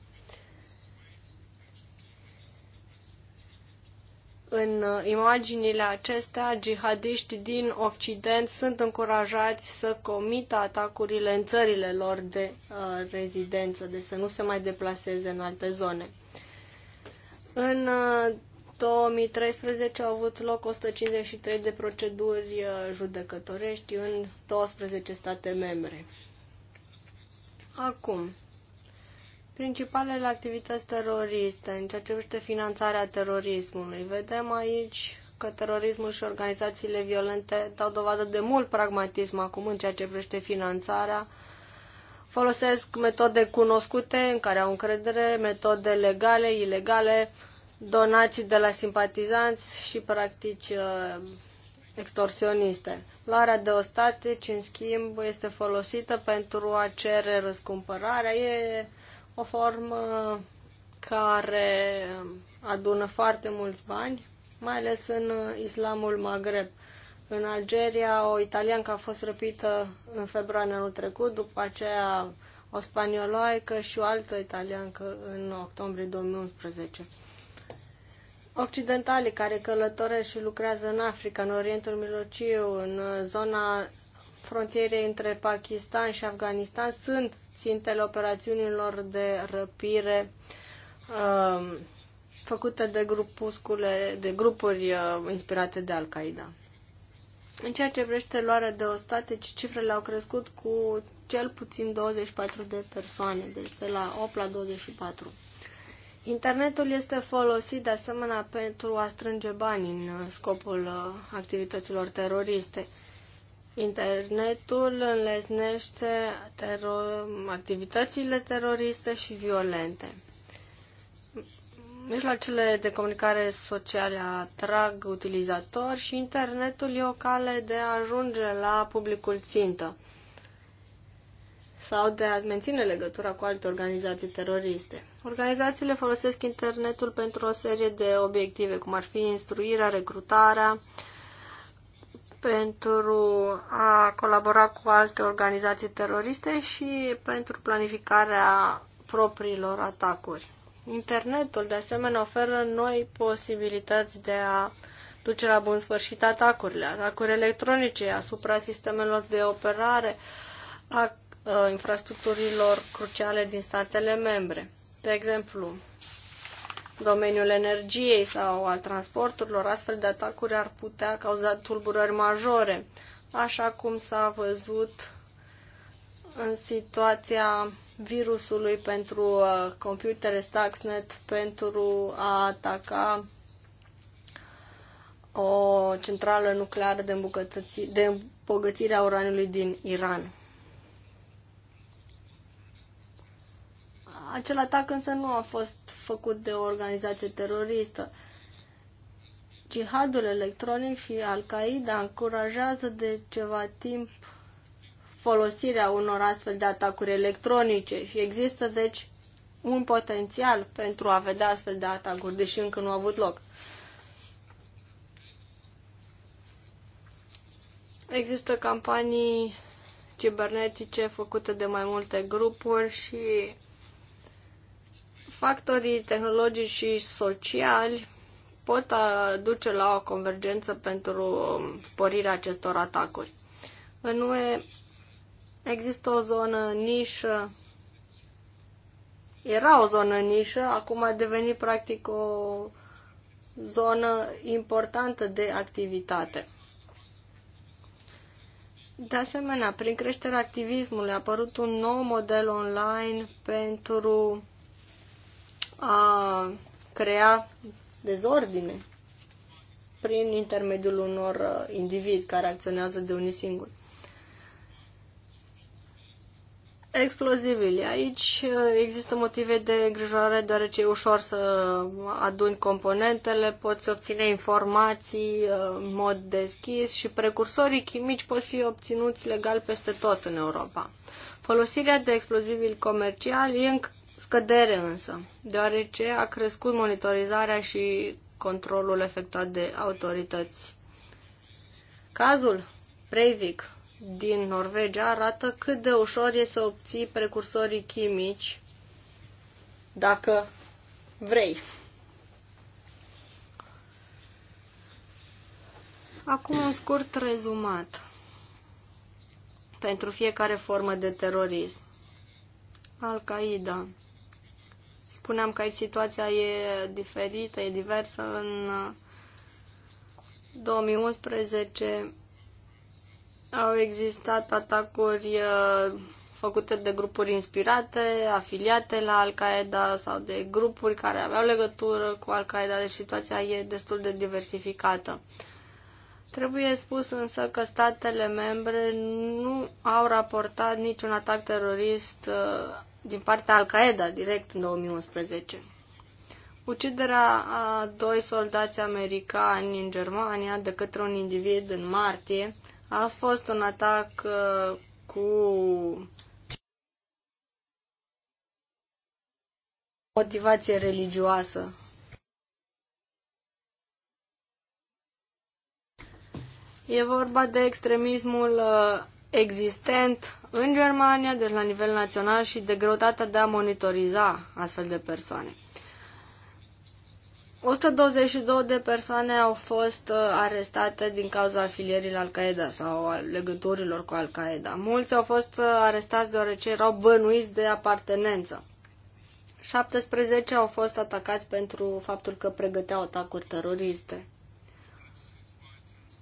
În uh, imaginile acestea, jihadiști din Occident sunt încurajați să comită atacurile în țările lor de uh, rezidență, deci să nu se mai deplaseze în alte zone. În 2013 uh, au avut loc 153 de proceduri uh, judecătorești în 12 state membre. Acum, principalele activități teroriste în ceea ce privește finanțarea terorismului. Vedem aici că terorismul și organizațiile violente dau dovadă de mult pragmatism acum în ceea ce privește finanțarea folosesc metode cunoscute în care au încredere, metode legale, ilegale, donații de la simpatizanți și practici uh, extorsioniste. Luarea de ostatici, în schimb, este folosită pentru a cere răscumpărarea. E o formă care adună foarte mulți bani, mai ales în uh, islamul Maghreb. În Algeria, o italiancă a fost răpită în februarie anul trecut, după aceea o spanioloică și o altă italiancă în octombrie 2011. Occidentalii care călătoresc și lucrează în Africa, în Orientul Mijlociu, în zona frontierei între Pakistan și Afganistan, sunt țintele operațiunilor de răpire um, făcute de grupuscule, de grupuri uh, inspirate de Al-Qaeda. În ceea ce vrește luarea de ostate, cifrele au crescut cu cel puțin 24 de persoane, deci de la 8 la 24. Internetul este folosit de asemenea pentru a strânge bani în uh, scopul uh, activităților teroriste. Internetul înlesnește teror- activitățile teroriste și violente. Mijloacele de comunicare sociale atrag utilizatori și internetul e o cale de a ajunge la publicul țintă sau de a menține legătura cu alte organizații teroriste. Organizațiile folosesc internetul pentru o serie de obiective, cum ar fi instruirea, recrutarea, pentru a colabora cu alte organizații teroriste și pentru planificarea propriilor atacuri. Internetul, de asemenea, oferă noi posibilități de a duce la bun sfârșit atacurile, atacuri electronice asupra sistemelor de operare a, a infrastructurilor cruciale din statele membre. De exemplu, domeniul energiei sau al transporturilor, astfel de atacuri ar putea cauza tulburări majore, așa cum s-a văzut în situația virusului pentru uh, computere Stuxnet pentru a ataca o centrală nucleară de, de îmbogățire a uraniului din Iran. Acel atac însă nu a fost făcut de o organizație teroristă. Jihadul electronic și Al-Qaeda încurajează de ceva timp folosirea unor astfel de atacuri electronice și există deci un potențial pentru a vedea astfel de atacuri, deși încă nu au avut loc. Există campanii cibernetice făcute de mai multe grupuri și factorii tehnologici și sociali pot duce la o convergență pentru sporirea acestor atacuri. În UE Există o zonă nișă, era o zonă nișă, acum a devenit practic o zonă importantă de activitate. De asemenea, prin creșterea activismului a apărut un nou model online pentru a crea dezordine prin intermediul unor uh, indivizi care acționează de unii singuri. explozibili. Aici uh, există motive de îngrijorare deoarece e ușor să aduni componentele, poți obține informații uh, în mod deschis și precursorii chimici pot fi obținuți legal peste tot în Europa. Folosirea de explozibili comerciali e în scădere însă, deoarece a crescut monitorizarea și controlul efectuat de autorități. Cazul Breivik din Norvegia arată cât de ușor e să obții precursorii chimici dacă vrei. Acum un scurt rezumat pentru fiecare formă de terorism. Al-Qaeda. Spuneam că aici situația e diferită, e diversă. În 2011 au existat atacuri uh, făcute de grupuri inspirate, afiliate la Al-Qaeda sau de grupuri care aveau legătură cu Al-Qaeda, deci situația e destul de diversificată. Trebuie spus însă că statele membre nu au raportat niciun atac terorist uh, din partea Al-Qaeda direct în 2011. Uciderea a doi soldați americani în Germania de către un individ în martie a fost un atac uh, cu motivație religioasă. E vorba de extremismul uh, existent în Germania, deci la nivel național, și de greutatea de a monitoriza astfel de persoane. 122 de persoane au fost uh, arestate din cauza afilierii la Al-Qaeda sau a legăturilor cu Al-Qaeda. Mulți au fost uh, arestați deoarece erau bănuiți de apartenență. 17 au fost atacați pentru faptul că pregăteau atacuri teroriste.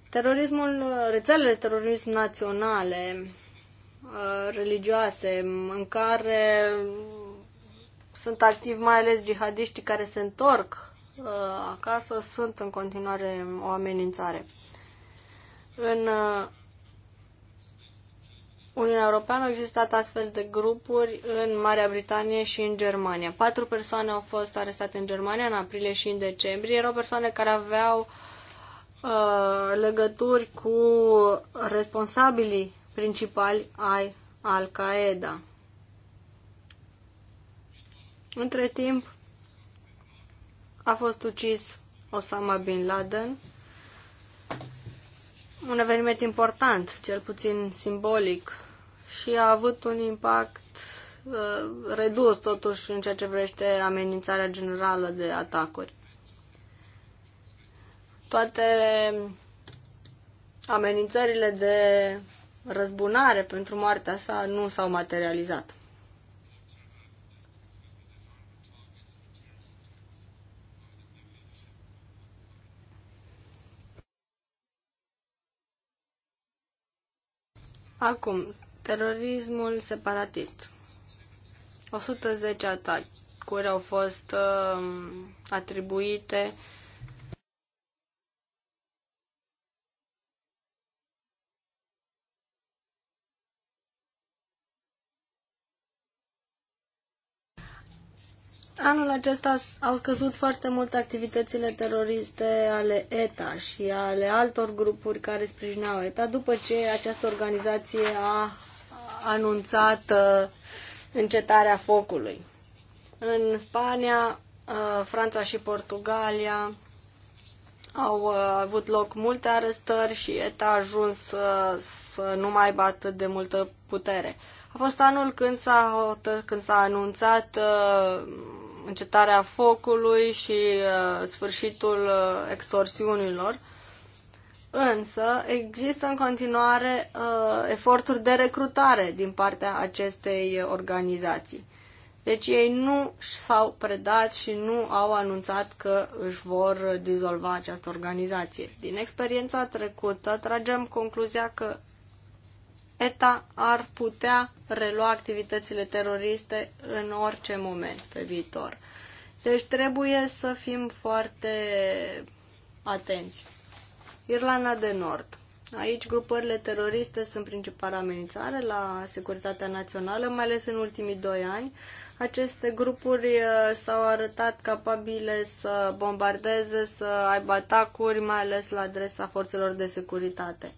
Terorismul, uh, rețelele terorism naționale, religioase, în care sunt activi mai ales jihadiștii care se întorc Uh, acasă sunt în continuare o amenințare. În uh, Uniunea Europeană au existat astfel de grupuri în Marea Britanie și în Germania. Patru persoane au fost arestate în Germania în aprilie și în decembrie. Erau persoane care aveau uh, legături cu responsabilii principali ai Al-Qaeda. Între timp, a fost ucis Osama Bin Laden. Un eveniment important, cel puțin simbolic, și a avut un impact uh, redus totuși în ceea ce privește amenințarea generală de atacuri. Toate amenințările de răzbunare pentru moartea sa nu s-au materializat. Acum, terorismul separatist. 110 atacuri au fost uh, atribuite uh, Anul acesta au scăzut foarte mult activitățile teroriste ale ETA și ale altor grupuri care sprijineau ETA după ce această organizație a anunțat uh, încetarea focului. În Spania, uh, Franța și Portugalia au uh, avut loc multe arestări și ETA a ajuns să, să nu mai aibă atât de multă putere. A fost anul când s-a, când s-a anunțat uh, încetarea focului și uh, sfârșitul uh, extorsiunilor. Însă există în continuare uh, eforturi de recrutare din partea acestei organizații. Deci ei nu s-au predat și nu au anunțat că își vor dizolva această organizație. Din experiența trecută tragem concluzia că ETA ar putea relua activitățile teroriste în orice moment pe viitor. Deci trebuie să fim foarte atenți. Irlanda de Nord. Aici grupările teroriste sunt principala amenințare la securitatea națională, mai ales în ultimii doi ani. Aceste grupuri uh, s-au arătat capabile să bombardeze, să aibă atacuri, mai ales la adresa forțelor de securitate.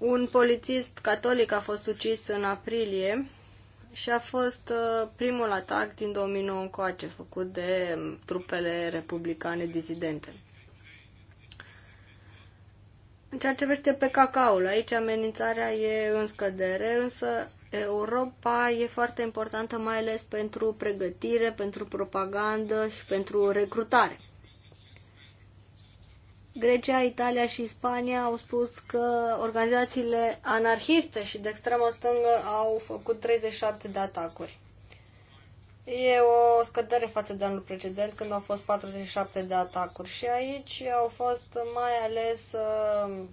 Un polițist catolic a fost ucis în aprilie și a fost uh, primul atac din 2009 încoace, făcut de um, trupele republicane dizidente. În ceea ce vește pe cacaul, aici amenințarea e în scădere, însă Europa e foarte importantă mai ales pentru pregătire, pentru propagandă și pentru recrutare. Grecia, Italia și Spania au spus că organizațiile anarhiste și de extremă stângă au făcut 37 de atacuri. E o scădere față de anul precedent, când au fost 47 de atacuri. Și aici au fost mai ales uh,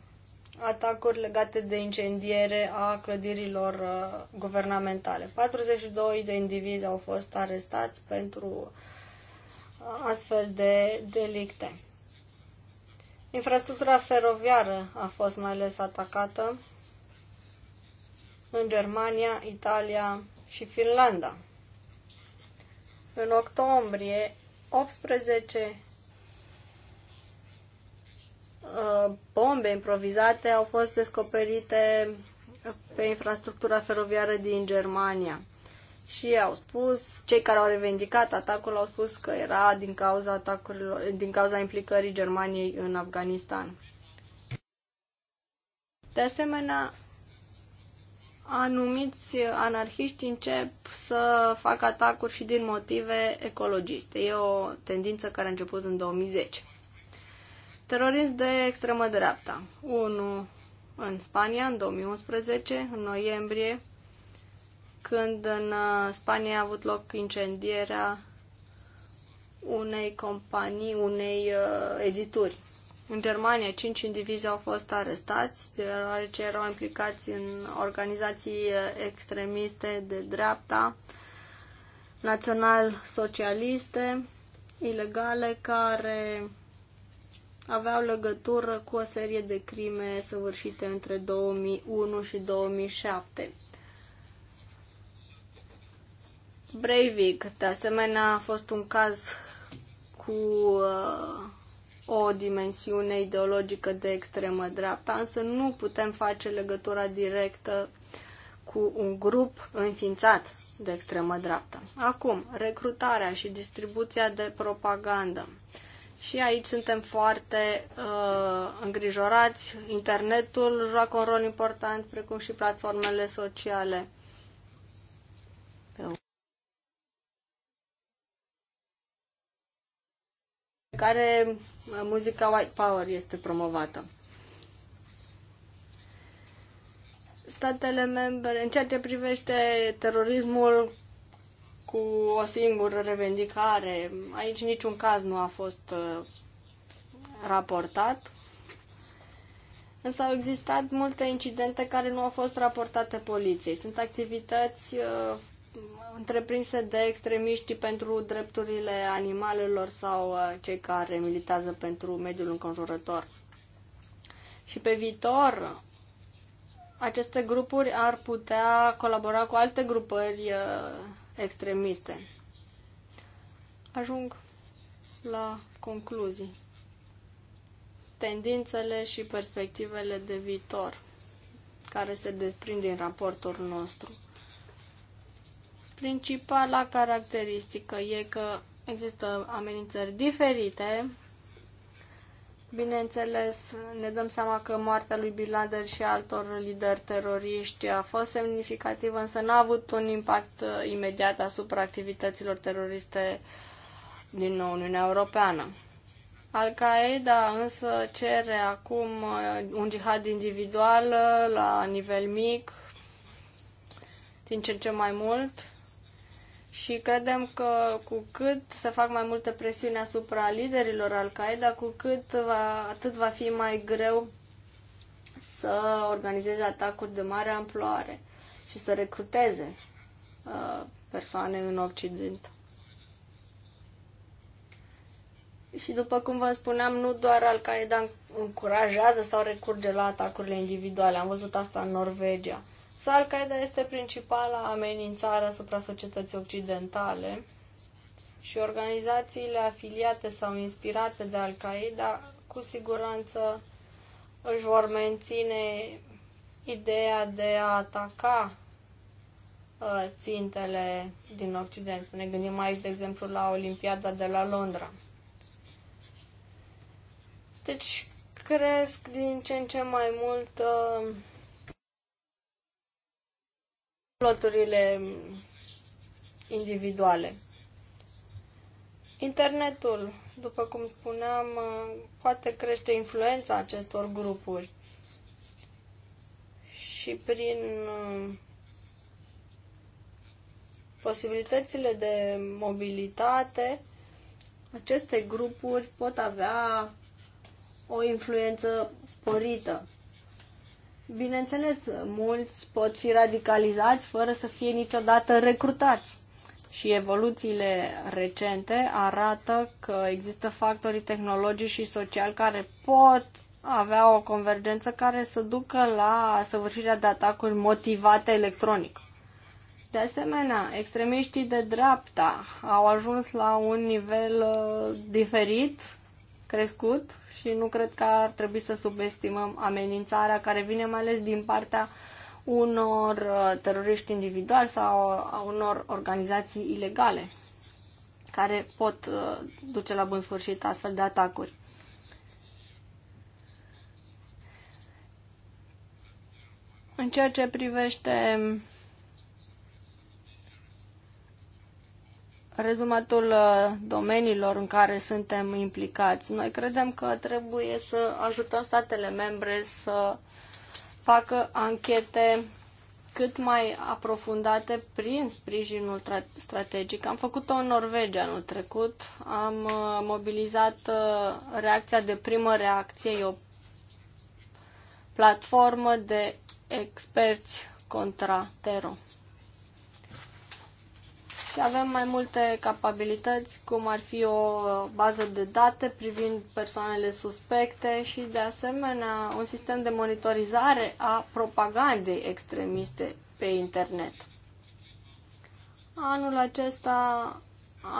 atacuri legate de incendiere a clădirilor uh, guvernamentale. 42 de indivizi au fost arestați pentru uh, astfel de delicte. Infrastructura feroviară a fost mai ales atacată în Germania, Italia și Finlanda. În octombrie, 18 uh, bombe improvizate au fost descoperite pe infrastructura feroviară din Germania și au spus, cei care au revendicat atacul au spus că era din cauza atacurilor, din cauza implicării Germaniei în Afganistan. De asemenea, anumiți anarhiști încep să facă atacuri și din motive ecologiste. E o tendință care a început în 2010. Terorism de extremă dreapta. 1 în Spania, în 2011, în noiembrie, când în uh, Spania a avut loc incendierea unei companii, unei uh, edituri. În Germania, cinci indivizi au fost arestați, deoarece erau implicați în organizații uh, extremiste de dreapta, național-socialiste, ilegale, care aveau legătură cu o serie de crime săvârșite între 2001 și 2007. Breivik, de asemenea, a fost un caz cu uh, o dimensiune ideologică de extremă dreapta, însă nu putem face legătura directă cu un grup înființat de extremă dreaptă. Acum, recrutarea și distribuția de propagandă. Și aici suntem foarte uh, îngrijorați. Internetul joacă un rol important, precum și platformele sociale. care uh, muzica White Power este promovată. Statele membre, în ceea ce privește terorismul cu o singură revendicare, aici niciun caz nu a fost uh, raportat. Însă au existat multe incidente care nu au fost raportate poliției. Sunt activități uh, întreprinse de extremiști pentru drepturile animalelor sau uh, cei care militează pentru mediul înconjurător. Și pe viitor, aceste grupuri ar putea colabora cu alte grupări uh, extremiste. Ajung la concluzii. Tendințele și perspectivele de viitor care se desprind din raportul nostru. Principala caracteristică e că există amenințări diferite. Bineînțeles, ne dăm seama că moartea lui Bin Laden și altor lideri teroriști a fost semnificativă, însă n-a avut un impact uh, imediat asupra activităților teroriste din Uniunea Europeană. Al-Qaeda însă cere acum uh, un jihad individual uh, la nivel mic, din ce în ce mai mult, și credem că cu cât se fac mai multe presiuni asupra liderilor Al-Qaeda, cu cât va, atât va fi mai greu să organizeze atacuri de mare amploare și să recruteze uh, persoane în Occident. Și după cum vă spuneam, nu doar Al-Qaeda încurajează sau recurge la atacurile individuale. Am văzut asta în Norvegia însă Al-Qaeda este principala amenințare asupra societății occidentale și organizațiile afiliate sau inspirate de Al-Qaeda cu siguranță își vor menține ideea de a ataca uh, țintele din Occident. Să ne gândim aici, de exemplu, la Olimpiada de la Londra. Deci cresc din ce în ce mai mult uh, ploturile individuale. Internetul, după cum spuneam, poate crește influența acestor grupuri și prin uh, posibilitățile de mobilitate, aceste grupuri pot avea o influență sporită Bineînțeles, mulți pot fi radicalizați fără să fie niciodată recrutați. Și evoluțiile recente arată că există factorii tehnologici și sociali care pot avea o convergență care să ducă la săvârșirea de atacuri motivate electronic. De asemenea, extremiștii de dreapta au ajuns la un nivel uh, diferit, crescut și nu cred că ar trebui să subestimăm amenințarea care vine mai ales din partea unor uh, teroriști individuali sau a unor organizații ilegale care pot uh, duce la bun sfârșit astfel de atacuri. În ceea ce privește rezumatul uh, domeniilor în care suntem implicați. Noi credem că trebuie să ajutăm statele membre să facă anchete cât mai aprofundate prin sprijinul strategic. Am făcut-o în Norvegia anul trecut, am uh, mobilizat uh, reacția de primă reacție, e o platformă de experți contra terorism și avem mai multe capabilități, cum ar fi o bază de date privind persoanele suspecte și, de asemenea, un sistem de monitorizare a propagandei extremiste pe internet. Anul acesta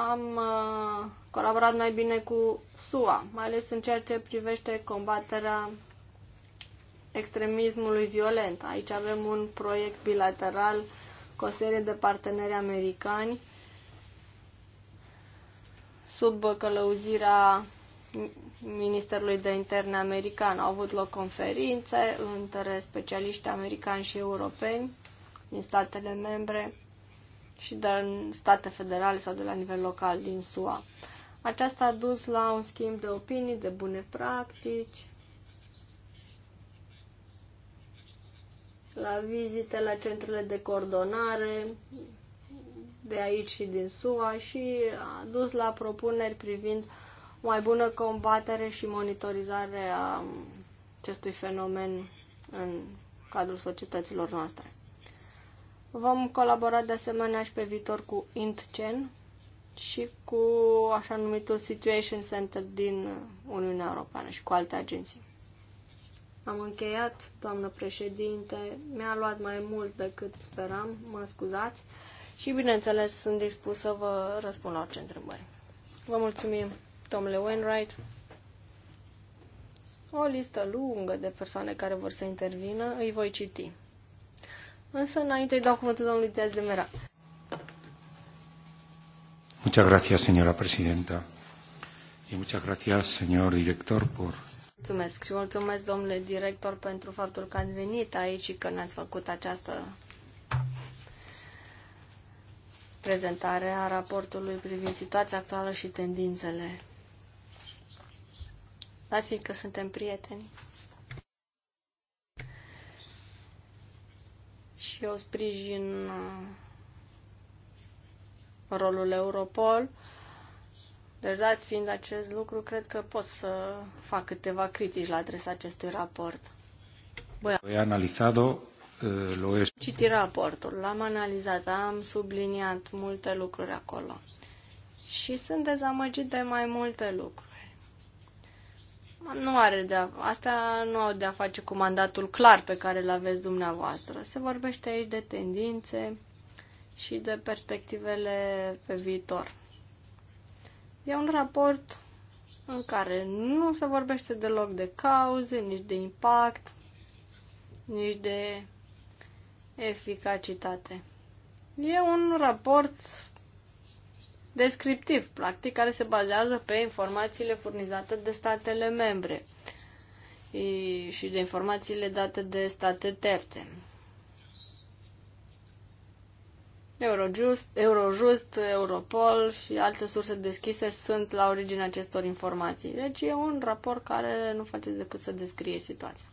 am uh, colaborat mai bine cu SUA, mai ales în ceea ce privește combaterea extremismului violent. Aici avem un proiect bilateral uh, cu o serie de parteneri americani sub călăuzirea Ministerului de Interne american. Au avut loc conferințe între specialiști americani și europeni din statele membre și din state federale sau de la nivel local din SUA. Aceasta a dus la un schimb de opinii, de bune practici, la vizite la centrele de coordonare de aici și din SUA și a dus la propuneri privind o mai bună combatere și monitorizare a acestui fenomen în cadrul societăților noastre. Vom colabora de asemenea și pe viitor cu INTCEN și cu așa numitul Situation Center din Uniunea Europeană și cu alte agenții. Am încheiat, doamnă președinte, mi-a luat mai mult decât speram, mă scuzați și, bineînțeles, sunt dispus să vă răspund la orice întrebări. Vă mulțumim, domnule Wainwright. O listă lungă de persoane care vor să intervină, îi voi citi. Însă, înainte îi dau cuvântul domnului Diaz de Mera. Muchas gracias, señora presidenta. Y muchas gracias, señor director, por Mulțumesc și mulțumesc, domnule director, pentru faptul că ați venit aici și că ne-ați făcut această prezentare a raportului privind situația actuală și tendințele. Dați fiindcă suntem prieteni. Și eu sprijin uh, rolul Europol deci, dat fiind acest lucru, cred că pot să fac câteva critici la adresa acestui raport. Bă, He analizado eh, lo he... Citi raportul, l-am analizat, am subliniat multe lucruri acolo. Și sunt dezamăgit de mai multe lucruri. Nu are de a... Astea nu au de a face cu mandatul clar pe care îl aveți dumneavoastră. Se vorbește aici de tendințe și de perspectivele pe viitor. E un raport în care nu se vorbește deloc de cauze, nici de impact, nici de eficacitate. E un raport descriptiv, practic, care se bazează pe informațiile furnizate de statele membre și de informațiile date de state terțe. Eurojust, Eurojust, Europol și alte surse deschise sunt la originea acestor informații. Deci e un raport care nu face decât să descrie situația.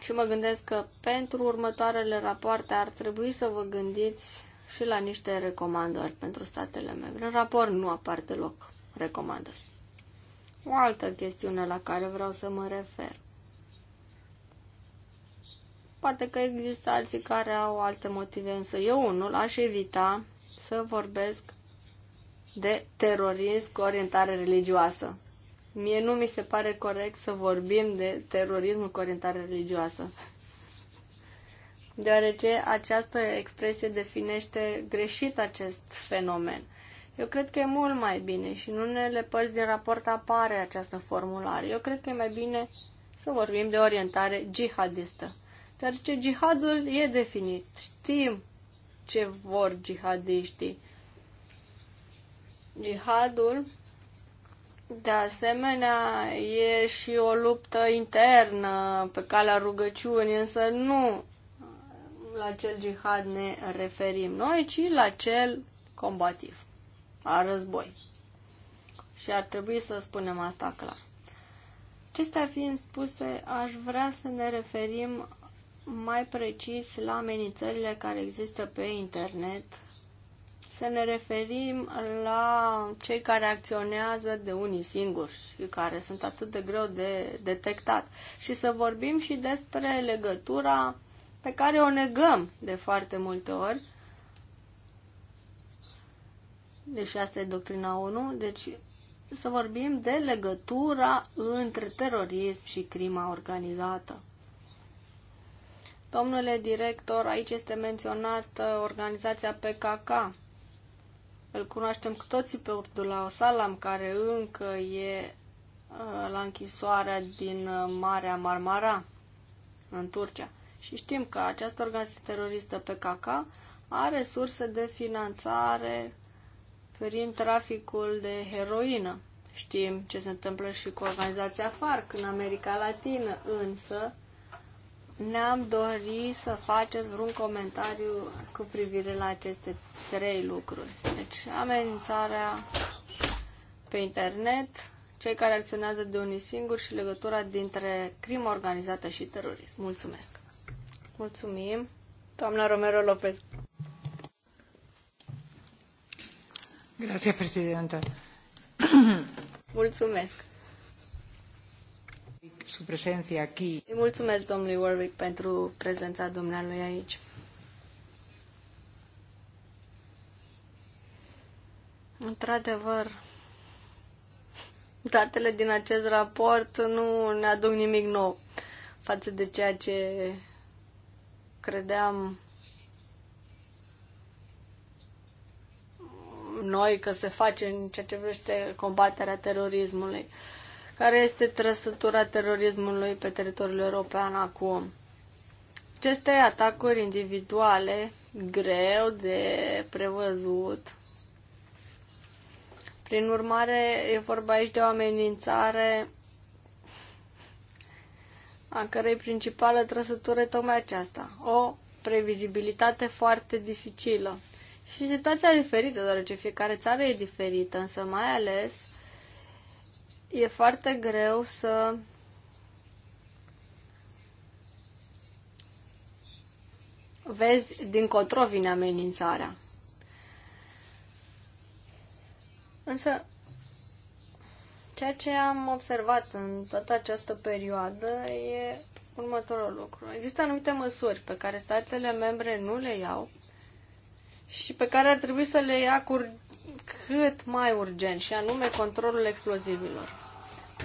Și mă gândesc că pentru următoarele rapoarte ar trebui să vă gândiți și la niște recomandări pentru statele membre. În raport nu apar deloc recomandări. O altă chestiune la care vreau să mă refer. Poate că există alții care au alte motive, însă eu unul aș evita să vorbesc de terorism cu orientare religioasă. Mie nu mi se pare corect să vorbim de terorism cu orientare religioasă. Deoarece această expresie definește greșit acest fenomen. Eu cred că e mult mai bine și în unele părți din raport apare această formulare. Eu cred că e mai bine să vorbim de orientare jihadistă deoarece jihadul e definit. Știm ce vor jihadiștii. Jihadul, de asemenea, e și o luptă internă pe calea rugăciunii, însă nu la cel jihad ne referim noi, ci la cel combativ, la război. Și ar trebui să spunem asta clar. Acestea fiind spuse, aș vrea să ne referim mai precis la amenințările care există pe internet, să ne referim la cei care acționează de unii singuri și care sunt atât de greu de detectat și să vorbim și despre legătura pe care o negăm de foarte multe ori, deși asta e doctrina 1. deci să vorbim de legătura între terorism și crima organizată. Domnule director, aici este menționată organizația PKK. Îl cunoaștem cu toții pe Abdullah Osalam, care încă e uh, la închisoarea din uh, Marea Marmara, în Turcia. Și știm că această organizație teroristă PKK are surse de finanțare prin traficul de heroină. Știm ce se întâmplă și cu organizația FARC în America Latină, însă ne-am dorit să faceți vreun comentariu cu privire la aceste trei lucruri. Deci, amenințarea pe internet, cei care acționează de unii singuri și legătura dintre crimă organizată și terorism. Mulțumesc! Mulțumim! Doamna Romero Lopez. Grazie, președinte. Mulțumesc! su presencia aquí. mulțumesc domnului Warwick pentru prezența dumnealui aici. Într-adevăr, datele din acest raport nu ne aduc nimic nou față de ceea ce credeam noi că se face în ceea ce vrește combaterea terorismului. Uh, care este trăsătura terorismului pe teritoriul european acum. Aceste atacuri individuale, greu de prevăzut, prin urmare, e vorba aici de o amenințare a cărei principală trăsătură e tocmai aceasta. O previzibilitate foarte dificilă. Și situația diferită, deoarece fiecare țară e diferită, însă mai ales e foarte greu să vezi dincotro vine amenințarea. Însă, ceea ce am observat în toată această perioadă e următorul lucru. Există anumite măsuri pe care statele membre nu le iau și pe care ar trebui să le ia cu cât mai urgent, și anume controlul explozivilor.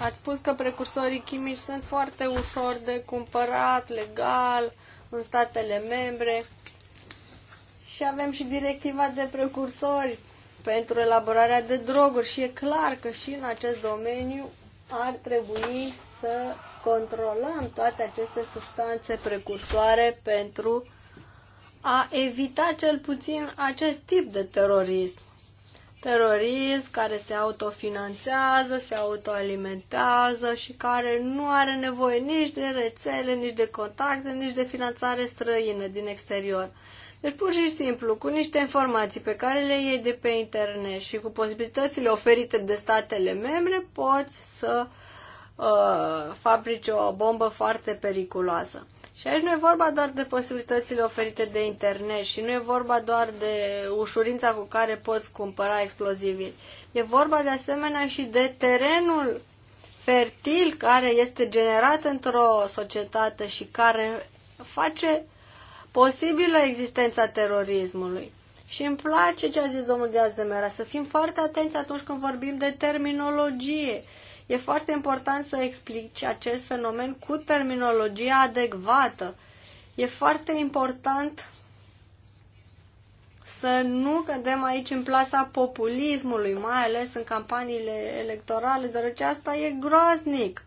Ați spus că precursorii chimici sunt foarte ușor de cumpărat, legal, în statele membre. Și avem și directiva de precursori pentru elaborarea de droguri și e clar că și în acest domeniu ar trebui să controlăm toate aceste substanțe precursoare pentru a evita cel puțin acest tip de terorism terorism care se autofinanțează, se autoalimentează și care nu are nevoie nici de rețele, nici de contacte, nici de finanțare străină din exterior. Deci pur și simplu, cu niște informații pe care le iei de pe internet și cu posibilitățile oferite de statele membre, poți să uh, fabrici o bombă foarte periculoasă. Și aici nu e vorba doar de posibilitățile oferite de internet și nu e vorba doar de ușurința cu care poți cumpăra explozivi. E vorba de asemenea și de terenul fertil care este generat într-o societate și care face posibilă existența terorismului. Și îmi place ce a zis domnul Diaz de Mera, să fim foarte atenți atunci când vorbim de terminologie. Uh, E foarte important să explici acest fenomen cu terminologia adecvată. E foarte important să nu cădem aici în plasa populismului, mai ales în campaniile electorale, deoarece asta e groaznic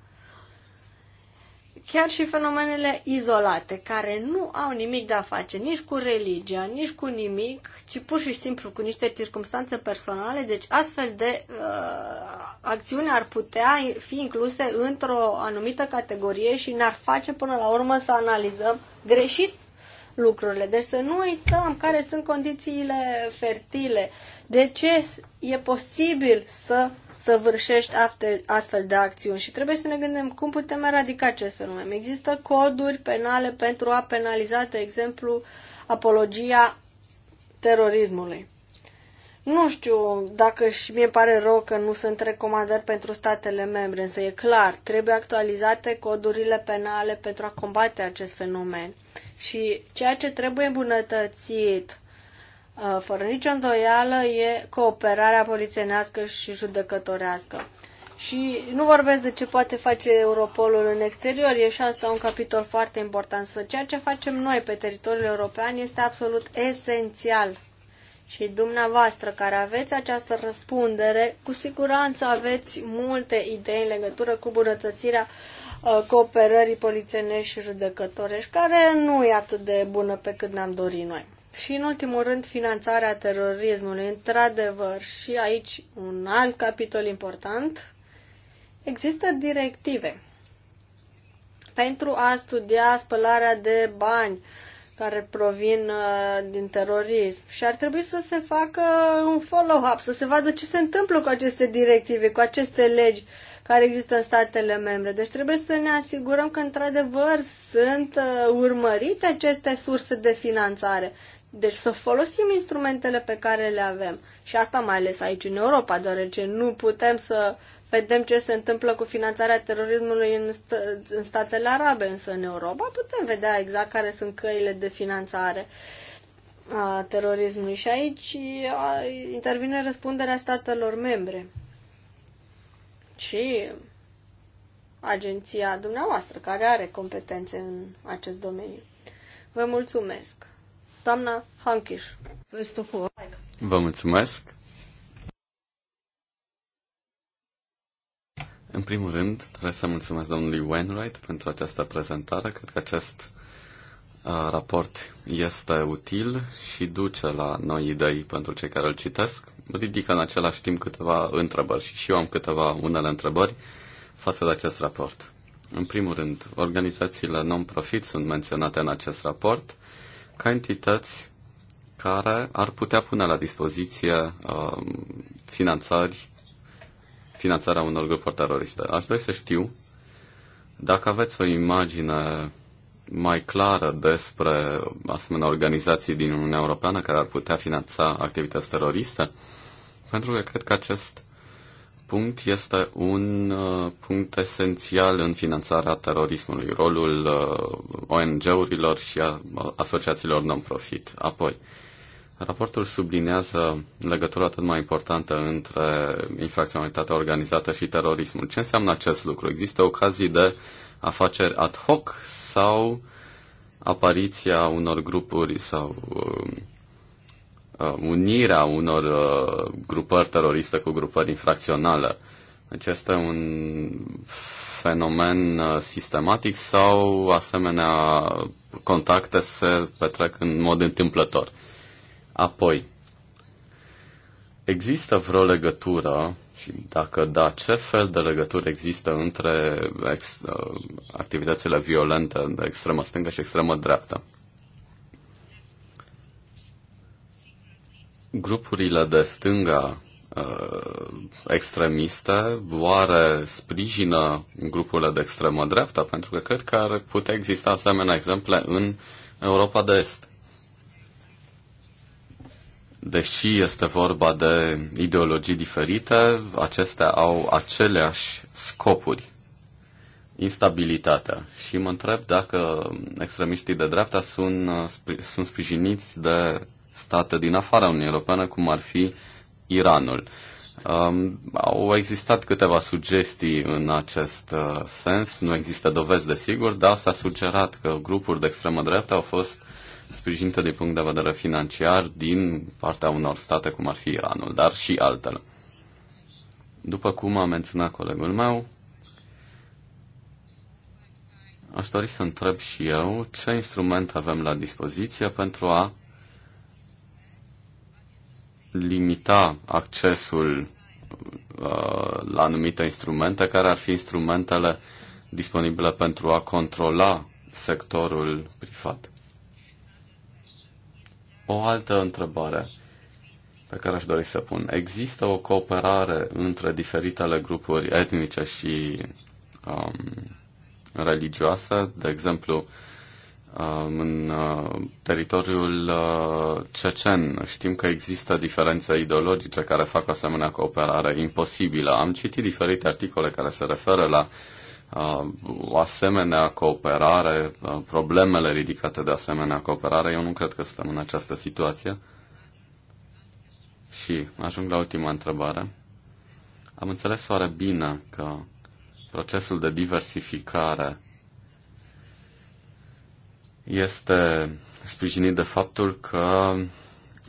chiar și fenomenele izolate, care nu au nimic de a face nici cu religia, nici cu nimic, ci pur și simplu cu niște circunstanțe personale. Deci astfel de uh, acțiuni ar putea fi incluse într-o anumită categorie și n ar face până la urmă să analizăm greșit lucrurile. Deci să nu uităm care sunt condițiile fertile, de ce e posibil să săvârșești astfel de acțiuni și trebuie să ne gândim cum putem eradica acest fenomen. Există coduri penale pentru a penaliza, de exemplu, apologia terorismului. Nu știu dacă și mie pare rău că nu sunt recomandări pentru statele membre, însă e clar, trebuie actualizate codurile penale pentru a combate acest fenomen. Și ceea ce trebuie îmbunătățit Uh, fără nicio îndoială, e cooperarea polițienească și judecătorească. Și nu vorbesc de ce poate face Europolul în exterior, e și asta un capitol foarte important. Să ceea ce facem noi pe teritoriul european este absolut esențial. Și dumneavoastră care aveți această răspundere, cu siguranță aveți multe idei în legătură cu bunătățirea uh, cooperării polițienești și judecătorești, care nu e atât de bună pe cât ne-am dorit noi. Și, în ultimul rând, finanțarea terorismului. Într-adevăr, și aici un alt capitol important. Există directive pentru a studia spălarea de bani care provin uh, din terorism și ar trebui să se facă un follow-up, să se vadă ce se întâmplă cu aceste directive, cu aceste legi care există în statele membre. Deci trebuie să ne asigurăm că într-adevăr sunt uh, urmărite aceste surse de finanțare. Deci să folosim instrumentele pe care le avem. Și asta mai ales aici în Europa, deoarece nu putem să vedem ce se întâmplă cu finanțarea terorismului în, st- în statele arabe, însă în Europa putem vedea exact care sunt căile de finanțare a terorismului. Și aici intervine răspunderea statelor membre. Și agenția dumneavoastră, care are competențe în acest domeniu. Vă mulțumesc! Doamna Hankiș. Vă mulțumesc. În primul rând, trebuie să mulțumesc domnului Wainwright pentru această prezentare. Cred că acest uh, raport este util și duce la noi idei pentru cei care îl citesc. Ridică în același timp câteva întrebări și, și eu am câteva unele întrebări față de acest raport. În primul rând, organizațiile non-profit sunt menționate în acest raport ca entități care ar putea pune la dispoziție um, finanțări, finanțarea unor grupuri teroriste. Aș dori să știu dacă aveți o imagine mai clară despre asemenea organizații din Uniunea Europeană care ar putea finanța activități teroriste, pentru că cred că acest punct este un uh, punct esențial în finanțarea terorismului, rolul uh, ONG-urilor și a asociațiilor non-profit. Apoi, raportul sublinează legătura atât mai importantă între infracționalitatea organizată și terorismul. Ce înseamnă acest lucru? Există ocazii de afaceri ad hoc sau apariția unor grupuri sau uh, Uh, unirea unor uh, grupări teroriste cu grupări infracționale. Deci este un fenomen uh, sistematic sau asemenea contacte se petrec în mod întâmplător. Apoi, există vreo legătură și dacă da, ce fel de legătură există între ex, activitățile violente de extremă stângă și extremă dreaptă? grupurile de stânga uh, extremiste, oare sprijină grupurile de extremă dreaptă, Pentru că cred că ar putea exista asemenea exemple în Europa de Est. Deși este vorba de ideologii diferite, acestea au aceleași scopuri. Instabilitatea. Și mă întreb dacă extremiștii de dreapta sunt, uh, sunt sprijiniți de state din afara Uniunii Europene, cum ar fi Iranul. Um, au existat câteva sugestii în acest uh, sens, nu există dovezi de sigur, dar s-a sugerat că grupuri de extremă dreaptă au fost sprijinite din punct de vedere financiar din partea unor state cum ar fi Iranul, dar și altele. După cum a menționat colegul meu, aș dori să întreb și eu ce instrument avem la dispoziție pentru a limita accesul uh, la anumite instrumente, care ar fi instrumentele disponibile pentru a controla sectorul privat. O altă întrebare pe care aș dori să pun. Există o cooperare între diferitele grupuri etnice și um, religioase? De exemplu, Um, în uh, teritoriul uh, cecen. Știm că există diferențe ideologice care fac o asemenea cooperare imposibilă. Am citit diferite articole care se referă la uh, o asemenea cooperare, problemele ridicate de asemenea cooperare. Eu nu cred că suntem în această situație. Și ajung la ultima întrebare. Am înțeles oare bine că procesul de diversificare este sprijinit de faptul că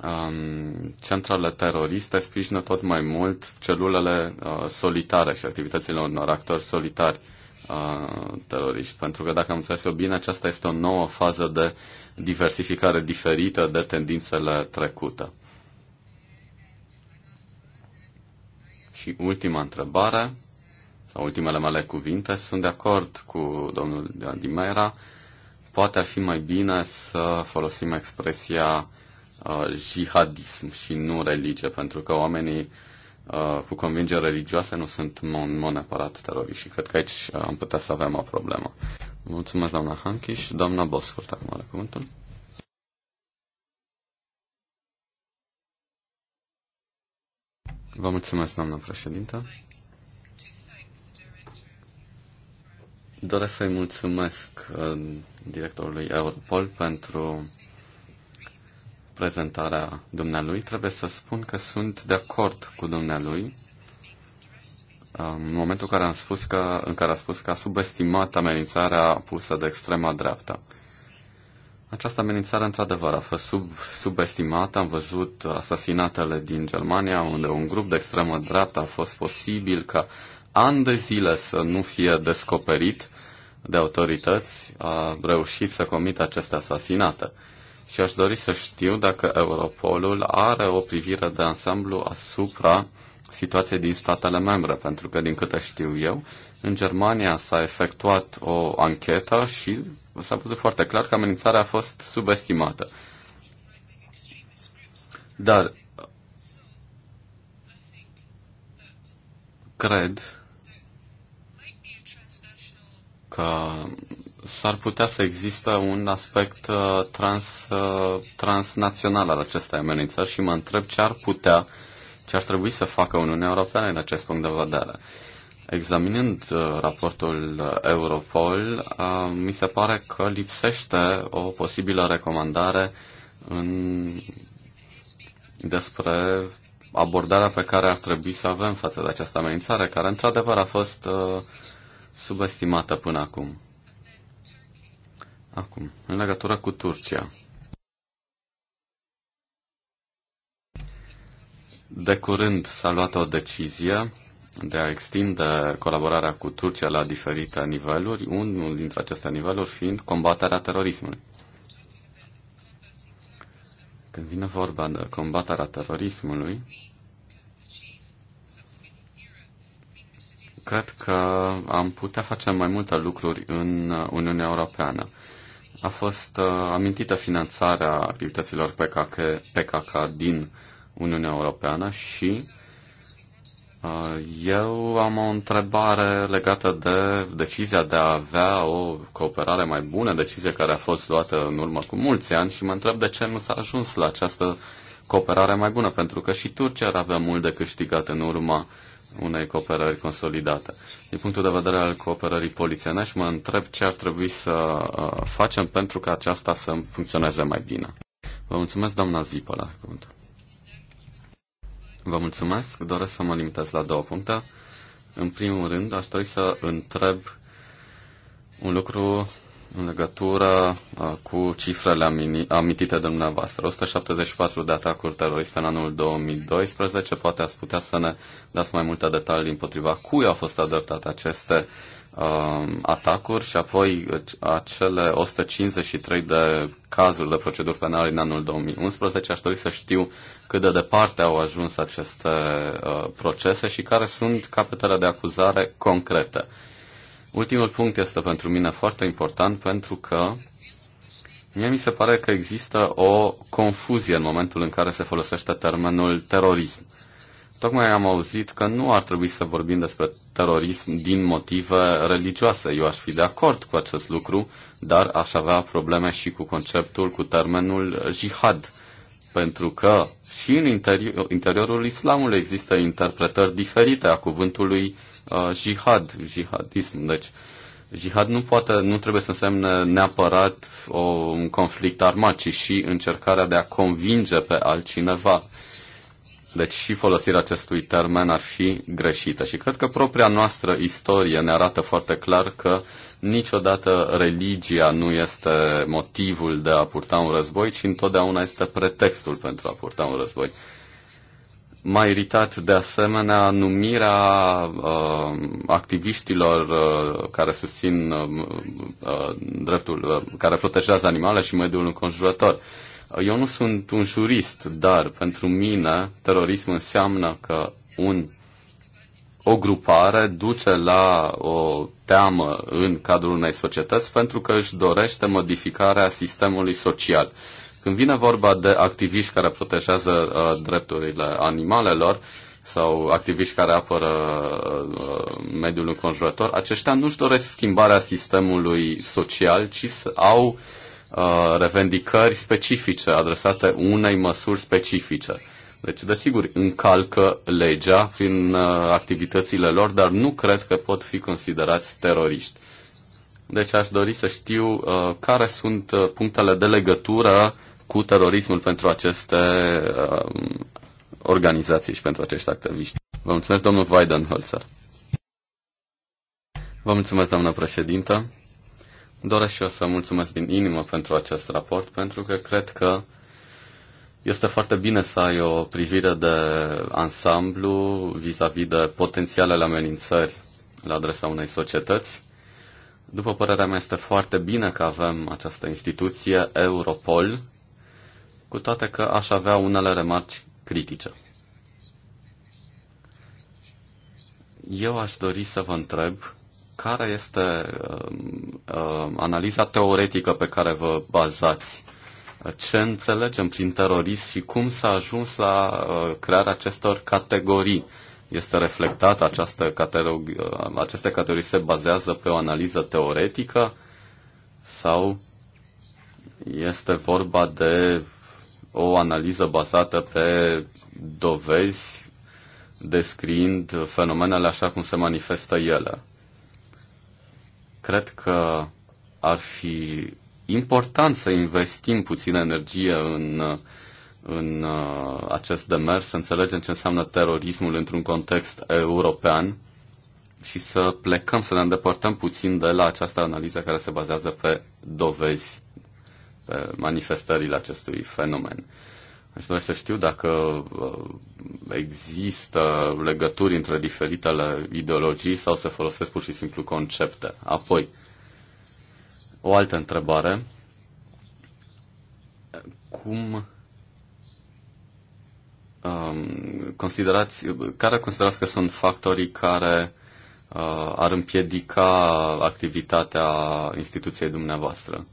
um, centrale teroriste sprijină tot mai mult celulele uh, solitare și activitățile unor actori solitari uh, teroriști. Pentru că, dacă am înțeles eu bine, aceasta este o nouă fază de diversificare diferită de tendințele trecute. Și ultima întrebare, sau ultimele mele cuvinte, sunt de acord cu domnul Dimera, uh, poate ar fi mai bine să folosim expresia uh, jihadism și nu religie, pentru că oamenii uh, cu convingeri religioase nu sunt mon, mon neapărat teroriști și cred că aici uh, am putea să avem o problemă. Mulțumesc, doamna Hanchi și doamna Bosfurt, acum are cuvântul. Vă mulțumesc, doamna președintă. Doresc să-i mulțumesc uh, directorului Europol pentru prezentarea dumnealui. Trebuie să spun că sunt de acord cu dumnealui în momentul în care, am spus că, în care a spus că a subestimat amenințarea pusă de extrema dreaptă. Această amenințare, într-adevăr, a fost sub, subestimată. Am văzut asasinatele din Germania, unde un grup de extremă dreaptă a fost posibil ca ani de zile să nu fie descoperit de autorități, a reușit să comită aceste asasinate. Și aș dori să știu dacă Europolul are o privire de ansamblu asupra situației din statele membre, pentru că, din câte știu eu, în Germania s-a efectuat o anchetă și s-a pus foarte clar că amenințarea a fost subestimată. Dar cred că s-ar putea să există un aspect uh, trans, uh, transnațional al acestei amenințări și mă întreb ce ar putea, ce ar trebui să facă Uniunea Europeană în acest punct de vedere. Examinând uh, raportul Europol, mi se pare că lipsește o posibilă recomandare în, despre abordarea pe care ar trebui să avem față de această amenințare, care într-adevăr a fost uh, subestimată până acum. Acum, în legătură cu Turcia. De curând s-a luat o decizie de a extinde colaborarea cu Turcia la diferite niveluri, unul dintre aceste niveluri fiind combaterea terorismului. Când vine vorba de combaterea terorismului, cred că am putea face mai multe lucruri în Uniunea Europeană. A fost uh, amintită finanțarea activităților PKK, PKK din Uniunea Europeană și uh, eu am o întrebare legată de decizia de a avea o cooperare mai bună, decizie care a fost luată în urmă cu mulți ani și mă întreb de ce nu s-a ajuns la această cooperare mai bună, pentru că și Turcia ar avea mult de câștigat în urma unei cooperări consolidate. Din punctul de vedere al cooperării polițienești, mă întreb ce ar trebui să uh, facem pentru ca aceasta să funcționeze mai bine. Vă mulțumesc, doamna Zipă, la cuvânt. Vă mulțumesc, doresc să mă limitez la două puncte. În primul rând, aș dori să întreb un lucru în legătură uh, cu cifrele amintite de dumneavoastră. 174 de atacuri teroriste în anul 2012. Poate ați putea să ne dați mai multe detalii împotriva cui au fost adoptate aceste uh, atacuri și apoi uh, acele 153 de cazuri de proceduri penale în anul 2011. Aș dori să știu cât de departe au ajuns aceste uh, procese și care sunt capetele de acuzare concrete. Ultimul punct este pentru mine foarte important pentru că mie mi se pare că există o confuzie în momentul în care se folosește termenul terorism. Tocmai am auzit că nu ar trebui să vorbim despre terorism din motive religioase. Eu aș fi de acord cu acest lucru, dar aș avea probleme și cu conceptul, cu termenul jihad. Pentru că și în interi- interiorul islamului există interpretări diferite a cuvântului uh, jihad, jihadism. Deci, jihad nu poate, nu trebuie să însemne neapărat o, un conflict armat, ci și încercarea de a convinge pe altcineva. Deci și folosirea acestui termen ar fi greșită. Și cred că propria noastră istorie ne arată foarte clar că niciodată religia nu este motivul de a purta un război, ci întotdeauna este pretextul pentru a purta un război. M-a iritat de asemenea numirea uh, activiștilor uh, care susțin uh, uh, dreptul, uh, care protejează animale și mediul înconjurător. Eu nu sunt un jurist, dar pentru mine terorism înseamnă că un, o grupare duce la o teamă în cadrul unei societăți pentru că își dorește modificarea sistemului social când vine vorba de activiști care protejează uh, drepturile animalelor sau activiști care apără uh, uh mediul înconjurător, aceștia nu-și doresc schimbarea sistemului social, ci au uh, revendicări specifice adresate unei măsuri specifice. Deci, desigur, încalcă legea prin uh, activitățile lor, dar nu cred că pot fi considerați teroriști. Deci aș dori să știu uh, care sunt uh, punctele de legătură cu terorismul pentru aceste uh, organizații și pentru acești activiști. Vă mulțumesc, domnul Weidenholzer. Vă mulțumesc, doamnă președintă. Doresc și eu să mulțumesc din inimă pentru acest raport, pentru că cred că este foarte bine să ai o privire de ansamblu vis-a-vis -vis de potențialele amenințări la adresa unei societăți. După părerea mea, este foarte bine că avem această instituție, Europol, cu toate că aș avea unele remarci critice. Eu aș dori să vă întreb care este uh, uh, analiza teoretică pe care vă bazați ce înțelegem prin terorism, și cum s-a ajuns la uh, crearea acestor categorii. Este reflectată această catalog, uh, aceste categorii se bazează pe o analiză teoretică sau este vorba de o analiză bazată pe dovezi descriind fenomenele așa cum se manifestă ele. Cred că ar fi important să investim puțină energie în, în uh, acest demers, să înțelegem ce înseamnă terorismul într-un context european și să plecăm, să ne îndepărtăm puțin de la această analiză care se bazează pe dovezi manifestările acestui fenomen. Aș dori deci să știu dacă uh, există legături între diferitele ideologii sau se folosesc pur și simplu concepte. Apoi, o altă întrebare. Cum um, considerați, care considerați că sunt factorii care uh, ar împiedica activitatea instituției dumneavoastră?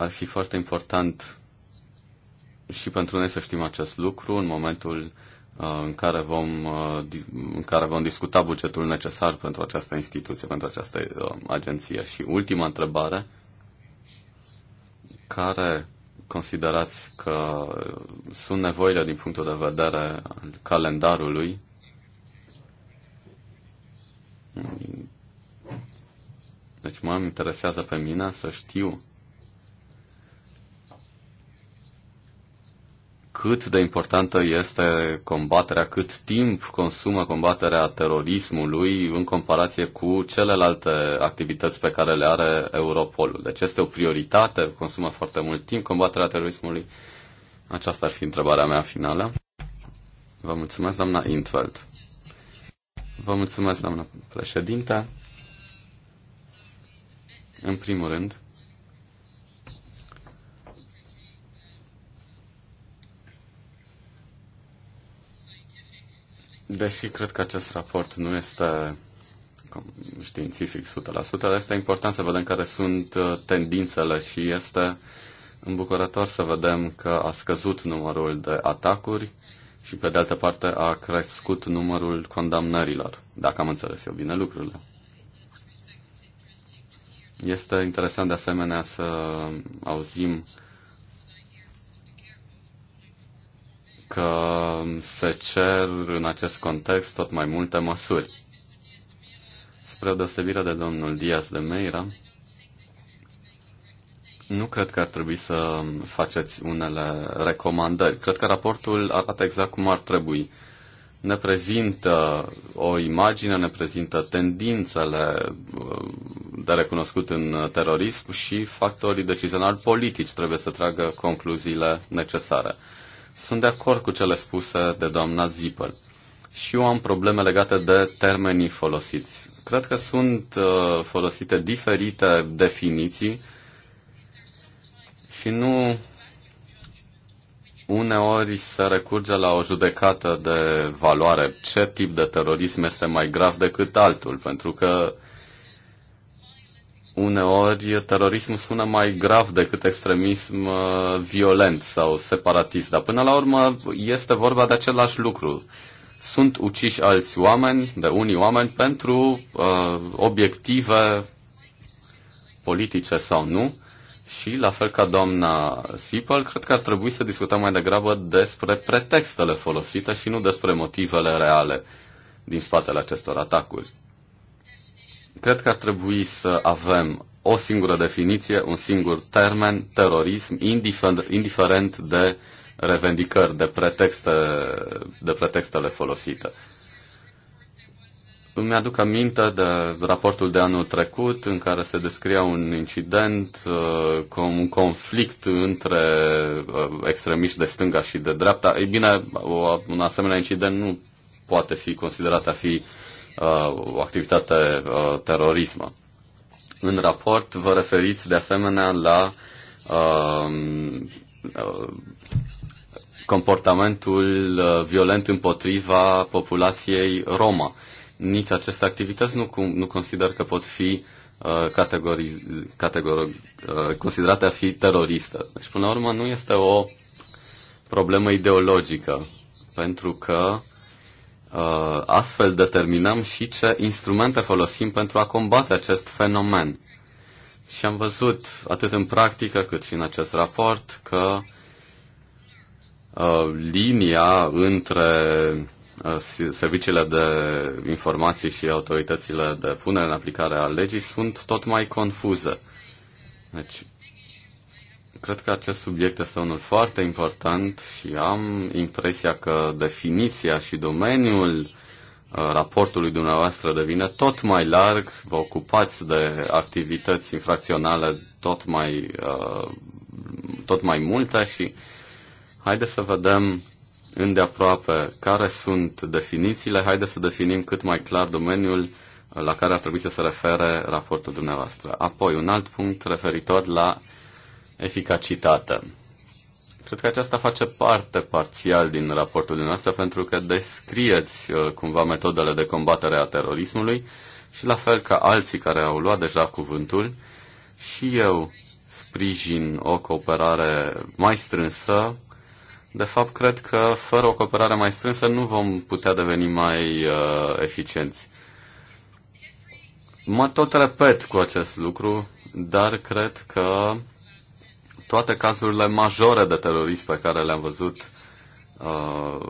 Ar fi foarte important și pentru noi să știm acest lucru în momentul uh, în care vom, uh, în care vom discuta bugetul necesar pentru această instituție, pentru această uh, agenție. Și ultima întrebare, care considerați că sunt nevoile din punctul de vedere al calendarului deci mă interesează pe mine să știu cât de importantă este combaterea, cât timp consumă combaterea terorismului în comparație cu celelalte activități pe care le are Europolul. Deci este o prioritate, consumă foarte mult timp combaterea terorismului. Aceasta ar fi întrebarea mea finală. Vă mulțumesc, doamna Intveld. Vă mulțumesc, doamna președinte. În primul rând, Deși cred că acest raport nu este științific 100%, dar este important să vedem care sunt uh, tendințele și este îmbucurător să vedem că a scăzut numărul de atacuri și, pe de altă parte, a crescut numărul condamnărilor, dacă am înțeles eu bine lucrurile. Este interesant de asemenea să auzim că se cer în acest context tot mai multe măsuri. Spre deosebire de domnul Diaz de Meira, nu cred că ar trebui să faceți unele recomandări. Cred că raportul arată exact cum ar trebui. Ne prezintă o imagine, ne prezintă tendințele uh, de recunoscut în terorism și factorii decizionali politici trebuie să tragă concluziile necesare. Sunt de acord cu cele spuse de doamna Zipel. Și eu am probleme legate de termenii folosiți. Cred că sunt uh, folosite diferite definiții și nu uneori se recurge la o judecată de valoare ce tip de terorism este mai grav decât altul, pentru că uneori terorismul sună mai grav decât extremism uh, violent sau separatist, dar până la urmă este vorba de același lucru. Sunt uciși alți oameni, de unii oameni, pentru uh, obiective politice sau nu. Și, la fel ca doamna Sipel, cred că ar trebui să discutăm mai degrabă despre pretextele folosite și nu despre motivele reale din spatele acestor atacuri. Cred că ar trebui să avem o singură definiție, un singur termen, terorism, indiferent, de revendicări, de, pretexte, de pretextele folosite. Îmi aduc aminte de raportul de anul trecut în care se descria un incident, uh, un conflict între uh, extremiști de stânga și de dreapta. Ei bine, un asemenea incident nu poate fi considerat a fi Uh, o activitate uh, terorismă. În raport vă referiți de asemenea la um, uh, comportamentul violent împotriva populației Roma. Nici aceste activități nu, nu consider că pot fi categori, considerate a fi teroristă. Deci, până la urmă, nu este o problemă ideologică, pentru că Uh, astfel determinăm și ce instrumente folosim pentru a combate acest fenomen. Și am văzut, atât în practică cât și în acest raport, că uh, linia între uh, serviciile de informații și autoritățile de punere în aplicare a legii sunt tot mai confuze. Deci, Cred că acest subiect este unul foarte important și am impresia că definiția și domeniul uh, raportului dumneavoastră devine tot mai larg, vă ocupați de activități infracționale tot mai, uh, tot mai multe și haideți să vedem îndeaproape care sunt definițiile, haideți să definim cât mai clar domeniul la care ar trebui să se refere raportul dumneavoastră. Apoi, un alt punct referitor la eficacitate. Cred că aceasta face parte parțial din raportul dumneavoastră pentru că descrieți uh, cumva metodele de combatere a terorismului și la fel ca alții care au luat deja cuvântul și eu sprijin o cooperare mai strânsă. De fapt, cred că fără o cooperare mai strânsă nu vom putea deveni mai uh, eficienți. Mă tot repet cu acest lucru, dar cred că toate cazurile majore de terorism pe care le-am văzut uh,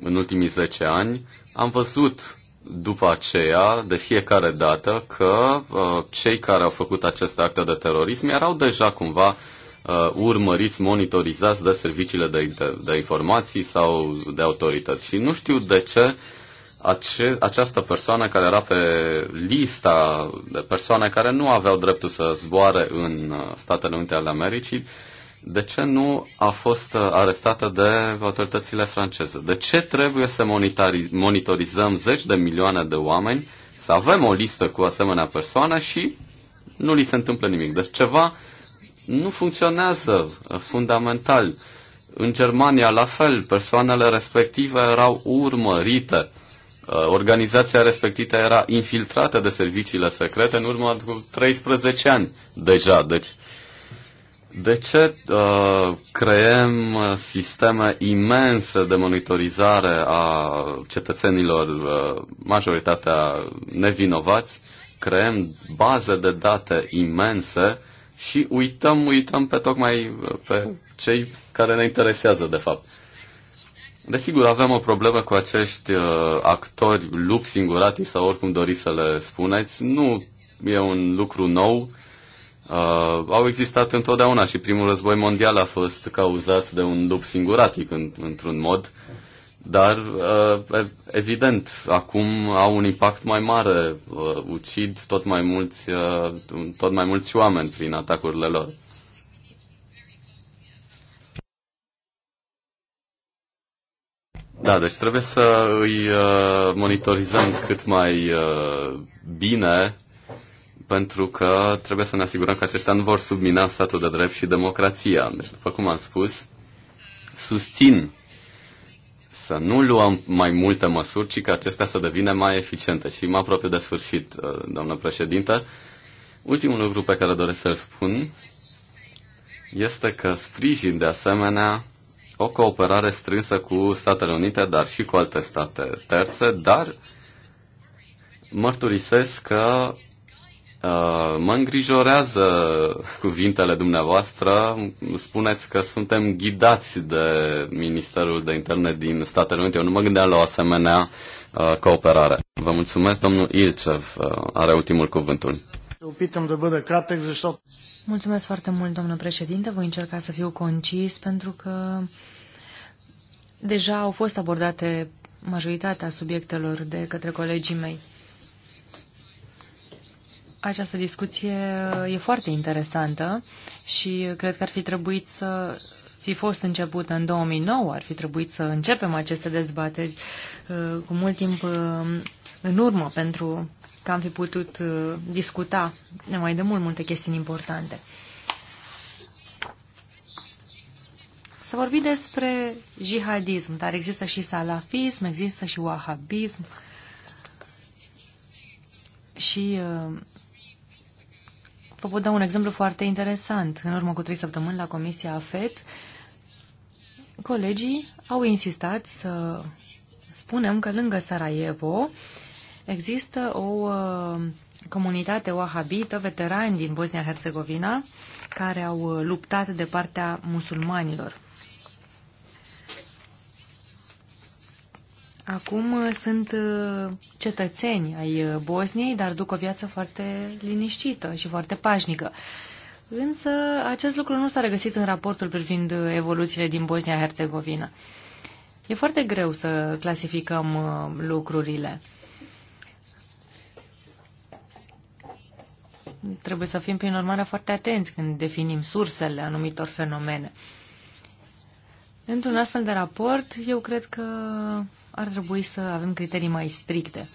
în ultimii 10 ani, am văzut după aceea, de fiecare dată, că uh, cei care au făcut aceste acte de terorism erau deja cumva uh, urmăriți, monitorizați de serviciile de, de, de informații sau de autorități. Și nu știu de ce uh, ace- această persoană care era pe lista de persoane care nu aveau dreptul să zboare în uh, Statele Unite ale Americii, de ce nu a fost uh, arestată de autoritățile franceze? De ce trebuie să monitorizăm zeci de milioane de oameni, să avem o listă cu asemenea persoane și nu li se întâmplă nimic? Deci ceva nu funcționează uh, fundamental. În Germania, la fel, persoanele respective erau urmărite Uh, organizația respectivă era infiltrată de serviciile secrete în urmă cu 13 ani deja. Deci, de ce uh, creăm uh, sisteme imense de monitorizare a cetățenilor, uh, majoritatea nevinovați, creăm baze de date imense și uităm, uităm pe tocmai uh, pe cei care ne interesează de fapt. Desigur, avem o problemă cu acești uh, actori lup singurati sau oricum doriți să le spuneți. Nu e un lucru nou. Uh, au existat întotdeauna și primul război mondial a fost cauzat de un lup singuratic în, într-un mod, dar uh, evident, acum au un impact mai mare, uh, ucid tot mai, mulți, uh, tot mai mulți oameni prin atacurile lor. Da, deci trebuie să îi uh, monitorizăm cât mai uh, bine, pentru că trebuie să ne asigurăm că aceștia nu vor submina statul de drept și democrația. Deci, după cum am spus, susțin să nu luăm mai multe măsuri, ci că acestea să devină mai eficiente. Și mă apropiu de sfârșit, uh, doamnă președintă. Ultimul lucru pe care doresc să-l spun este că sprijin de asemenea o cooperare strânsă cu Statele Unite, dar și cu alte state terțe, dar mărturisesc că uh, mă îngrijorează cuvintele dumneavoastră. Spuneți că suntem ghidați de Ministerul de Interne din Statele Unite. Eu nu mă gândeam la o asemenea uh, cooperare. Vă mulțumesc, domnul Ilcev uh, are ultimul cuvântul. Mulțumesc foarte mult, domnul președinte. Voi încerca să fiu concis pentru că Deja au fost abordate majoritatea subiectelor de către colegii mei. Această discuție e foarte interesantă și cred că ar fi trebuit să fi fost începută în 2009, ar fi trebuit să începem aceste dezbateri uh, cu mult timp uh, în urmă, pentru că am fi putut uh, discuta mai de mult multe chestiuni importante. Să vorbim despre jihadism, dar există și salafism, există și wahabism. Și uh, vă pot da un exemplu foarte interesant. În urmă cu trei săptămâni la Comisia AFET, colegii au insistat să spunem că lângă Sarajevo există o uh, comunitate wahabită, veterani din Bosnia-Herzegovina, care au uh, luptat de partea musulmanilor. Acum uh, sunt uh, cetățeni ai uh, Bosniei, dar duc o viață foarte liniștită și foarte pașnică. Însă acest lucru nu s-a regăsit în raportul privind evoluțiile din Bosnia-Herzegovina. E foarte greu să clasificăm lucrurile. Trebuie să fim, prin urmare, foarte atenți când definim sursele anumitor fenomene. Într-un astfel de raport, eu cred că ar trebui să avem criterii mai stricte.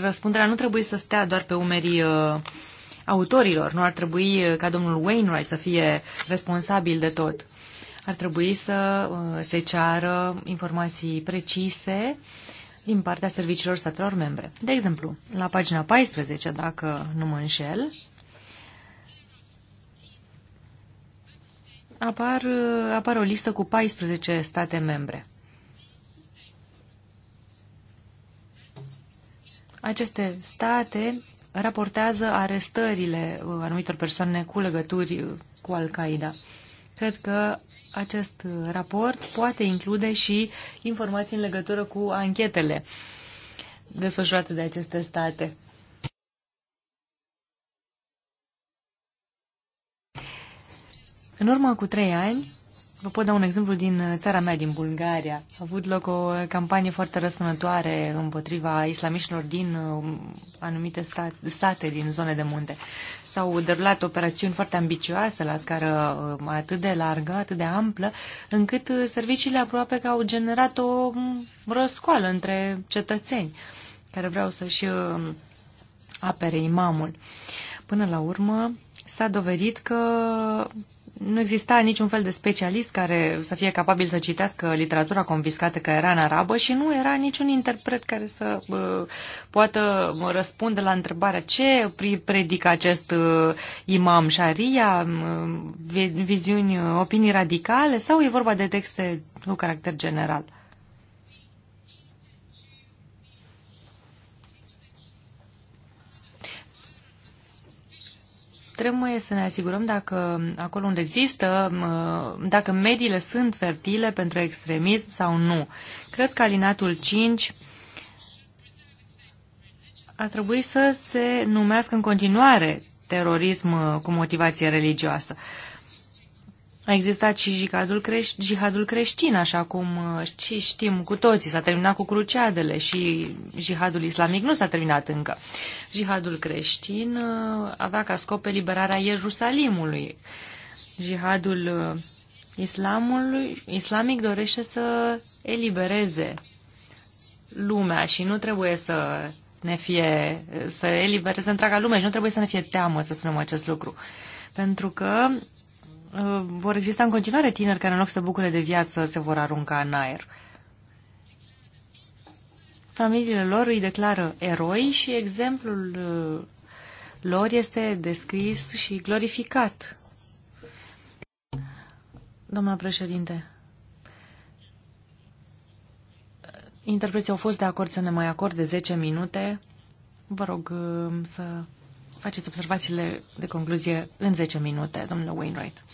Răspunderea nu trebuie să stea doar pe umerii uh, autorilor. Nu ar trebui uh, ca domnul Wainwright să fie responsabil de tot. Ar trebui să uh, se ceară informații precise din partea serviciilor statelor membre. De exemplu, la pagina 14, dacă nu mă înșel, apar, apar o listă cu 14 state membre. Aceste state raportează arestările uh, anumitor persoane cu legături uh, cu Al-Qaeda. Cred că acest raport poate include și informații în legătură cu anchetele desfășurate de aceste state. În urmă cu trei ani, vă pot da un exemplu din țara mea, din Bulgaria. A avut loc o campanie foarte răsunătoare împotriva islamiștilor din um, anumite state, state din zone de munte. S-au derulat operațiuni foarte ambicioase la scară um, atât de largă, atât de amplă, încât uh, serviciile aproape că au generat o um, răscoală între cetățeni care vreau să-și apere imamul. Până la urmă, s-a dovedit că nu exista niciun fel de specialist care să fie capabil să citească literatura confiscată care era în arabă și nu era niciun interpret care să uh, poată răspunde la întrebarea ce predică acest uh, imam șaria, uh, viziuni, opinii radicale sau e vorba de texte cu caracter general. Trebuie să ne asigurăm dacă acolo unde există, uh, dacă mediile sunt fertile pentru extremism sau nu. Cred că alinatul 5 ar trebui să se numească în continuare terorism uh, cu motivație religioasă. Uh, a existat și jihadul, creș- jihadul creștin, așa cum uh, și știm cu toții. S-a terminat cu cruceadele și jihadul islamic nu s-a terminat încă. Jihadul creștin uh, avea ca scop eliberarea Ierusalimului. Jihadul uh, islamului, islamic dorește să elibereze lumea și nu trebuie să ne fie, să elibereze întreaga lume și nu trebuie să ne fie teamă să spunem acest lucru. Pentru că Uh, vor exista în continuare tineri care în loc să bucure de viață se vor arunca în aer. Familiile lor îi declară eroi și exemplul uh, lor este descris și glorificat. Doamna președinte, interpreții au fost de acord să ne mai acorde 10 minute. Vă rog uh, să faceți observațiile de concluzie în 10 minute, domnule Wainwright.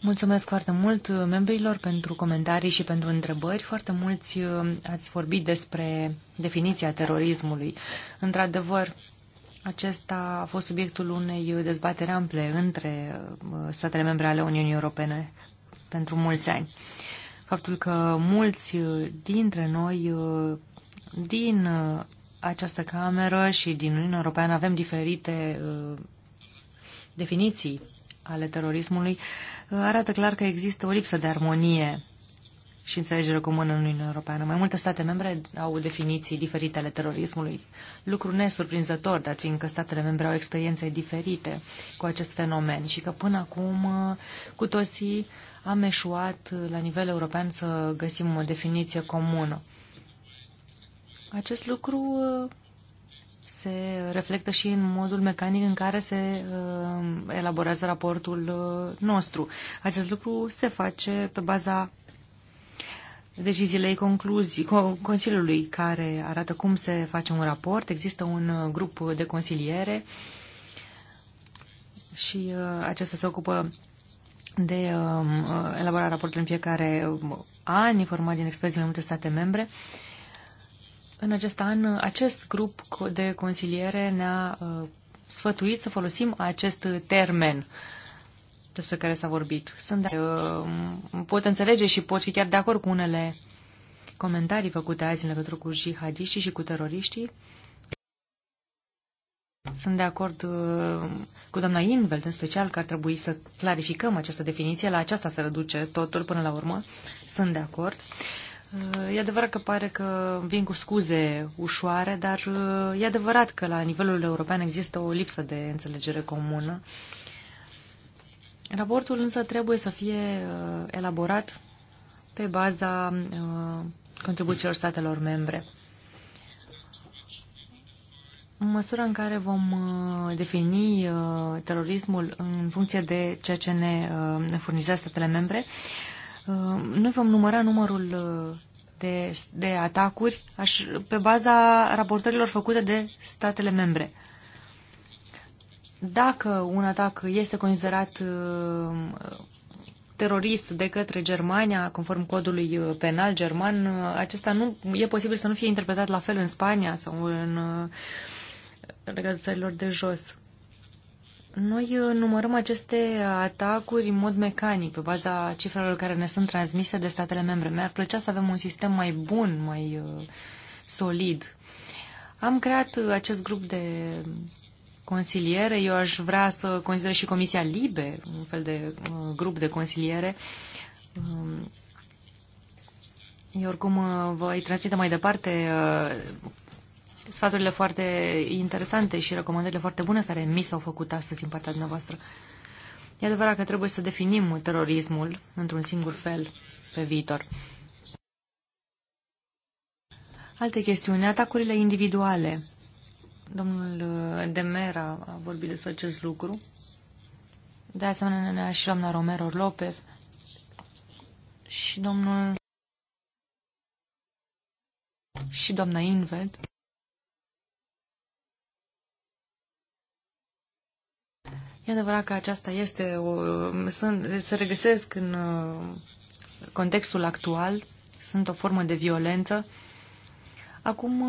Mulțumesc foarte mult uh, membrilor pentru comentarii și pentru întrebări. Foarte mulți uh, ați vorbit despre definiția terorismului. Într-adevăr, acesta a fost subiectul unei dezbateri ample între uh, statele membre ale Uniunii Europene pentru mulți ani. Faptul că mulți dintre noi din această cameră și din Uniunea Europeană avem diferite uh, definiții ale terorismului, uh, arată clar că există o lipsă de armonie și înțelegere comună în Uniunea Europeană. Mai multe state membre au definiții diferite ale terorismului, lucru nesurprinzător, dat fiindcă statele membre au experiențe diferite cu acest fenomen și că până acum uh, cu toții am eșuat la nivel european să găsim o definiție comună. Acest lucru uh, se reflectă și în modul mecanic în care se uh, elaborează raportul uh, nostru. Acest lucru se face pe baza deciziilei concluzii Consiliului care arată cum se face un raport. Există un grup de consiliere și acesta se ocupă de elaborarea raportului în fiecare an, informat din experți din multe state membre. Uh, în acest an, acest grup de consiliere ne-a uh, sfătuit să folosim acest termen despre care s-a vorbit. Sunt uh, pot înțelege și pot fi chiar de acord cu unele comentarii făcute azi în legătură cu jihadiștii și cu teroriștii. Sunt de acord uh, cu doamna Invelt, în special, că ar trebui să clarificăm această definiție. La aceasta se reduce totul până la urmă. Sunt de acord. Uh, E adevărat că pare că vin cu scuze ușoare, dar uh, e adevărat că la nivelul european există o lipsă de înțelegere comună. Raportul însă trebuie să fie uh, elaborat pe baza uh, contribuțiilor statelor membre. În măsura în care vom defini terorismul în funcție de ceea ce ne furnizează statele membre, Uh, noi vom număra numărul uh, de, de atacuri aș, pe baza raportărilor făcute de statele membre. Dacă un atac este considerat uh, terorist de către Germania, conform codului penal german, acesta nu e posibil să nu fie interpretat la fel în Spania sau în regatul țărilor de jos. Noi uh, numărăm aceste atacuri în mod mecanic, pe baza cifrelor care ne sunt transmise de statele membre. Mi-ar plăcea să avem un sistem mai bun, mai uh, solid. Am creat uh, acest grup de consiliere. Eu aș vrea să consider și Comisia Libe, un fel de grup de consiliere. Um, eu oricum voi transmite mai departe sfaturile foarte interesante și recomandările foarte bune care mi s-au făcut astăzi în partea dumneavoastră. E adevărat că trebuie să definim terorismul într-un singur fel pe viitor. Alte chestiuni, atacurile individuale. Domnul uh, Demera a vorbit despre acest lucru. De asemenea, ne și doamna Romero Lopez și domnul și doamna Inved. E adevărat că aceasta este, o, sunt, se regăsesc în uh, contextul actual, sunt o formă de violență. Acum,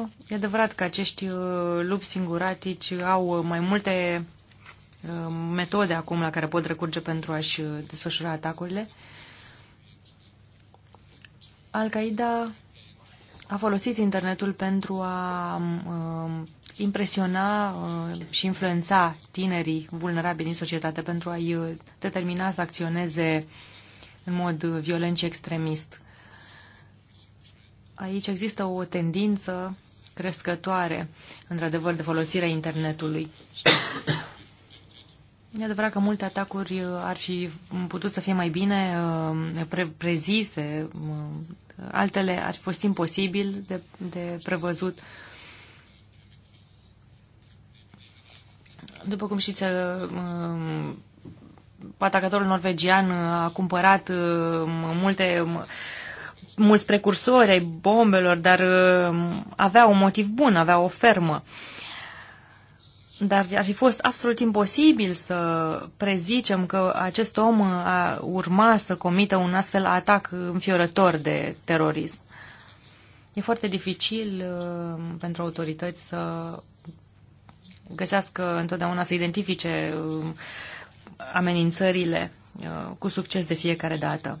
uh, e adevărat că acești uh, lupi singuratici au mai multe metode acum la care pot recurge pentru a-și desfășura atacurile. Al-Qaeda a folosit internetul pentru a uh, impresiona uh, și influența tinerii vulnerabili din societate pentru a-i uh, determina să acționeze în mod violent și extremist. Aici există o tendință crescătoare, într-adevăr, de folosirea internetului. E adevărat că multe atacuri uh, ar fi putut să fie mai bine uh, pre prezise, uh, altele ar fi fost imposibil de, de prevăzut. După cum știți, atacatorul norvegian a cumpărat multe mulți precursori ai bombelor, dar avea un motiv bun, avea o fermă. Uh, dar ar fi fost absolut imposibil să prezicem că acest om uh, a urma să comită un astfel atac înfiorător de terorism. E foarte dificil uh, pentru autorități să găsească întotdeauna, să identifice uh, amenințările cu succes de fiecare dată.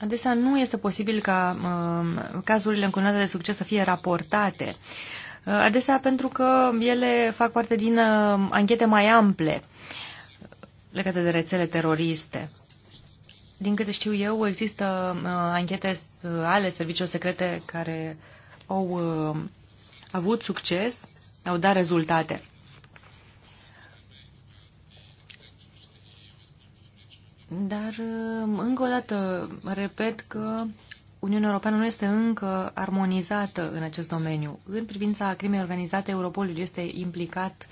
Adesea nu este posibil ca uh, cazurile încununate de succes să fie raportate. Uh, adesea pentru că ele fac parte din uh, anchete mai ample legate de rețele teroriste. Din câte știu eu, există uh, anchete uh, ale serviciilor secrete care au uh, avut succes, au dat rezultate. Dar, uh, încă o dată, repet că Uniunea Europeană nu este încă armonizată în acest domeniu. În privința crimei organizate, Europolul este implicat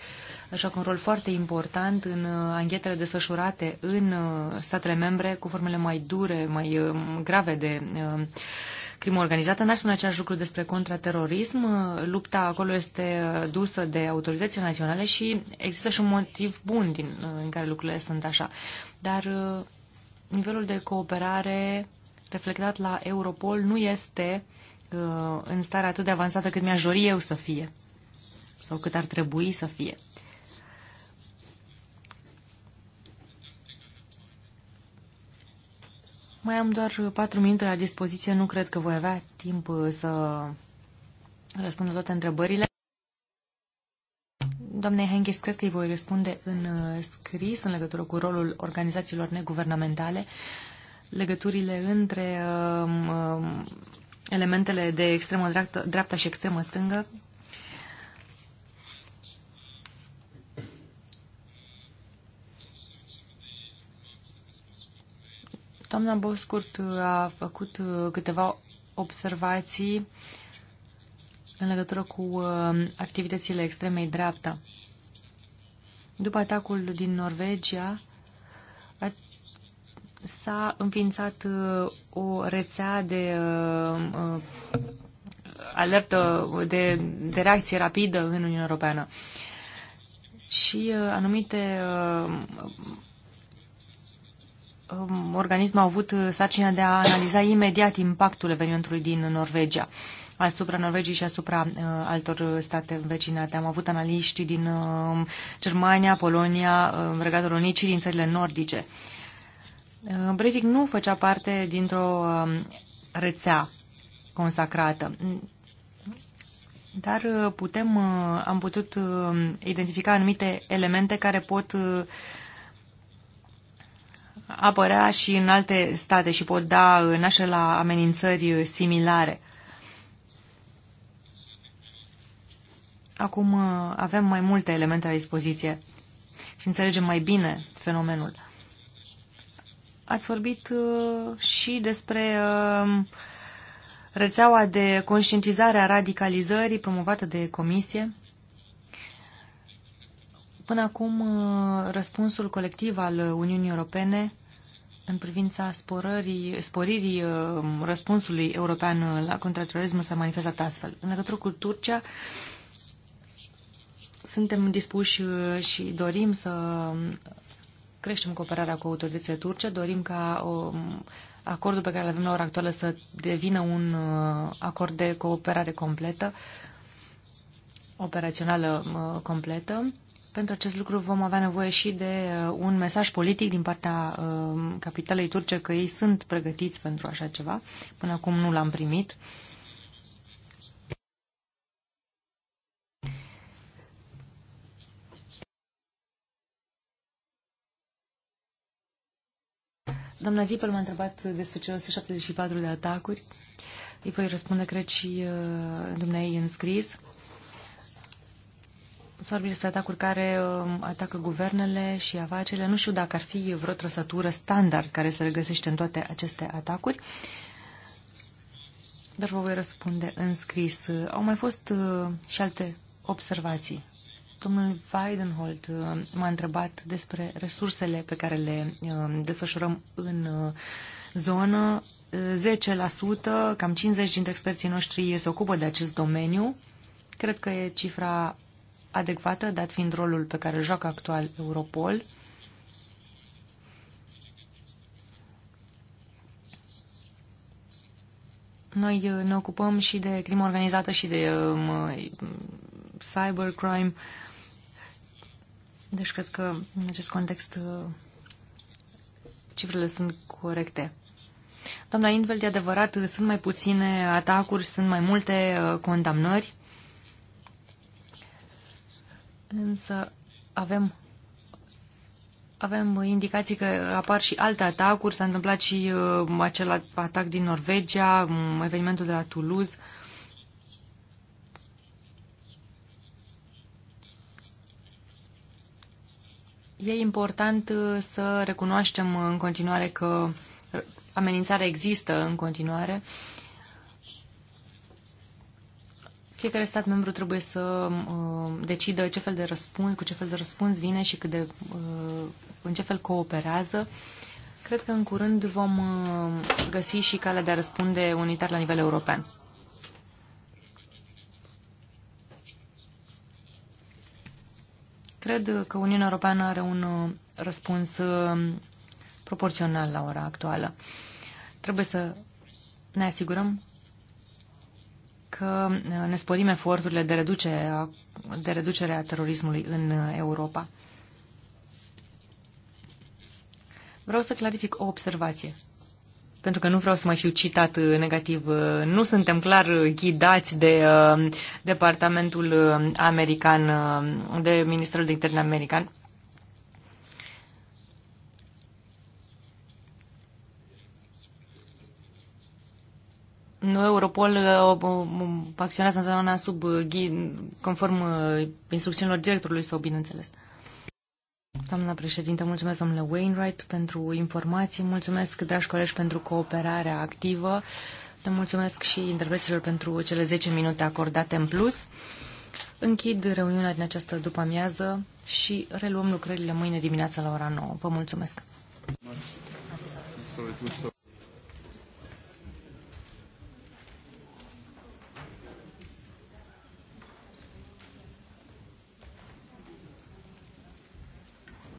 așa cu un rol foarte important în uh, anghetele desfășurate în uh, statele membre cu formele mai dure, mai grave de crimă organizată. N-aș spune același lucru despre contraterorism. Lupta acolo este dusă de autoritățile naționale și există și un motiv bun din, în care lucrurile sunt așa. Dar uh, nivelul de cooperare reflectat la Europol nu este uh, în stare atât de avansată cât mi-aș dori eu să fie sau cât ar trebui să fie. Mai am doar patru minute la dispoziție, nu cred că voi avea timp uh, să răspund la toate întrebările. Doamne Henghis, cred că îi voi răspunde în uh, scris în legătură cu rolul organizațiilor neguvernamentale, legăturile între um, um elementele de extremă dreaptă, dreapta și extremă stângă, Doamna Boscurt a făcut uh, câteva observații în legătură cu uh, activitățile extremei dreapta. După atacul din Norvegia, s-a înființat uh, o rețea de uh, alertă, de, de reacție rapidă în Uniunea Europeană. Și uh, anumite Um, organism a avut uh, sarcina de a analiza imediat impactul evenimentului din Norvegia asupra Norvegiei și asupra uh, altor state vecinate. Am avut analiști din uh, Germania, Polonia, uh, Regatul Unit și din țările nordice. Uh, Breivik nu făcea parte dintr-o uh, rețea consacrată. Dar uh, putem, uh, am putut identifica anumite elemente care pot apărea și în alte state și pot da naștere la amenințări similare. Acum uh, avem mai multe elemente la dispoziție și înțelegem mai bine fenomenul. Ați vorbit uh, și despre uh, rețeaua de conștientizare a radicalizării promovată de comisie. Până acum, uh, răspunsul colectiv al Uniunii Europene în privința sporării, sporirii uh, răspunsului european la contraterorism s-a manifestat astfel. În legătură cu Turcia, suntem dispuși uh, și dorim să creștem cooperarea cu autoritățile turce, dorim ca o, um, acordul pe care îl avem la ora actuală să devină un acord de cooperare completă, operațională completă. Pentru acest lucru vom avea nevoie și de uh, un mesaj politic din partea uh, capitalei turce că ei sunt pregătiți pentru așa ceva. Până acum nu l-am primit. Doamna Zipel m-a întrebat despre cele 174 de atacuri. Îi voi răspunde, cred, și uh, dumneai în scris. S-a despre atacuri care um, atacă guvernele și avacele. Nu știu dacă ar fi vreo trăsătură standard care se regăsește în toate aceste atacuri, dar vă voi răspunde în scris. Au mai fost uh, și alte observații. Domnul Weidenholt uh, m-a întrebat despre resursele pe care le um, desfășurăm în uh, zonă. 10%, cam 50 dintre experții noștri se ocupă de acest domeniu. Cred că e cifra adecvată, dat fiind rolul pe care joacă actual Europol. Noi uh, ne ocupăm și de crimă organizată și de um, uh, cybercrime. Deci cred că în acest context uh, cifrele sunt corecte. Doamna Inveld, e adevărat, sunt mai puține atacuri, sunt mai multe condamnări însă avem avem indicații că apar și alte atacuri, s-a întâmplat și uh, acel atac din Norvegia, um, evenimentul de la Toulouse. E important uh, să recunoaștem în continuare că amenințarea există în continuare. Uh, Fiecare stat membru trebuie să uh, decidă ce fel de răspuns, cu ce fel de răspuns vine și cât de, uh, în ce fel cooperează. Cred că în curând vom uh, găsi și calea de a răspunde unitar la nivel european. Cred că Uniunea Europeană are un uh, răspuns uh, proporțional la ora actuală. Trebuie să ne asigurăm că uh, ne sporim eforturile de reducere a, de reducere a terorismului în uh, Europa. Vreau să clarific o observație, pentru că nu vreau să mai fiu citat uh, negativ. Nu suntem clar ghidați de Departamentul American, de Ministerul de Interne American, Nu, Europol uh, acționează în zona sub uh, conform uh, instrucțiunilor directorului sau bineînțeles. Doamna președinte, mulțumesc domnule Wainwright pentru informații, mulțumesc dragi colegi pentru cooperarea activă, le mulțumesc și intervențiilor pentru cele 10 minute acordate în plus. Închid reuniunea din această după-amiază și reluăm lucrările mâine dimineața la ora 9. Vă mulțumesc!